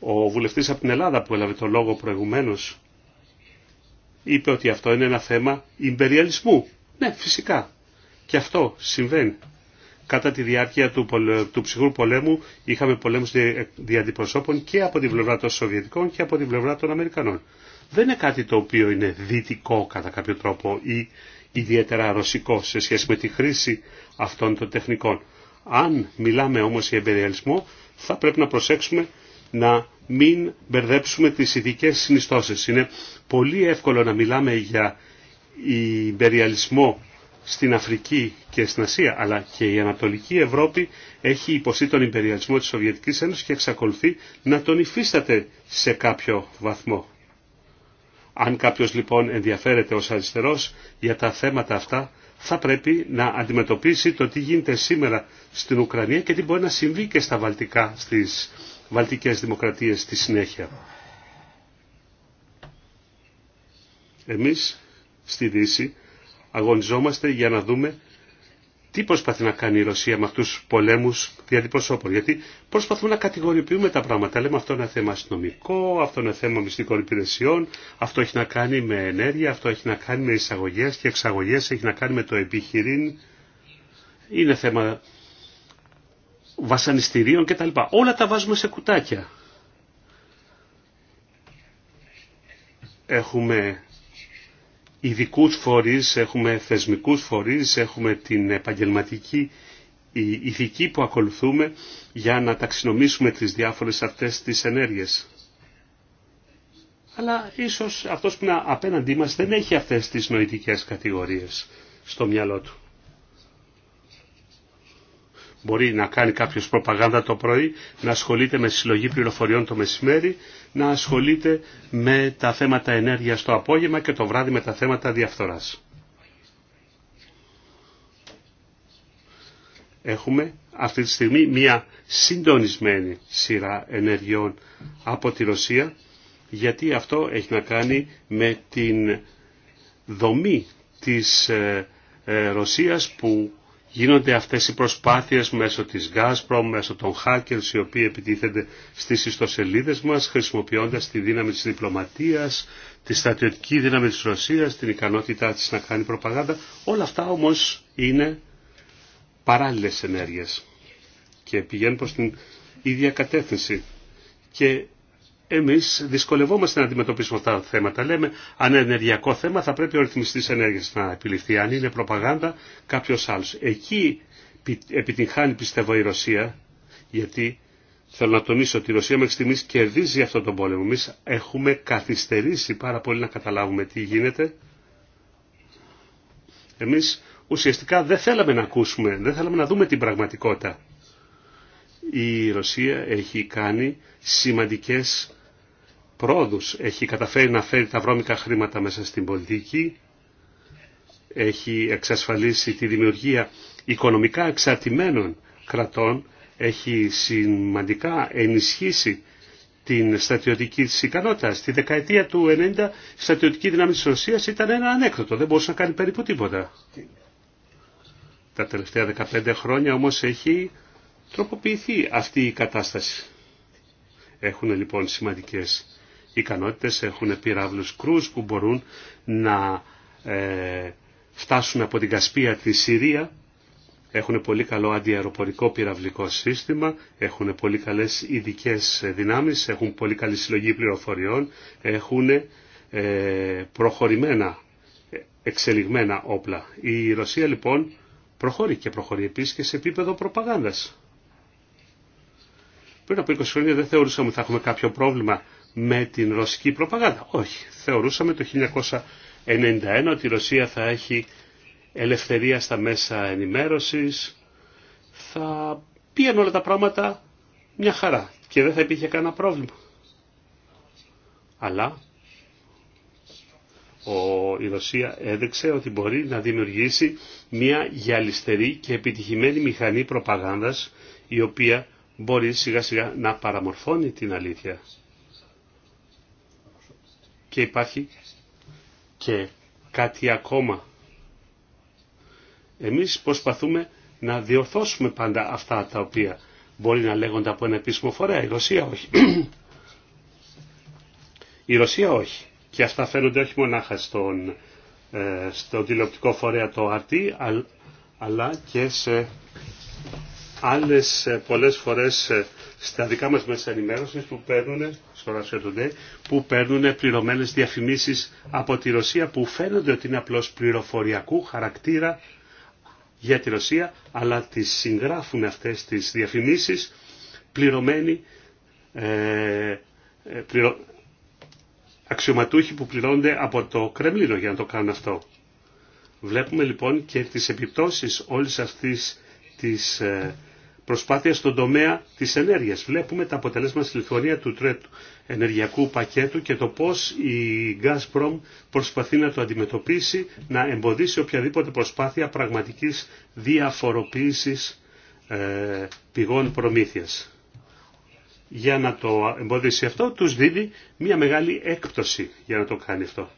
Speaker 1: Ο βουλευτή από την Ελλάδα που έλαβε το λόγο προηγουμένω είπε ότι αυτό είναι ένα θέμα υπεριαλισμού. Ναι, φυσικά. Και αυτό συμβαίνει κατά τη διάρκεια του, του ψυχρού πολέμου είχαμε πολέμους διαντιπροσώπων και από την πλευρά των Σοβιετικών και από την πλευρά των Αμερικανών. Δεν είναι κάτι το οποίο είναι δυτικό κατά κάποιο τρόπο ή ιδιαίτερα ρωσικό σε σχέση με τη χρήση αυτών των τεχνικών. Αν μιλάμε όμως για εμπεριαλισμό θα πρέπει να προσέξουμε να μην μπερδέψουμε τις ειδικέ συνιστώσεις. Είναι πολύ εύκολο να μιλάμε για στην Αφρική και στην Ασία, αλλά και η Ανατολική Ευρώπη έχει υποστεί τον υπεριαλισμό της Σοβιετικής Ένωσης και εξακολουθεί να τον υφίσταται σε κάποιο βαθμό. Αν κάποιος λοιπόν ενδιαφέρεται ως αριστερός για τα θέματα αυτά, θα πρέπει να αντιμετωπίσει το τι γίνεται σήμερα στην Ουκρανία και τι μπορεί να συμβεί και στα βαλτικά, στις βαλτικές δημοκρατίες στη συνέχεια. Εμείς στη Δύση αγωνιζόμαστε για να δούμε τι προσπαθεί να κάνει η Ρωσία με αυτού του πολέμου διατυπωσόπων Γιατί προσπαθούμε να κατηγορηποιούμε τα πράγματα. Λέμε αυτό είναι θέμα αστυνομικό, αυτό είναι θέμα μυστικών υπηρεσιών, αυτό έχει να κάνει με ενέργεια, αυτό έχει να κάνει με εισαγωγέ και εξαγωγέ, έχει να κάνει με το επιχειρήν. Είναι θέμα βασανιστήριων κτλ. Όλα τα βάζουμε σε κουτάκια. Έχουμε ειδικού φορείς, έχουμε θεσμικούς φορείς, έχουμε την επαγγελματική η ηθική που ακολουθούμε για να ταξινομήσουμε τις διάφορες αυτές τις ενέργειες. Αλλά ίσως αυτός που είναι απέναντί μας δεν έχει αυτές τις νοητικές κατηγορίες στο μυαλό του. Μπορεί να κάνει κάποιος προπαγάνδα το πρωί, να ασχολείται με συλλογή πληροφοριών το μεσημέρι, να ασχολείται με τα θέματα ενέργειας το απόγευμα και το βράδυ με τα θέματα διαφθοράς. Έχουμε αυτή τη στιγμή μία συντονισμένη σειρά ενεργειών από τη Ρωσία, γιατί αυτό έχει να κάνει με την δομή της ε, ε, Ρωσίας που Γίνονται αυτές οι προσπάθειες μέσω της Gazprom, μέσω των hackers οι οποίοι επιτίθενται στις ιστοσελίδες μας χρησιμοποιώντας τη δύναμη της διπλωματίας, τη στρατιωτική δύναμη της Ρωσίας, την ικανότητά της να κάνει προπαγάνδα. Όλα αυτά όμως είναι παράλληλες ενέργειες και πηγαίνουν προς την ίδια κατεύθυνση. Και Εμεί δυσκολευόμαστε να αντιμετωπίσουμε αυτά τα θέματα. Λέμε, αν είναι ενεργειακό θέμα θα πρέπει ο ρυθμιστής ενέργεια να επιληφθεί. Αν είναι προπαγάνδα, κάποιο άλλο. Εκεί επιτυγχάνει πιστεύω η Ρωσία, γιατί θέλω να τονίσω ότι η Ρωσία μέχρι στιγμή κερδίζει αυτόν τον πόλεμο. Εμεί έχουμε καθυστερήσει πάρα πολύ να καταλάβουμε τι γίνεται. Εμεί ουσιαστικά δεν θέλαμε να ακούσουμε, δεν θέλαμε να δούμε την πραγματικότητα. Η Ρωσία έχει κάνει σημαντικές πρόοδους έχει καταφέρει να φέρει τα βρώμικα χρήματα μέσα στην πολιτική, έχει εξασφαλίσει τη δημιουργία οικονομικά εξαρτημένων κρατών, έχει σημαντικά ενισχύσει την στρατιωτική της ικανότητα. Στη δεκαετία του 90 η στρατιωτική δύναμη της Ρωσίας ήταν ένα ανέκδοτο, δεν μπορούσε να κάνει περίπου τίποτα. Τα τελευταία 15 χρόνια όμως έχει τροποποιηθεί αυτή η κατάσταση. Έχουν λοιπόν σημαντικές ικανότητες, έχουν πυράβλους κρούς που μπορούν να ε, φτάσουν από την Κασπία τη Συρία, έχουν πολύ καλό αντιαεροπορικό πυραυλικό σύστημα, έχουν πολύ καλές ειδικέ δυνάμεις, έχουν πολύ καλή συλλογή πληροφοριών, έχουν ε, προχωρημένα, εξελιγμένα όπλα. Η Ρωσία λοιπόν προχωρεί και προχωρεί επίσης και σε επίπεδο προπαγάνδας. Πριν από 20 χρόνια δεν θεωρούσαμε ότι θα έχουμε κάποιο πρόβλημα με την ρωσική προπαγάνδα. Όχι. Θεωρούσαμε το 1991 ότι η Ρωσία θα έχει ελευθερία στα μέσα ενημέρωσης, θα πήγαν όλα τα πράγματα μια χαρά και δεν θα υπήρχε κανένα πρόβλημα. Αλλά ο, η Ρωσία έδειξε ότι μπορεί να δημιουργήσει μια γυαλιστερή και επιτυχημένη μηχανή προπαγάνδας η οποία μπορεί σιγά σιγά να παραμορφώνει την αλήθεια. Και υπάρχει και κάτι ακόμα. Εμείς προσπαθούμε να διορθώσουμε πάντα αυτά τα οποία μπορεί να λέγονται από ένα επίσημο φορέα. Η Ρωσία όχι. Η Ρωσία όχι. Και αυτά φαίνονται όχι μονάχα στον, ε, στον τηλεοπτικό φορέα το RT, αλλά και σε άλλες ε, πολλές φορές ε, στα δικά μας μέσα ενημέρωσης που παίρνουν, στο διαφημίσει που παίρνουν πληρωμένες διαφημίσεις από τη Ρωσία που φαίνονται ότι είναι απλώς πληροφοριακού χαρακτήρα για τη Ρωσία, αλλά τις συγγράφουν αυτές τις διαφημίσεις πληρωμένοι ε, ε αξιωματούχοι που πληρώνονται από το Κρεμλίνο για να το κάνουν αυτό. Βλέπουμε λοιπόν και τις επιπτώσεις όλης αυτής της ε, προσπάθεια στον τομέα τη ενέργειας. Βλέπουμε τα αποτελέσματα στη Λιθουανία του τρέτου ενεργειακού πακέτου και το πώς η Gazprom προσπαθεί να το αντιμετωπίσει, να εμποδίσει οποιαδήποτε προσπάθεια πραγματικής διαφοροποίησης ε, πηγών προμήθειας. Για να το εμποδίσει αυτό, τους δίνει μια μεγάλη έκπτωση για να το κάνει αυτό.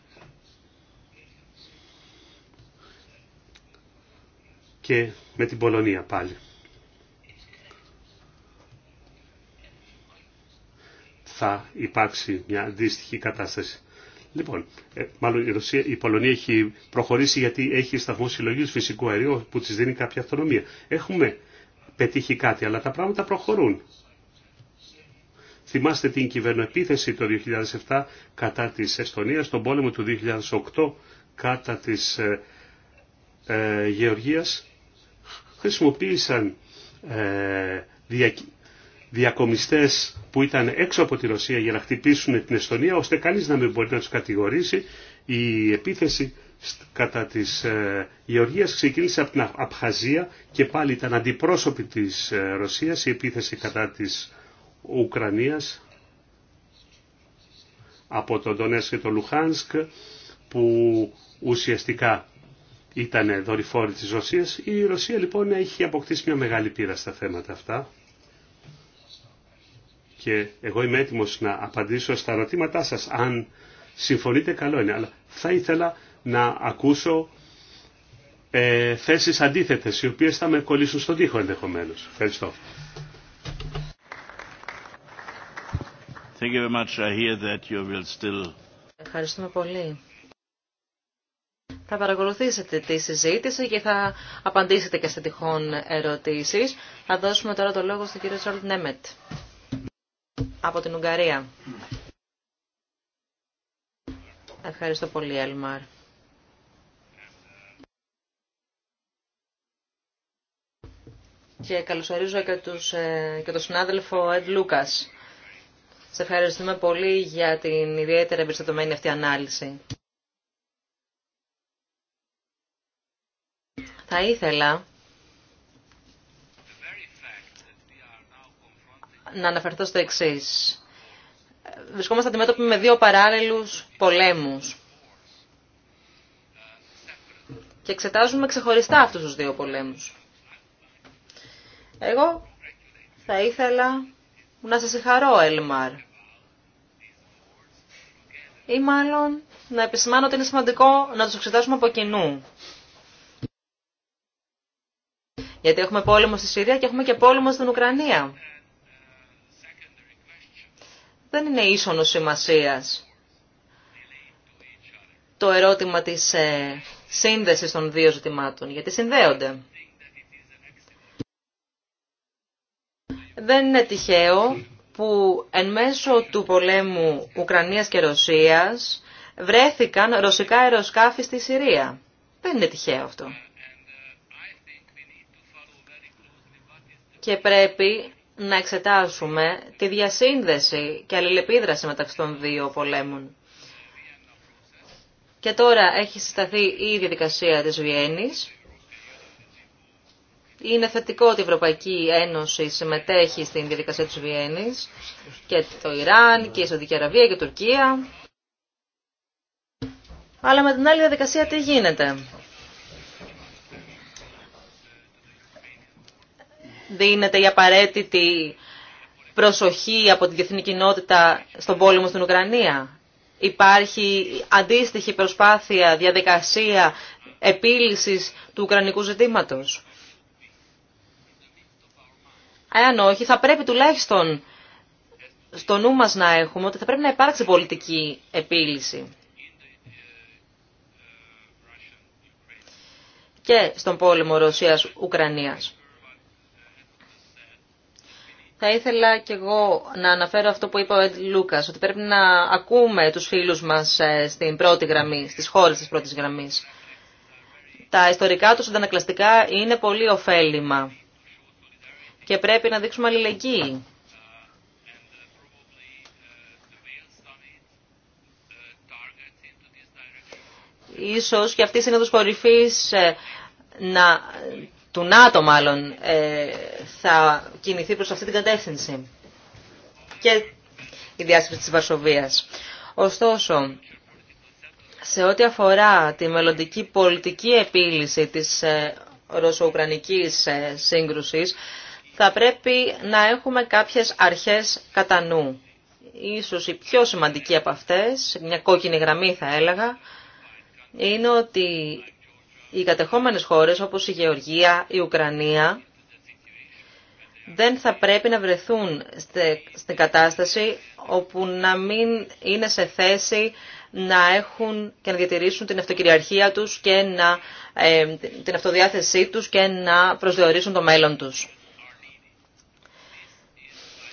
Speaker 1: Και με την Πολωνία πάλι. θα υπάρξει μια αντίστοιχη κατάσταση. Λοιπόν, ε, μάλλον η, Ρωσία, η Πολωνία έχει προχωρήσει γιατί έχει σταθμό συλλογή φυσικού αερίου που τη δίνει κάποια αυτονομία. Έχουμε πετύχει κάτι, αλλά τα πράγματα προχωρούν. Θυμάστε την κυβερνοεπίθεση το 2007 κατά της Εστονίας, τον πόλεμο του 2008 κατά της ε, ε, Γεωργίας. Χρησιμοποίησαν ε, διακομιστές που ήταν έξω από τη Ρωσία για να χτυπήσουν την Εστονία, ώστε κανείς να μην μπορεί να τους κατηγορήσει. Η επίθεση κατά της ε, Γεωργίας ξεκίνησε από την Απχαζία και πάλι ήταν αντιπρόσωποι της ε, Ρωσίας η επίθεση κατά της Ουκρανίας από τον Ντονέσ και τον Λουχάνσκ που ουσιαστικά ήταν δορυφόροι της Ρωσίας. Η Ρωσία λοιπόν έχει αποκτήσει μια μεγάλη πείρα στα θέματα αυτά και εγώ είμαι έτοιμος να απαντήσω στα ερωτήματά σας. Αν συμφωνείτε καλό είναι, αλλά θα ήθελα να ακούσω ε, θέσεις αντίθετες, οι οποίες θα με κολλήσουν στον τοίχο ενδεχομένως. Ευχαριστώ. Thank you very much. I hear that you will still...
Speaker 4: Ευχαριστούμε πολύ. Θα παρακολουθήσετε τη συζήτηση και θα απαντήσετε και σε τυχόν ερωτήσεις. Θα δώσουμε τώρα το λόγο στον κύριο Τσόλτ Νέμετ από την Ουγγαρία. Ευχαριστώ πολύ, Ελμάρ. Και καλωσορίζω και, τους, ε, και τον συνάδελφο Εντ Lucas. Σε ευχαριστούμε πολύ για την ιδιαίτερα εμπιστευμένη αυτή ανάλυση. Θα ήθελα να αναφερθώ στο εξή. Βρισκόμαστε αντιμέτωποι με δύο παράλληλους πολέμους. Και εξετάζουμε ξεχωριστά αυτούς τους δύο πολέμους. Εγώ θα ήθελα να σε συγχαρώ, Ελμαρ. Ή μάλλον να επισημάνω ότι είναι σημαντικό να τους εξετάσουμε από κοινού. Γιατί έχουμε πόλεμο στη Συρία και έχουμε και πόλεμο στην Ουκρανία δεν είναι ίσονος σημασίας το ερώτημα της ε, σύνδεσης των δύο ζητημάτων, γιατί συνδέονται. Δεν είναι τυχαίο που εν μέσω του πολέμου Ουκρανίας και Ρωσίας βρέθηκαν ρωσικά αεροσκάφη στη Συρία. Δεν είναι τυχαίο αυτό. Και πρέπει να εξετάσουμε τη διασύνδεση και αλληλεπίδραση μεταξύ των δύο πολέμων. Και τώρα έχει συσταθεί η διαδικασία της Βιέννης. Είναι θετικό ότι η Ευρωπαϊκή Ένωση συμμετέχει στην διαδικασία της Βιέννης και το Ιράν και η Σαουδική Αραβία και η Τουρκία. Αλλά με την άλλη διαδικασία τι γίνεται. δίνεται η απαραίτητη προσοχή από την διεθνή κοινότητα στον πόλεμο στην Ουκρανία. Υπάρχει αντίστοιχη προσπάθεια, διαδικασία επίλυσης του ουκρανικού ζητήματος. Αν όχι, θα πρέπει τουλάχιστον στο νου μας να έχουμε ότι θα πρέπει να υπάρξει πολιτική επίλυση. Και στον πόλεμο Ρωσίας-Ουκρανίας. Θα ήθελα κι εγώ να αναφέρω αυτό που είπε ο Λούκας, ότι πρέπει να ακούμε τους φίλους μας ε, στην πρώτη γραμμή, στις χώρες της πρώτης γραμμής. Τα ιστορικά τους αντανακλαστικά είναι πολύ ωφέλιμα και πρέπει να δείξουμε αλληλεγγύη. Ίσως και αυτή είναι τους Κορυφής ε, να του ΝΑΤΟ μάλλον, ε, θα κινηθεί προς αυτή την κατεύθυνση και η διάσκεψη της Βαρσοβίας. Ωστόσο, σε ό,τι αφορά τη μελλοντική πολιτική επίλυση της ε, ρωσο-ουκρανικής ε, σύγκρουσης, θα πρέπει να έχουμε κάποιες αρχές κατά νου. Ίσως η πιο σημαντική από αυτές, μια κόκκινη γραμμή θα έλεγα, είναι ότι οι κατεχόμενες χώρες όπως η Γεωργία, η Ουκρανία δεν θα πρέπει να βρεθούν στην κατάσταση όπου να μην είναι σε θέση να έχουν και να διατηρήσουν την αυτοκυριαρχία τους και να, ε, την αυτοδιάθεσή τους και να προσδιορίσουν το μέλλον τους.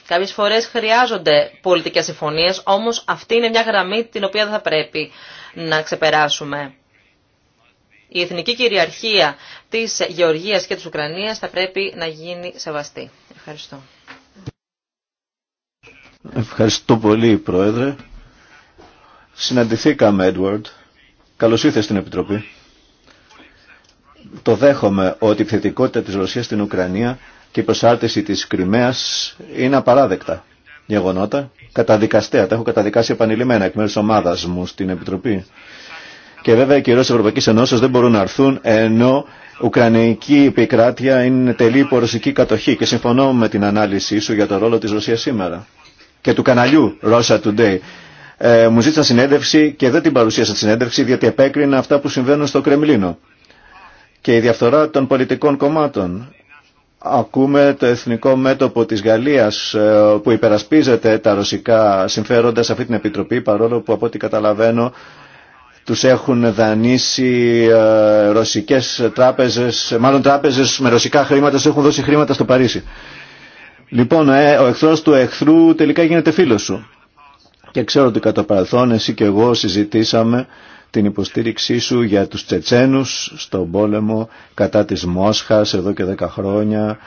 Speaker 4: Κάποιες φορές χρειάζονται πολιτικές συμφωνίες, όμως αυτή είναι μια γραμμή την οποία δεν θα πρέπει να ξεπεράσουμε η εθνική κυριαρχία της Γεωργίας και της Ουκρανίας θα πρέπει να γίνει σεβαστή. Ευχαριστώ.
Speaker 2: Ευχαριστώ πολύ, Πρόεδρε. Συναντηθήκαμε, Edward. Καλώς ήρθες στην Επιτροπή. Το δέχομαι ότι η θετικότητα της Ρωσίας στην Ουκρανία και η προσάρτηση της Κρυμαίας είναι απαράδεκτα γεγονότα. Καταδικαστέα, τα έχω καταδικάσει επανειλημμένα εκ μέρους ομάδας μου στην Επιτροπή. Και βέβαια οι κυρώσει τη Ευρωπαϊκή Ενώσεω δεν μπορούν να έρθουν ενώ Ουκρανική επικράτεια είναι τελή υπορωσική κατοχή. Και συμφωνώ με την ανάλυση σου για το ρόλο τη Ρωσία σήμερα και του καναλιού Russia Today. Ε, μου ζήτησαν συνέντευξη και δεν την παρουσίασα τη συνέντευξη διότι επέκρινα αυτά που συμβαίνουν στο Κρεμλίνο. Και η διαφθορά των πολιτικών κομμάτων. Ακούμε το εθνικό μέτωπο της Γαλλίας ε, που υπερασπίζεται τα ρωσικά συμφέροντα σε αυτή την επιτροπή παρόλο που από ό,τι καταλαβαίνω τους έχουν δανείσει ε, ρωσικές τράπεζες, μάλλον τράπεζες με ρωσικά χρήματα, τους έχουν δώσει χρήματα στο Παρίσι. Λοιπόν, ε, ο εχθρός του εχθρού τελικά γίνεται φίλος σου. Και ξέρω ότι κατά παρελθόν εσύ και εγώ συζητήσαμε την υποστήριξή σου για τους Τσετσένους στον πόλεμο κατά της Μόσχας εδώ και 10 χρόνια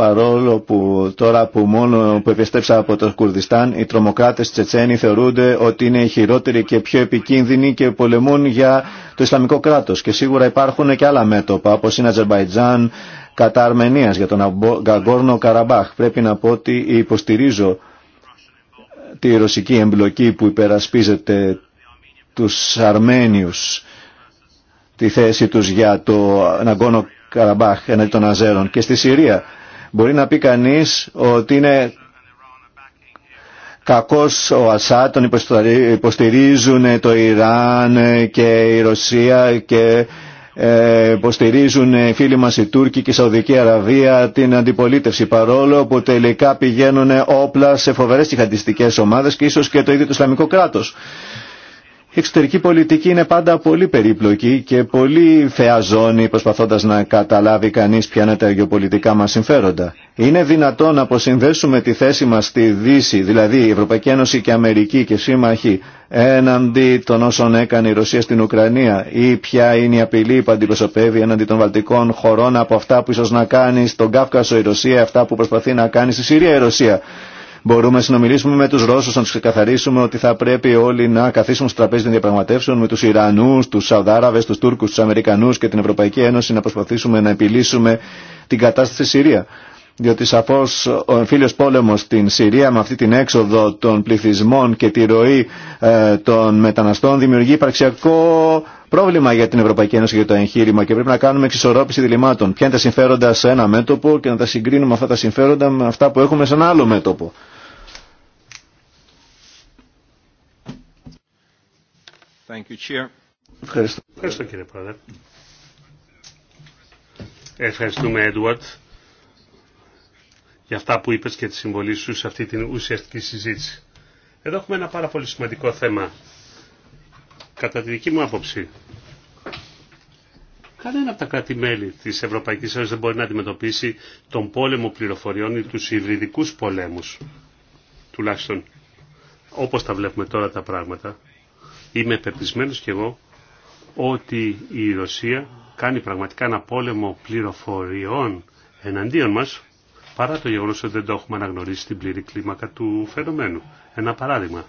Speaker 2: παρόλο που τώρα που μόνο που επιστρέψα από το Κουρδιστάν οι τρομοκράτες Τσετσένοι θεωρούνται ότι είναι οι χειρότεροι και πιο επικίνδυνοι και πολεμούν για το Ισλαμικό κράτος και σίγουρα υπάρχουν και άλλα μέτωπα όπως είναι Αζερβαϊτζάν κατά Αρμενίας για τον Αγκόρνο Καραμπάχ πρέπει να πω ότι υποστηρίζω τη ρωσική εμπλοκή που υπερασπίζεται τους Αρμένιους τη θέση τους για το Ναγκόνο Καραμπάχ εναντί των Αζέρων και στη Συρία Μπορεί να πει κανείς ότι είναι κακός ο Ασάτ, τον υποστηρίζουν το Ιράν και η Ρωσία και ε, υποστηρίζουν οι φίλοι μας οι Τούρκοι και η Σαουδική Αραβία την αντιπολίτευση παρόλο που τελικά πηγαίνουν όπλα σε φοβερές τυχαντιστικές ομάδες και ίσως και το ίδιο το Ισλαμικό κράτος. Η εξωτερική πολιτική είναι πάντα πολύ περίπλοκη και πολύ θεαζώνη προσπαθώντας να καταλάβει κανείς ποια είναι τα γεωπολιτικά μας συμφέροντα. Είναι δυνατόν να αποσυνδέσουμε τη θέση μας στη Δύση, δηλαδή η Ευρωπαϊκή Ένωση και Αμερική και σύμμαχοι έναντι των όσων έκανε η Ρωσία στην Ουκρανία ή ποια είναι η απειλή που αντιπροσωπεύει έναντι των βαλτικών χωρών από αυτά που ίσως να κάνει στον Κάφκασο η Ρωσία, αυτά που προσπαθεί να κάνει στη Συρία η Ρωσία. Μπορούμε να συνομιλήσουμε με του Ρώσου, να του ξεκαθαρίσουμε ότι θα πρέπει όλοι να καθίσουν στο τραπέζι των διαπραγματεύσεων με του Ιρανούς, του Σαουδάραβε, του Τούρκου, του Αμερικανού και την Ευρωπαϊκή Ένωση να προσπαθήσουμε να επιλύσουμε την κατάσταση στη Συρία. Διότι σαφώ ο εμφύλιο πόλεμο στην Συρία με αυτή την έξοδο των πληθυσμών και τη ροή ε, των μεταναστών δημιουργεί υπαρξιακό πρόβλημα για την Ευρωπαϊκή Ένωση για το εγχείρημα και πρέπει να κάνουμε εξισορρόπηση διλημάτων. Ποια είναι τα συμφέροντα σε ένα μέτωπο και να τα συγκρίνουμε αυτά τα συμφέροντα με αυτά που έχουμε σε ένα άλλο μέτωπο.
Speaker 1: Thank you, Chair. Ευχαριστώ. κύριε Πρόεδρε. Ευχαριστούμε Έντουαρτ για αυτά που είπες και τη συμβολή σου σε αυτή την ουσιαστική συζήτηση. Εδώ έχουμε ένα πάρα πολύ σημαντικό θέμα Κατά τη δική μου άποψη, κανένα από τα κράτη-μέλη της Ευρωπαϊκής Ένωσης δεν μπορεί να αντιμετωπίσει τον πόλεμο πληροφοριών ή τους υβριδικούς πολέμους, τουλάχιστον όπως τα βλέπουμε τώρα τα πράγματα. Είμαι πεπισμένος κι εγώ ότι η Ρωσία κάνει πραγματικά ένα πόλεμο πληροφοριών εναντίον μας, παρά το γεγονός ότι δεν το έχουμε αναγνωρίσει στην πλήρη κλίμακα του φαινομένου. Ένα παράδειγμα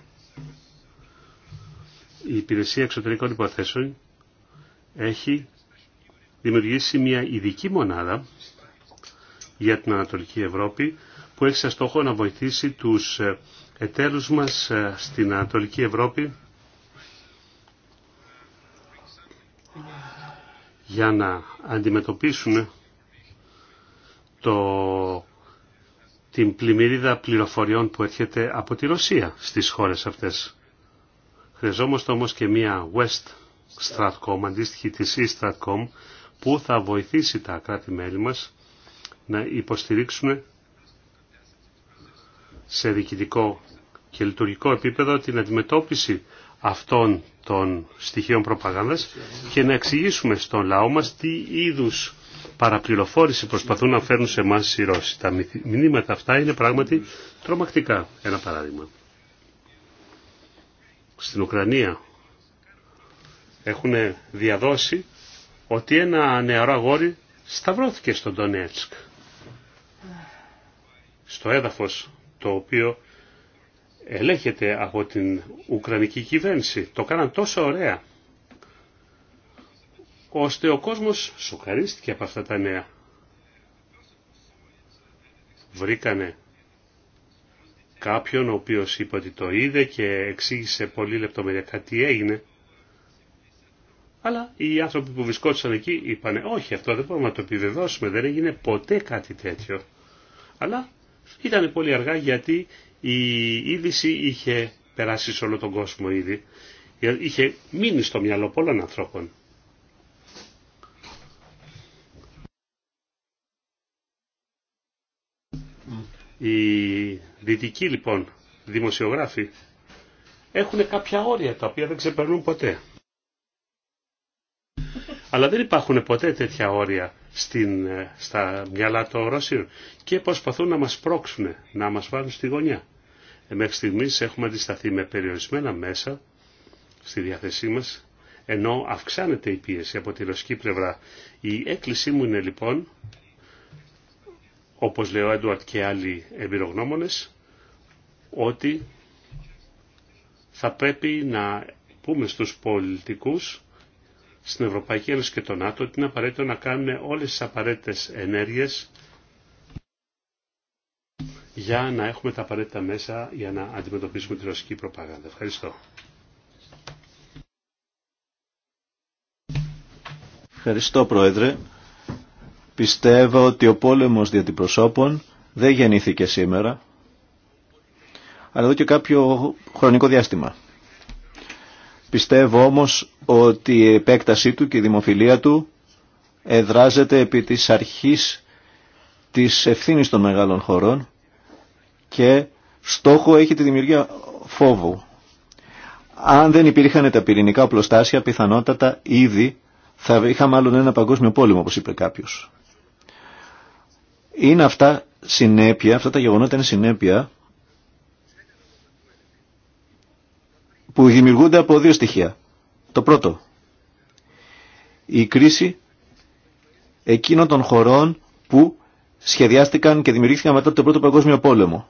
Speaker 1: η Υπηρεσία Εξωτερικών Υποθέσεων έχει δημιουργήσει μια ειδική μονάδα για την Ανατολική Ευρώπη που έχει σαν στόχο να βοηθήσει τους ε, εταίρους μας ε, στην Ανατολική Ευρώπη για να αντιμετωπίσουν το, την πλημμυρίδα πληροφοριών που έρχεται από τη Ρωσία στις χώρες αυτές. Χρειαζόμαστε όμως και μια West Stratcom, αντίστοιχη της East Stratcom, που θα βοηθήσει τα κράτη-μέλη μας να υποστηρίξουν σε διοικητικό και λειτουργικό επίπεδο την αντιμετώπιση αυτών των στοιχείων προπαγάνδας και να εξηγήσουμε στον λαό μας τι είδους παραπληροφόρηση προσπαθούν να φέρουν σε εμάς οι Ρώσοι. Τα μηνύματα αυτά είναι πράγματι τρομακτικά. Ένα παράδειγμα στην Ουκρανία έχουν διαδώσει ότι ένα νεαρό αγόρι σταυρώθηκε στο Ντονέτσκ. Στο έδαφος το οποίο ελέγχεται από την Ουκρανική κυβέρνηση. Το κάναν τόσο ωραία ώστε ο κόσμος σοκαρίστηκε από αυτά τα νέα. Βρήκανε κάποιον ο οποίος είπε ότι το είδε και εξήγησε πολύ λεπτομεριακά τι έγινε. Αλλά οι άνθρωποι που βρισκόντουσαν εκεί είπαν όχι αυτό δεν μπορούμε να το επιβεβαιώσουμε, δεν έγινε ποτέ κάτι τέτοιο. Αλλά ήταν πολύ αργά γιατί η είδηση είχε περάσει σε όλο τον κόσμο ήδη. Είχε μείνει στο μυαλό πολλών ανθρώπων. Η δυτικοί λοιπόν δημοσιογράφοι έχουν κάποια όρια τα οποία δεν ξεπερνούν ποτέ. Αλλά δεν υπάρχουν ποτέ τέτοια όρια στην, ε, στα μυαλά των Ρώσιων και προσπαθούν να μας πρόξουν, να μας βάλουν στη γωνιά. Ε, μέχρι στιγμής έχουμε αντισταθεί με περιορισμένα μέσα στη διάθεσή μας, ενώ αυξάνεται η πίεση από τη ρωσική πλευρά. Η έκκλησή μου είναι λοιπόν όπως λέει ο Έντουαρτ και άλλοι εμπειρογνώμονες, ότι θα πρέπει να πούμε στους πολιτικούς στην Ευρωπαϊκή Ένωση και τον ΝΑΤΟ ότι είναι απαραίτητο να κάνουν όλες τις απαραίτητες ενέργειες για να έχουμε τα απαραίτητα μέσα για να αντιμετωπίσουμε τη ρωσική προπαγάνδα. Ευχαριστώ.
Speaker 2: Ευχαριστώ Πρόεδρε. Πιστεύω ότι ο πόλεμος δια την δεν γεννήθηκε σήμερα, αλλά εδώ και κάποιο χρονικό διάστημα. Πιστεύω όμως ότι η επέκτασή του και η δημοφιλία του εδράζεται επί της αρχής της ευθύνης των μεγάλων χωρών και στόχο έχει τη δημιουργία φόβου. Αν δεν υπήρχαν τα πυρηνικά οπλοστάσια, πιθανότατα ήδη θα είχαμε άλλον ένα παγκόσμιο πόλεμο, όπως είπε κάποιος. Είναι αυτά συνέπεια, αυτά τα γεγονότα είναι συνέπεια που δημιουργούνται από δύο στοιχεία. Το πρώτο, η κρίση εκείνων των χωρών που σχεδιάστηκαν και δημιουργήθηκαν μετά τον Πρώτο Παγκόσμιο Πόλεμο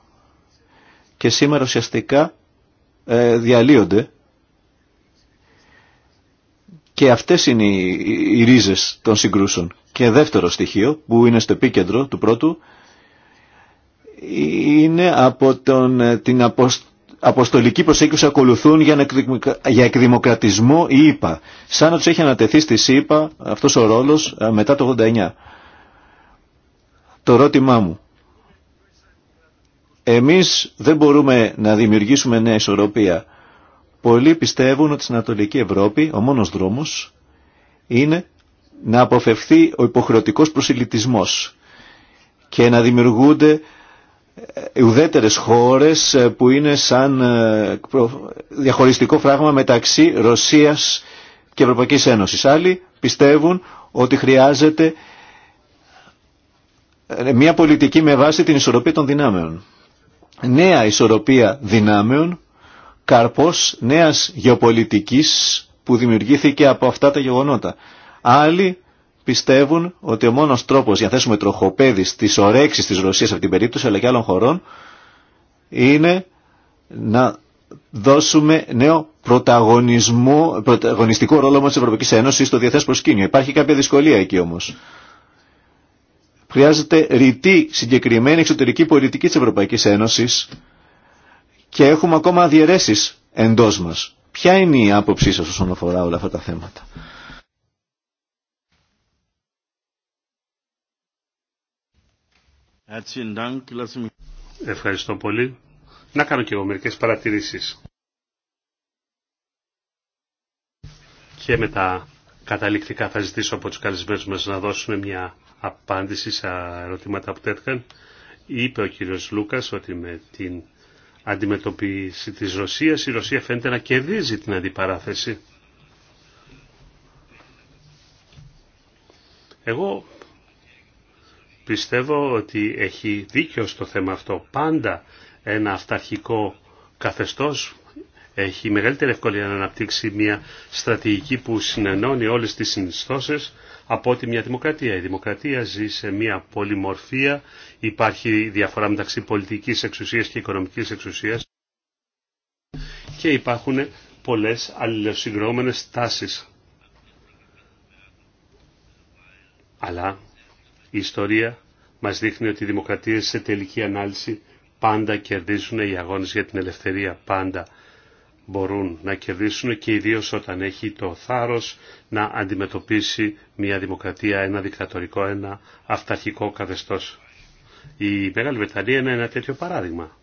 Speaker 2: και σήμερα ουσιαστικά ε, διαλύονται και αυτές είναι οι, ρίζες των συγκρούσεων. Και δεύτερο στοιχείο που είναι στο επίκεντρο του πρώτου είναι από τον, ε, την αποστολική προσέγγιση που ακολουθούν για, εκδημοκρατισμό η ΕΠΑ. Σαν να του έχει ανατεθεί στη ΣΥΠΑ αυτός ο ρόλος ε, μετά το 89. Το ρώτημά μου. Εμείς δεν μπορούμε να δημιουργήσουμε νέα ισορροπία Πολλοί πιστεύουν ότι στην Ανατολική Ευρώπη ο μόνος δρόμος είναι να αποφευθεί ο υποχρεωτικός προσιλητισμός και να δημιουργούνται ε, ουδέτερες χώρες ε, που είναι σαν ε, διαχωριστικό φράγμα μεταξύ Ρωσίας και Ευρωπαϊκής Ένωσης. Άλλοι πιστεύουν ότι χρειάζεται μια πολιτική με βάση την ισορροπία των δυνάμεων. Νέα ισορροπία δυνάμεων καρπός νέας γεωπολιτικής που δημιουργήθηκε από αυτά τα γεγονότα. Άλλοι πιστεύουν ότι ο μόνος τρόπος για να θέσουμε τροχοπέδι στις ορέξεις της Ρωσίας από την περίπτωση αλλά και άλλων χωρών είναι να δώσουμε νέο πρωταγωνισμό, πρωταγωνιστικό ρόλο μας της Ευρωπαϊκής Ένωσης στο διεθνές προσκήνιο. Υπάρχει κάποια δυσκολία εκεί όμως. Χρειάζεται ρητή συγκεκριμένη εξωτερική πολιτική της Ευρωπαϊκής Ένωσης και έχουμε ακόμα διαιρέσει εντός μας. Ποια είναι η άποψή σα όσον αφορά όλα αυτά τα
Speaker 1: θέματα. Ευχαριστώ πολύ. Να κάνω και εγώ μερικέ παρατηρήσει. Και μετά καταληκτικά θα ζητήσω από τους καλεσμένου μα να δώσουν μια απάντηση σε ερωτήματα που τέθηκαν. Είπε ο κύριος Λούκας ότι με την αντιμετωπίσει της Ρωσίας. Η Ρωσία φαίνεται να κερδίζει την αντιπαράθεση. Εγώ πιστεύω ότι έχει δίκιο στο θέμα αυτό. Πάντα ένα αυταρχικό καθεστώς έχει μεγαλύτερη ευκολία να αναπτύξει μια στρατηγική που συνενώνει όλες τις συνιστώσεις από ότι μια δημοκρατία. Η δημοκρατία ζει σε μια πολυμορφία, υπάρχει διαφορά μεταξύ πολιτικής εξουσίας και οικονομικής εξουσίας και υπάρχουν πολλές αλληλοσυγκρόμενες τάσεις. Αλλά η ιστορία μας δείχνει ότι οι δημοκρατίες σε τελική ανάλυση πάντα κερδίζουν οι αγώνες για την ελευθερία, πάντα μπορούν να κερδίσουν και ιδίως όταν έχει το θάρρος να αντιμετωπίσει μια δημοκρατία, ένα δικτατορικό, ένα αυταρχικό καθεστώς. Η Μεγάλη Βρετανία είναι ένα τέτοιο παράδειγμα.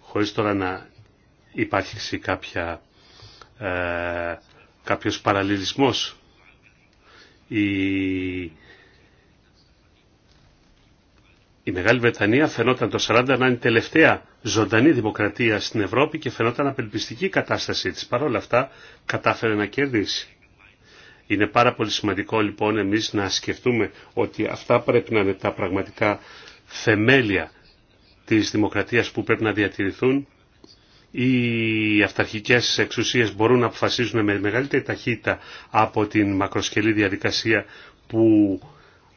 Speaker 1: Χωρίς τώρα να υπάρχει κάποια, ε, κάποιος παραλληλισμός η η Μεγάλη Βρετανία φαινόταν το 40 να είναι τελευταία ζωντανή δημοκρατία στην Ευρώπη και φαινόταν απελπιστική η κατάστασή της. Παρ' όλα αυτά κατάφερε να κερδίσει. Είναι πάρα πολύ σημαντικό λοιπόν εμείς να σκεφτούμε ότι αυτά πρέπει να είναι τα πραγματικά θεμέλια της δημοκρατίας που πρέπει να διατηρηθούν. Οι αυταρχικές εξουσίες μπορούν να αποφασίζουν με μεγαλύτερη ταχύτητα από την μακροσκελή διαδικασία που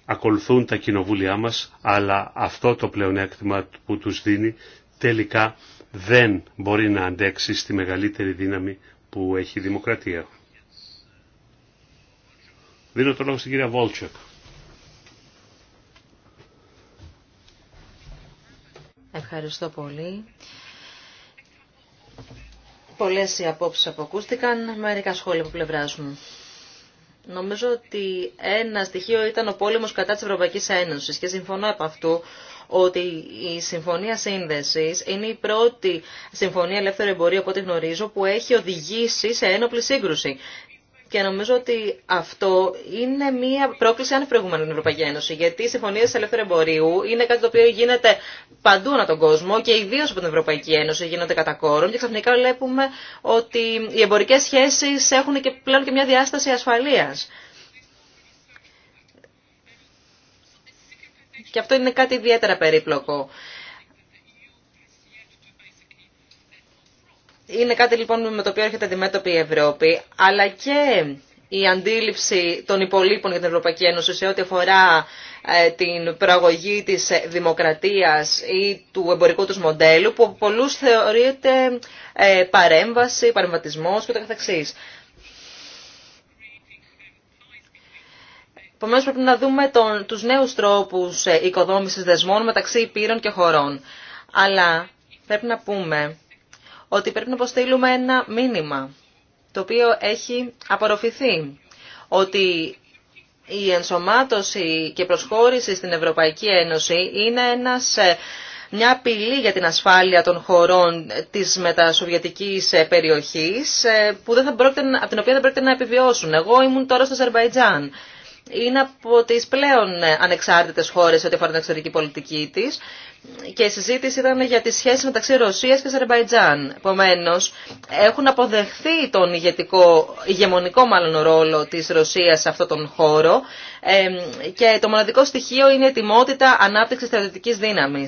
Speaker 1: ακολουθούν τα κοινοβούλια μας, αλλά αυτό το πλεονέκτημα που τους δίνει τελικά δεν μπορεί να αντέξει στη μεγαλύτερη δύναμη που έχει η δημοκρατία. Δίνω το λόγο στην κυρία Βόλτσεκ.
Speaker 4: Ευχαριστώ πολύ. Πολλές οι απόψεις αποκούστηκαν μερικά σχόλια από πλευράς μου. Νομίζω ότι ένα στοιχείο ήταν ο πόλεμος κατά της Ευρωπαϊκής Ένωσης και συμφωνώ από αυτού ότι η Συμφωνία Σύνδεσης είναι η πρώτη Συμφωνία Ελεύθερου Εμπορίου από ό,τι γνωρίζω που έχει οδηγήσει σε ένοπλη σύγκρουση. Και νομίζω ότι αυτό είναι μια πρόκληση ανεπροηγούμενη στην Ευρωπαϊκή Ένωση. Γιατί οι συμφωνίε ελεύθερου εμπορίου είναι κάτι το οποίο γίνεται παντού ανά τον κόσμο και ιδίω από την Ευρωπαϊκή Ένωση γίνονται κατά κόρον. Και ξαφνικά βλέπουμε ότι οι εμπορικέ σχέσει έχουν και πλέον και μια διάσταση ασφαλεία. Και αυτό είναι κάτι ιδιαίτερα περίπλοκο. Είναι κάτι λοιπόν με το οποίο έρχεται αντιμέτωπη η Ευρώπη, αλλά και η αντίληψη των υπολείπων για την Ευρωπαϊκή Ένωση σε ό,τι αφορά ε, την προαγωγή της δημοκρατίας ή του εμπορικού τους μοντέλου, που από πολλούς θεωρείται ε, παρέμβαση, παρεμβατισμός κ.ο.κ. Επομένως πρέπει να δούμε τον, τους νέους τρόπους ε, οικοδόμησης δεσμών μεταξύ υπήρων και χωρών. Αλλά πρέπει να πούμε ότι πρέπει να αποστείλουμε ένα μήνυμα το οποίο έχει απορροφηθεί ότι η ενσωμάτωση και προσχώρηση στην Ευρωπαϊκή Ένωση είναι ένας, ε, μια απειλή για την ασφάλεια των χωρών της μετασοβιετικής ε, περιοχής ε, που δεν θα πρόκειται, από την οποία δεν πρόκειται να επιβιώσουν. Εγώ ήμουν τώρα στο Αζερβαϊτζάν είναι από τι πλέον ε, ανεξάρτητες χώρες ό,τι αφορά την εξωτερική πολιτική τη. και η συζήτηση ήταν για τη σχέση μεταξύ Ρωσία και Αζερβαϊτζάν. Επομένω, έχουν αποδεχθεί τον ηγετικό, ηγεμονικό μάλλον ρόλο της Ρωσίας σε αυτόν τον χώρο και το μοναδικό στοιχείο είναι η ετοιμότητα ανάπτυξης στρατιωτική δύναμη.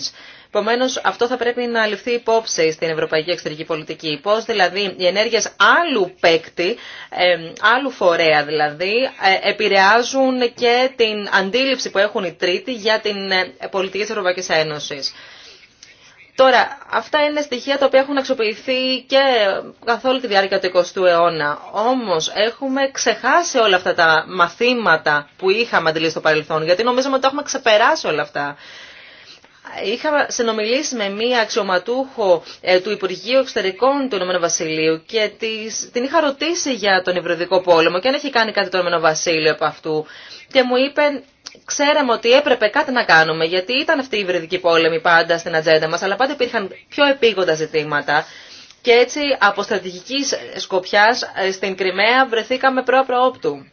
Speaker 4: Επομένω, αυτό θα πρέπει να ληφθεί υπόψη στην ευρωπαϊκή εξωτερική πολιτική. Πώ δηλαδή οι ενέργειε άλλου παίκτη, άλλου φορέα δηλαδή, ε, επηρεάζουν και την αντίληψη που έχουν οι τρίτοι για την ε, πολιτική τη Ευρωπαϊκή Ένωση. Τώρα, αυτά είναι στοιχεία τα οποία έχουν αξιοποιηθεί και καθ' όλη τη διάρκεια του 20ου αιώνα. Όμως, έχουμε ξεχάσει όλα αυτά τα μαθήματα που είχαμε αντιλήσει στο παρελθόν, γιατί νομίζαμε ότι τα έχουμε ξεπεράσει όλα αυτά. Είχα συνομιλήσει με μία αξιωματούχο ε, του Υπουργείου Εξωτερικών του Ηνωμένου Βασιλείου και την είχα ρωτήσει για τον Ιβρυδικό πόλεμο και αν έχει κάνει κάτι το Ηνωμένο Βασίλειο από αυτού. Και μου είπε, ξέραμε ότι έπρεπε κάτι να κάνουμε, γιατί ήταν αυτή η Ιβρυδική πόλεμη πάντα στην ατζέντα μας, αλλά πάντα υπήρχαν πιο επίγοντα ζητήματα. Και έτσι από στρατηγική σκοπιά ε, στην Κρυμαία βρεθήκαμε όπτου»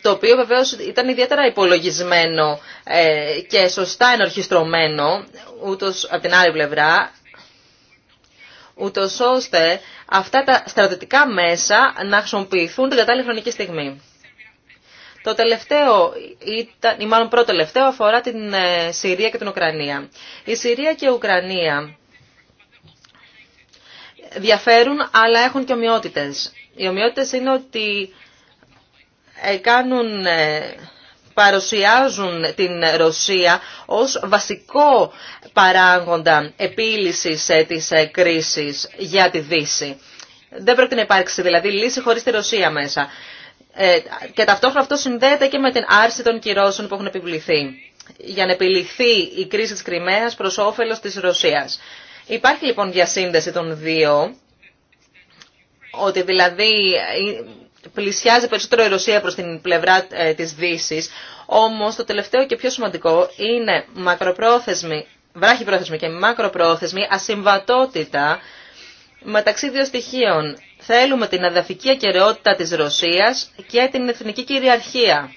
Speaker 4: το οποίο βεβαίως ήταν ιδιαίτερα υπολογισμένο ε, και σωστά ενορχιστρωμένο, ούτως από την άλλη πλευρά, ούτως ώστε αυτά τα στρατιωτικά μέσα να χρησιμοποιηθούν την κατάλληλη χρονική στιγμή. Το τελευταίο, ήταν, ή μάλλον πρώτο τελευταίο, αφορά την ε, Συρία και την Ουκρανία. Η Συρία και η Ουκρανία διαφέρουν, αλλά έχουν και ομοιότητες. Οι ομοιότητες είναι ότι ε, κάνουν ε, παρουσιάζουν την Ρωσία ως βασικό παράγοντα επίλυσης ε, της κρίσης για τη Δύση. Δεν πρέπει να υπάρξει δηλαδή λύση χωρίς τη Ρωσία μέσα. Και ταυτόχρονα αυτό συνδέεται και με την άρση των κυρώσεων που έχουν επιβληθεί για να επιληθεί η κρίση της Κρυμαίας προς όφελος της Ρωσίας. Υπάρχει λοιπόν διασύνδεση των δύο, ότι δηλαδή πλησιάζει περισσότερο η Ρωσία προς την πλευρά ε, της δύση. όμως το τελευταίο και πιο σημαντικό είναι μακροπρόθεσμη, βράχη πρόθεσμη και μακροπρόθεσμη ασυμβατότητα μεταξύ δύο στοιχείων. Θέλουμε την αδαφική ακεραιότητα της Ρωσίας και την εθνική κυριαρχία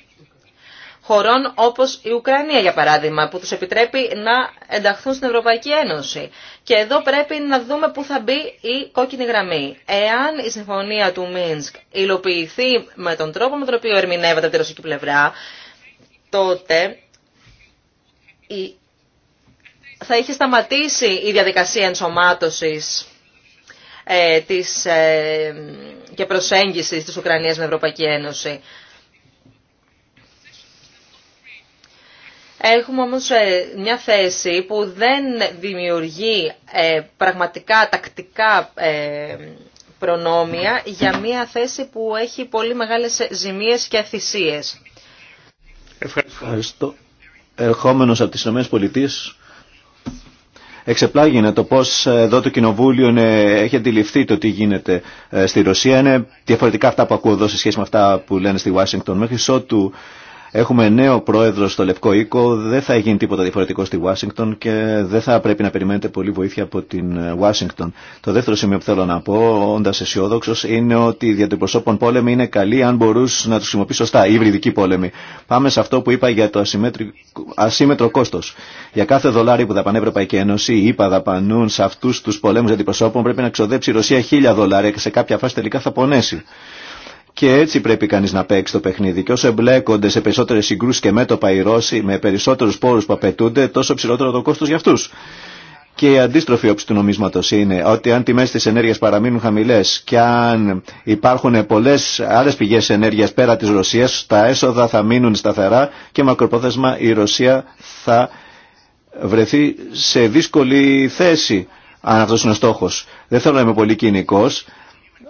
Speaker 4: χωρών όπως η Ουκρανία για παράδειγμα που τους επιτρέπει να ενταχθούν στην Ευρωπαϊκή Ένωση. Και εδώ πρέπει να δούμε πού θα μπει η κόκκινη γραμμή. Εάν η συμφωνία του Μίνσκ υλοποιηθεί με τον τρόπο με τον οποίο ερμηνεύεται από τη ρωσική πλευρά, τότε θα είχε σταματήσει η διαδικασία ενσωμάτωσης ε, της, ε, και προσέγγισης της Ουκρανίας στην Ευρωπαϊκή Ένωση. Έχουμε όμως ε, μια θέση που δεν δημιουργεί ε, πραγματικά τακτικά ε, προνόμια για μια θέση που έχει πολύ μεγάλες ζημίες και θυσίες.
Speaker 2: Ευχαριστώ. Ερχόμενος από τις ΗΠΑ, εξεπλάγει να το πώς εδώ το Κοινοβούλιο ναι, έχει αντιληφθεί το τι γίνεται στη Ρωσία. Είναι διαφορετικά αυτά που ακούω εδώ σε σχέση με αυτά που λένε στη Ουάσιγκτον. Μέχρι Έχουμε νέο πρόεδρο στο Λευκό Οίκο, δεν θα γίνει τίποτα διαφορετικό στη Ουάσιγκτον και δεν θα πρέπει να περιμένετε πολύ βοήθεια από την ε, Ουάσιγκτον. Το δεύτερο σημείο που θέλω να πω, όντα αισιόδοξο, είναι ότι οι διατυπωσόπων πόλεμοι είναι καλοί αν μπορούσε να του χρησιμοποιεί σωστά, οι υβριδικοί πόλεμοι. Πάμε σε αυτό που είπα για το ασύμετρο κόστο. Για κάθε δολάρι που δαπανεύει η Ευρωπαϊκή Ένωση, οι ΙΠΑ δαπανούν σε αυτού του πολέμου πρέπει να ξοδέψει η Ρωσία χίλια δολάρια και σε κάποια φάση τελικά θα πονέσει. Και έτσι πρέπει κανείς να παίξει το παιχνίδι. Και όσο εμπλέκονται σε περισσότερες συγκρούσεις και μέτωπα οι Ρώσοι με περισσότερους πόρους που απαιτούνται, τόσο ψηλότερο το κόστος για αυτούς. Και η αντίστροφη όψη του νομίσματος είναι ότι αν τιμέ της ενέργειας παραμείνουν χαμηλέ και αν υπάρχουν πολλές άλλες πηγές ενέργειας πέρα τη Ρωσία, τα έσοδα θα μείνουν σταθερά και μακροπρόθεσμα η Ρωσία θα βρεθεί σε δύσκολη θέση αν αυτό είναι ο στόχο. Δεν θέλω να είμαι πολύ κοινικό,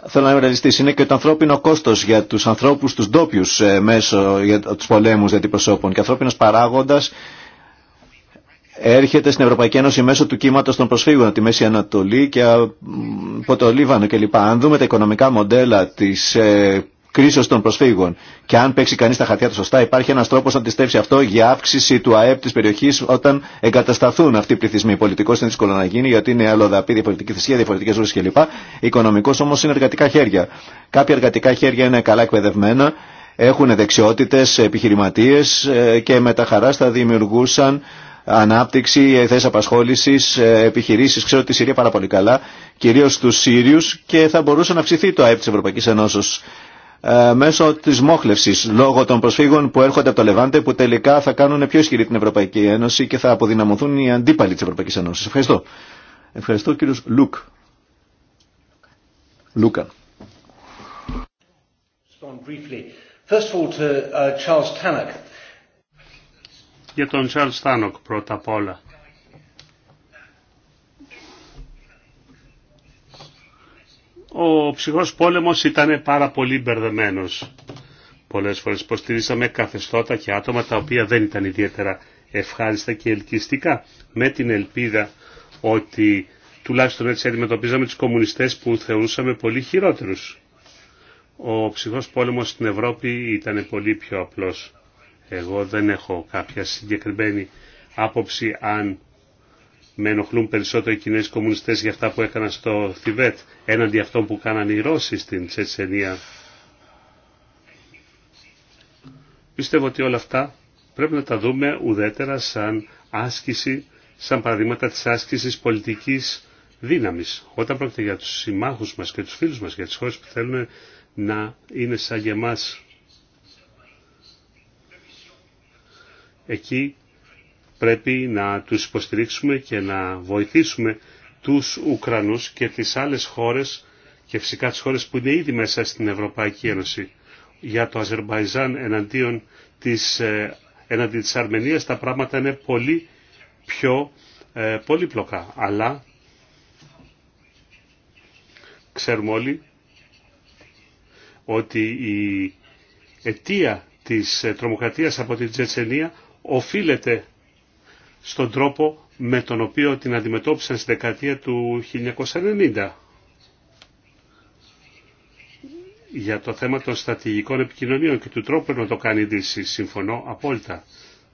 Speaker 2: θέλω να ρεαλιστή, είναι και το ανθρώπινο κόστος για τους ανθρώπους, τους ντόπιου ε, μέσω για τους πολέμους αντιπροσώπων. Και ο ανθρώπινο παράγοντας έρχεται στην Ευρωπαϊκή Ένωση μέσω του κύματο των προσφύγων από τη Μέση Ανατολή και από το Λίβανο κλπ. Αν δούμε τα οικονομικά μοντέλα τη ε, κρίσεω των προσφύγων. Και αν παίξει κανεί τα χαρτιά του σωστά υπάρχει ένα τρόπο να αντιστρέψει αυτό για αύξηση του ΑΕΠ τη περιοχή όταν εγκατασταθούν αυτοί οι πληθυσμοί. Πολιτικό είναι δύσκολο να γίνει γιατί είναι αλλοδαπή, διαφορετική θυσία, διαφορετικέ ζωέ κλπ. Οικονομικό όμω είναι εργατικά χέρια. Κάποια εργατικά χέρια είναι καλά εκπαιδευμένα έχουν δεξιότητε, επιχειρηματίε ε, και με τα χαρά θα δημιουργούσαν ανάπτυξη, θέσει απασχόληση, ε, επιχειρήσει. Ξέρω τη Συρία πάρα πολύ καλά, κυρίω του Σύριου και θα μπορούσε να αυξηθεί το ΑΕΠ τη Ευρωπαϊκή Ενώσεω ε, μέσω της μόχλευσης λόγω των προσφύγων που έρχονται από το Λεβάντε που τελικά θα κάνουν πιο ισχυρή την Ευρωπαϊκή Ένωση και θα αποδυναμωθούν οι αντίπαλοι της Ευρωπαϊκής Ένωσης. Ευχαριστώ. Ευχαριστώ κύριος Λουκ. Λούκα.
Speaker 3: Uh,
Speaker 1: Για τον Charles Τάνοκ πρώτα απ' όλα. ο ψυχρός πόλεμος ήταν πάρα πολύ μπερδεμένο. Πολλές φορές υποστηρίζαμε καθεστώτα και άτομα τα οποία δεν ήταν ιδιαίτερα ευχάριστα και ελκυστικά με την ελπίδα ότι τουλάχιστον έτσι αντιμετωπίζαμε τους κομμουνιστές που θεωρούσαμε πολύ χειρότερους. Ο ψυχρός πόλεμος στην Ευρώπη ήταν πολύ πιο απλός. Εγώ δεν έχω κάποια συγκεκριμένη άποψη αν με ενοχλούν περισσότερο οι Κινέζοι κομμουνιστές για αυτά που έκαναν στο Θιβέτ έναντι αυτών που κάναν οι Ρώσοι στην Τσετσενία. Πιστεύω ότι όλα αυτά πρέπει να τα δούμε ουδέτερα σαν άσκηση, σαν παραδείγματα της άσκησης πολιτικής δύναμης. Όταν πρόκειται για τους συμμάχους μας και τους φίλους μας, για τις χώρες που θέλουν να είναι σαν και εμάς, εκεί πρέπει να τους υποστηρίξουμε και να βοηθήσουμε τους Ουκρανούς και τις άλλες χώρες και φυσικά τις χώρες που είναι ήδη μέσα στην Ευρωπαϊκή Ένωση. Για το Αζερμπαϊζάν εναντίον της, ε, εναντί της Αρμενίας τα πράγματα είναι πολύ πιο ε, πολύπλοκα. Αλλά ξέρουμε όλοι ότι η αιτία της τρομοκρατίας από την Τσετσενία οφείλεται στον τρόπο με τον οποίο την αντιμετώπισαν στη δεκαετία του 1990. Για το θέμα των στρατηγικών επικοινωνίων και του τρόπου να το κάνει η Δύση, συμφωνώ απόλυτα.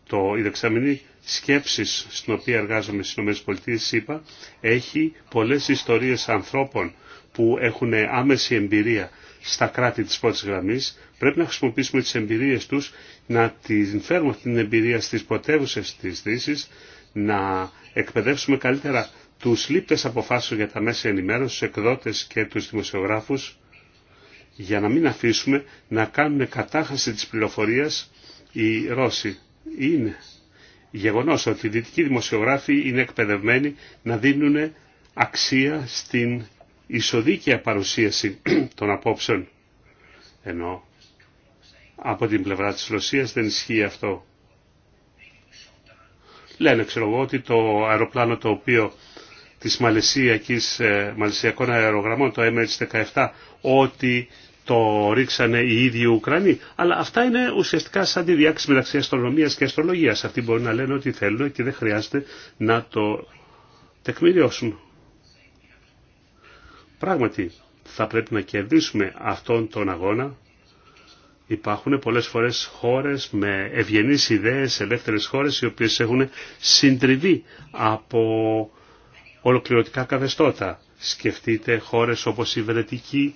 Speaker 1: Το, η δεξαμενή σκέψη στην οποία εργάζομαι στι ΗΠΑ είπα, έχει πολλέ ιστορίε ανθρώπων που έχουν άμεση εμπειρία στα κράτη της πρώτης γραμμής, πρέπει να χρησιμοποιήσουμε τις εμπειρίες τους να την φέρουμε την εμπειρία στις πρωτεύουσες της Δύσης, να εκπαιδεύσουμε καλύτερα τους λήπτες αποφάσεων για τα μέσα ενημέρωση, τους εκδότες και τους δημοσιογράφους, για να μην αφήσουμε να κάνουν κατάχαση της πληροφορίας οι Ρώσοι. Είναι γεγονός ότι οι δυτικοί δημοσιογράφοι είναι εκπαιδευμένοι να δίνουν αξία στην ισοδίκαια παρουσίαση των απόψεων. Ενώ από την πλευρά της Ρωσίας δεν ισχύει αυτό. Λένε, ξέρω εγώ, ότι το αεροπλάνο το οποίο της Μαλαισιακής, ε, Μαλαισιακών αερογραμμών, το MH17, ότι το ρίξανε οι ίδιοι Ουκρανοί. Αλλά αυτά είναι ουσιαστικά σαν τη διάκριση μεταξύ αστρονομίας και αστρολογίας. Αυτοί μπορεί να λένε ό,τι θέλουν και δεν χρειάζεται να το τεκμηριώσουν. Πράγματι, θα πρέπει να κερδίσουμε αυτόν τον αγώνα Υπάρχουν πολλές φορές χώρες με ευγενείς ιδέες, ελεύθερες χώρες οι οποίες έχουν συντριβεί από ολοκληρωτικά καθεστώτα. Σκεφτείτε χώρες όπως η Βρετική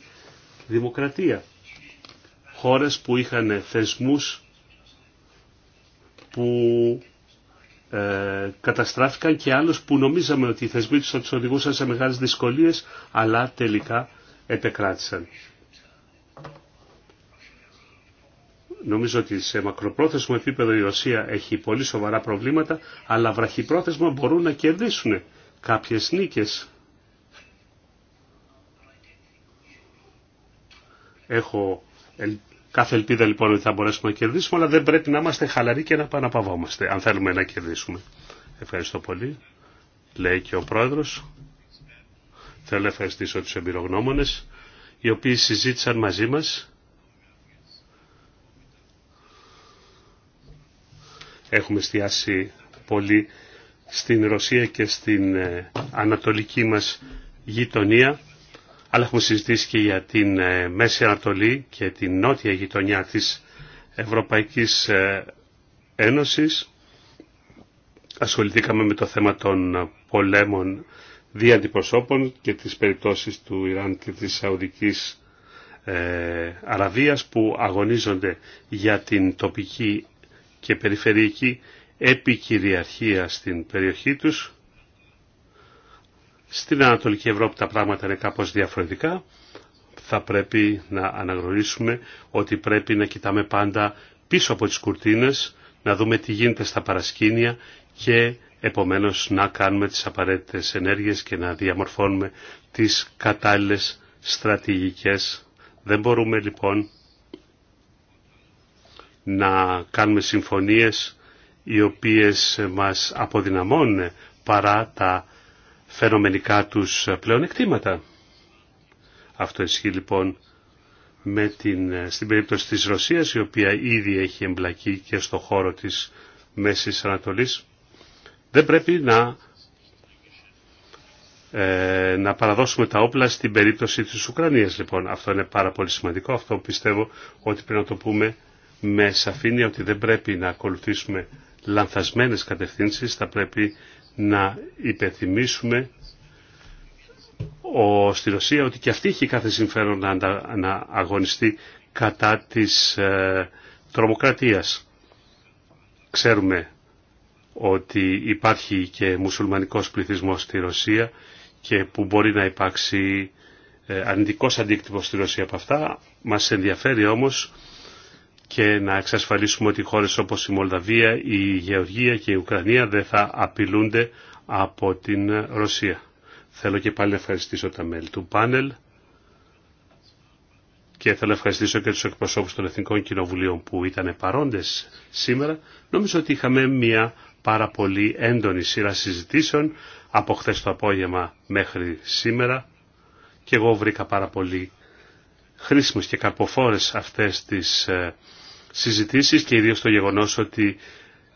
Speaker 1: Δημοκρατία. Χώρες που είχαν θεσμούς που ε, καταστράφηκαν και άλλους που νομίζαμε ότι οι θεσμοί τους θα τους οδηγούσαν σε μεγάλες δυσκολίες αλλά τελικά επεκράτησαν. Νομίζω ότι σε μακροπρόθεσμο επίπεδο η Ρωσία έχει πολύ σοβαρά προβλήματα, αλλά βραχυπρόθεσμα μπορούν να κερδίσουν κάποιες νίκες. Έχω κάθε ελπίδα λοιπόν ότι θα μπορέσουμε να κερδίσουμε, αλλά δεν πρέπει να είμαστε χαλαροί και να παναπαυόμαστε, αν θέλουμε να κερδίσουμε. Ευχαριστώ πολύ. Λέει και ο Πρόεδρος. Θέλω να ευχαριστήσω τους εμπειρογνώμονες, οι οποίοι συζήτησαν μαζί μας Έχουμε εστιάσει πολύ στην Ρωσία και στην ε, ανατολική μας γειτονία, αλλά έχουμε συζητήσει και για την ε, Μέση Ανατολή και την νότια γειτονιά της Ευρωπαϊκής ε, Ένωσης. Ασχοληθήκαμε με το θέμα των πολέμων δια αντιπροσώπων και τις περιπτώσεις του Ιράν και της Σαουδικής Αραβίας που αγωνίζονται για την τοπική και περιφερειακή επικυριαρχία στην περιοχή τους. Στην Ανατολική Ευρώπη τα πράγματα είναι κάπως διαφορετικά. Θα πρέπει να αναγνωρίσουμε ότι πρέπει να κοιτάμε πάντα πίσω από τις κουρτίνες, να δούμε τι γίνεται στα παρασκήνια και επομένως να κάνουμε τις απαραίτητες ενέργειες και να διαμορφώνουμε τις κατάλληλες στρατηγικές. Δεν μπορούμε λοιπόν να κάνουμε συμφωνίες οι οποίες μας αποδυναμώνουν παρά τα φαινομενικά τους πλεονεκτήματα. Αυτό ισχύει λοιπόν με την, στην περίπτωση της Ρωσίας η οποία ήδη έχει εμπλακεί και στο χώρο της Μέσης Ανατολής. Δεν πρέπει να, ε, να παραδώσουμε τα όπλα στην περίπτωση της Ουκρανίας λοιπόν. Αυτό είναι πάρα πολύ σημαντικό. Αυτό πιστεύω ότι πρέπει να το πούμε με σαφήνεια ότι δεν πρέπει να ακολουθήσουμε λανθασμένες κατευθύνσεις, θα πρέπει να υπενθυμίσουμε ο, στη Ρωσία ότι και αυτή έχει κάθε συμφέρον να, αγωνιστεί κατά της ε, τρομοκρατίας. Ξέρουμε ότι υπάρχει και μουσουλμανικός πληθυσμός στη Ρωσία και που μπορεί να υπάρξει ε, αρνητικός αντίκτυπος στη Ρωσία από αυτά. Μας ενδιαφέρει όμως και να εξασφαλίσουμε ότι χώρες όπως η Μολδαβία, η Γεωργία και η Ουκρανία δεν θα απειλούνται από την Ρωσία. Θέλω και πάλι να ευχαριστήσω τα μέλη του πάνελ και θέλω να ευχαριστήσω και τους εκπροσώπους των Εθνικών Κοινοβουλίων που ήταν παρόντες σήμερα. Νομίζω ότι είχαμε μια πάρα πολύ έντονη σειρά συζητήσεων από χθε το απόγευμα μέχρι σήμερα και εγώ βρήκα πάρα πολύ και καρποφόρες αυτές τις ε, συζητήσεις και ιδίως το γεγονός ότι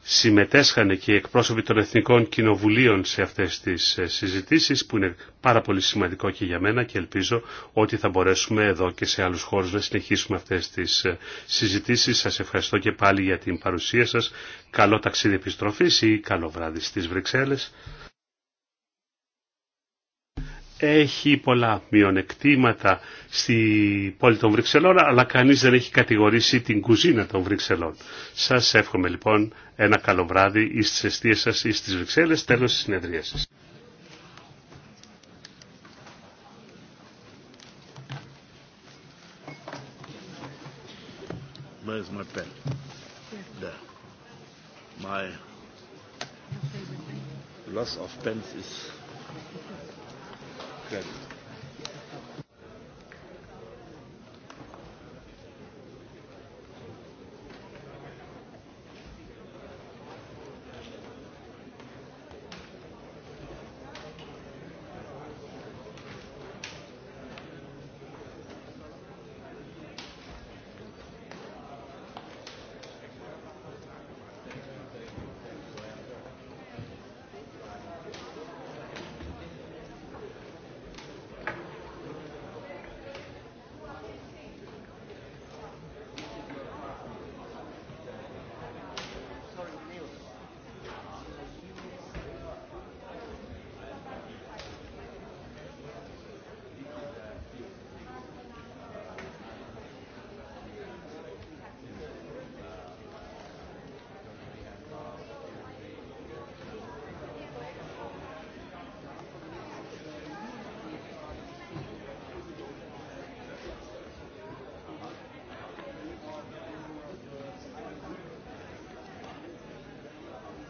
Speaker 1: συμμετέσχανε και οι εκπρόσωποι των Εθνικών Κοινοβουλίων σε αυτές τις ε, συζητήσεις που είναι πάρα πολύ σημαντικό και για μένα και ελπίζω ότι θα μπορέσουμε εδώ και σε άλλους χώρους να συνεχίσουμε αυτές τις ε, συζητήσεις. Σας ευχαριστώ και πάλι για την παρουσία σας. Καλό ταξίδι επιστροφής ή καλό βράδυ στις Βρυξέλλες έχει πολλά μειονεκτήματα στη πόλη των Βρυξελών, αλλά κανείς δεν έχει κατηγορήσει την κουζίνα των Βρυξελών. Σας εύχομαι λοιπόν ένα καλό βράδυ ή στις αιστείες σας ή στις Βρυξέλλες, τέλος της συνεδρίας σας
Speaker 3: credit.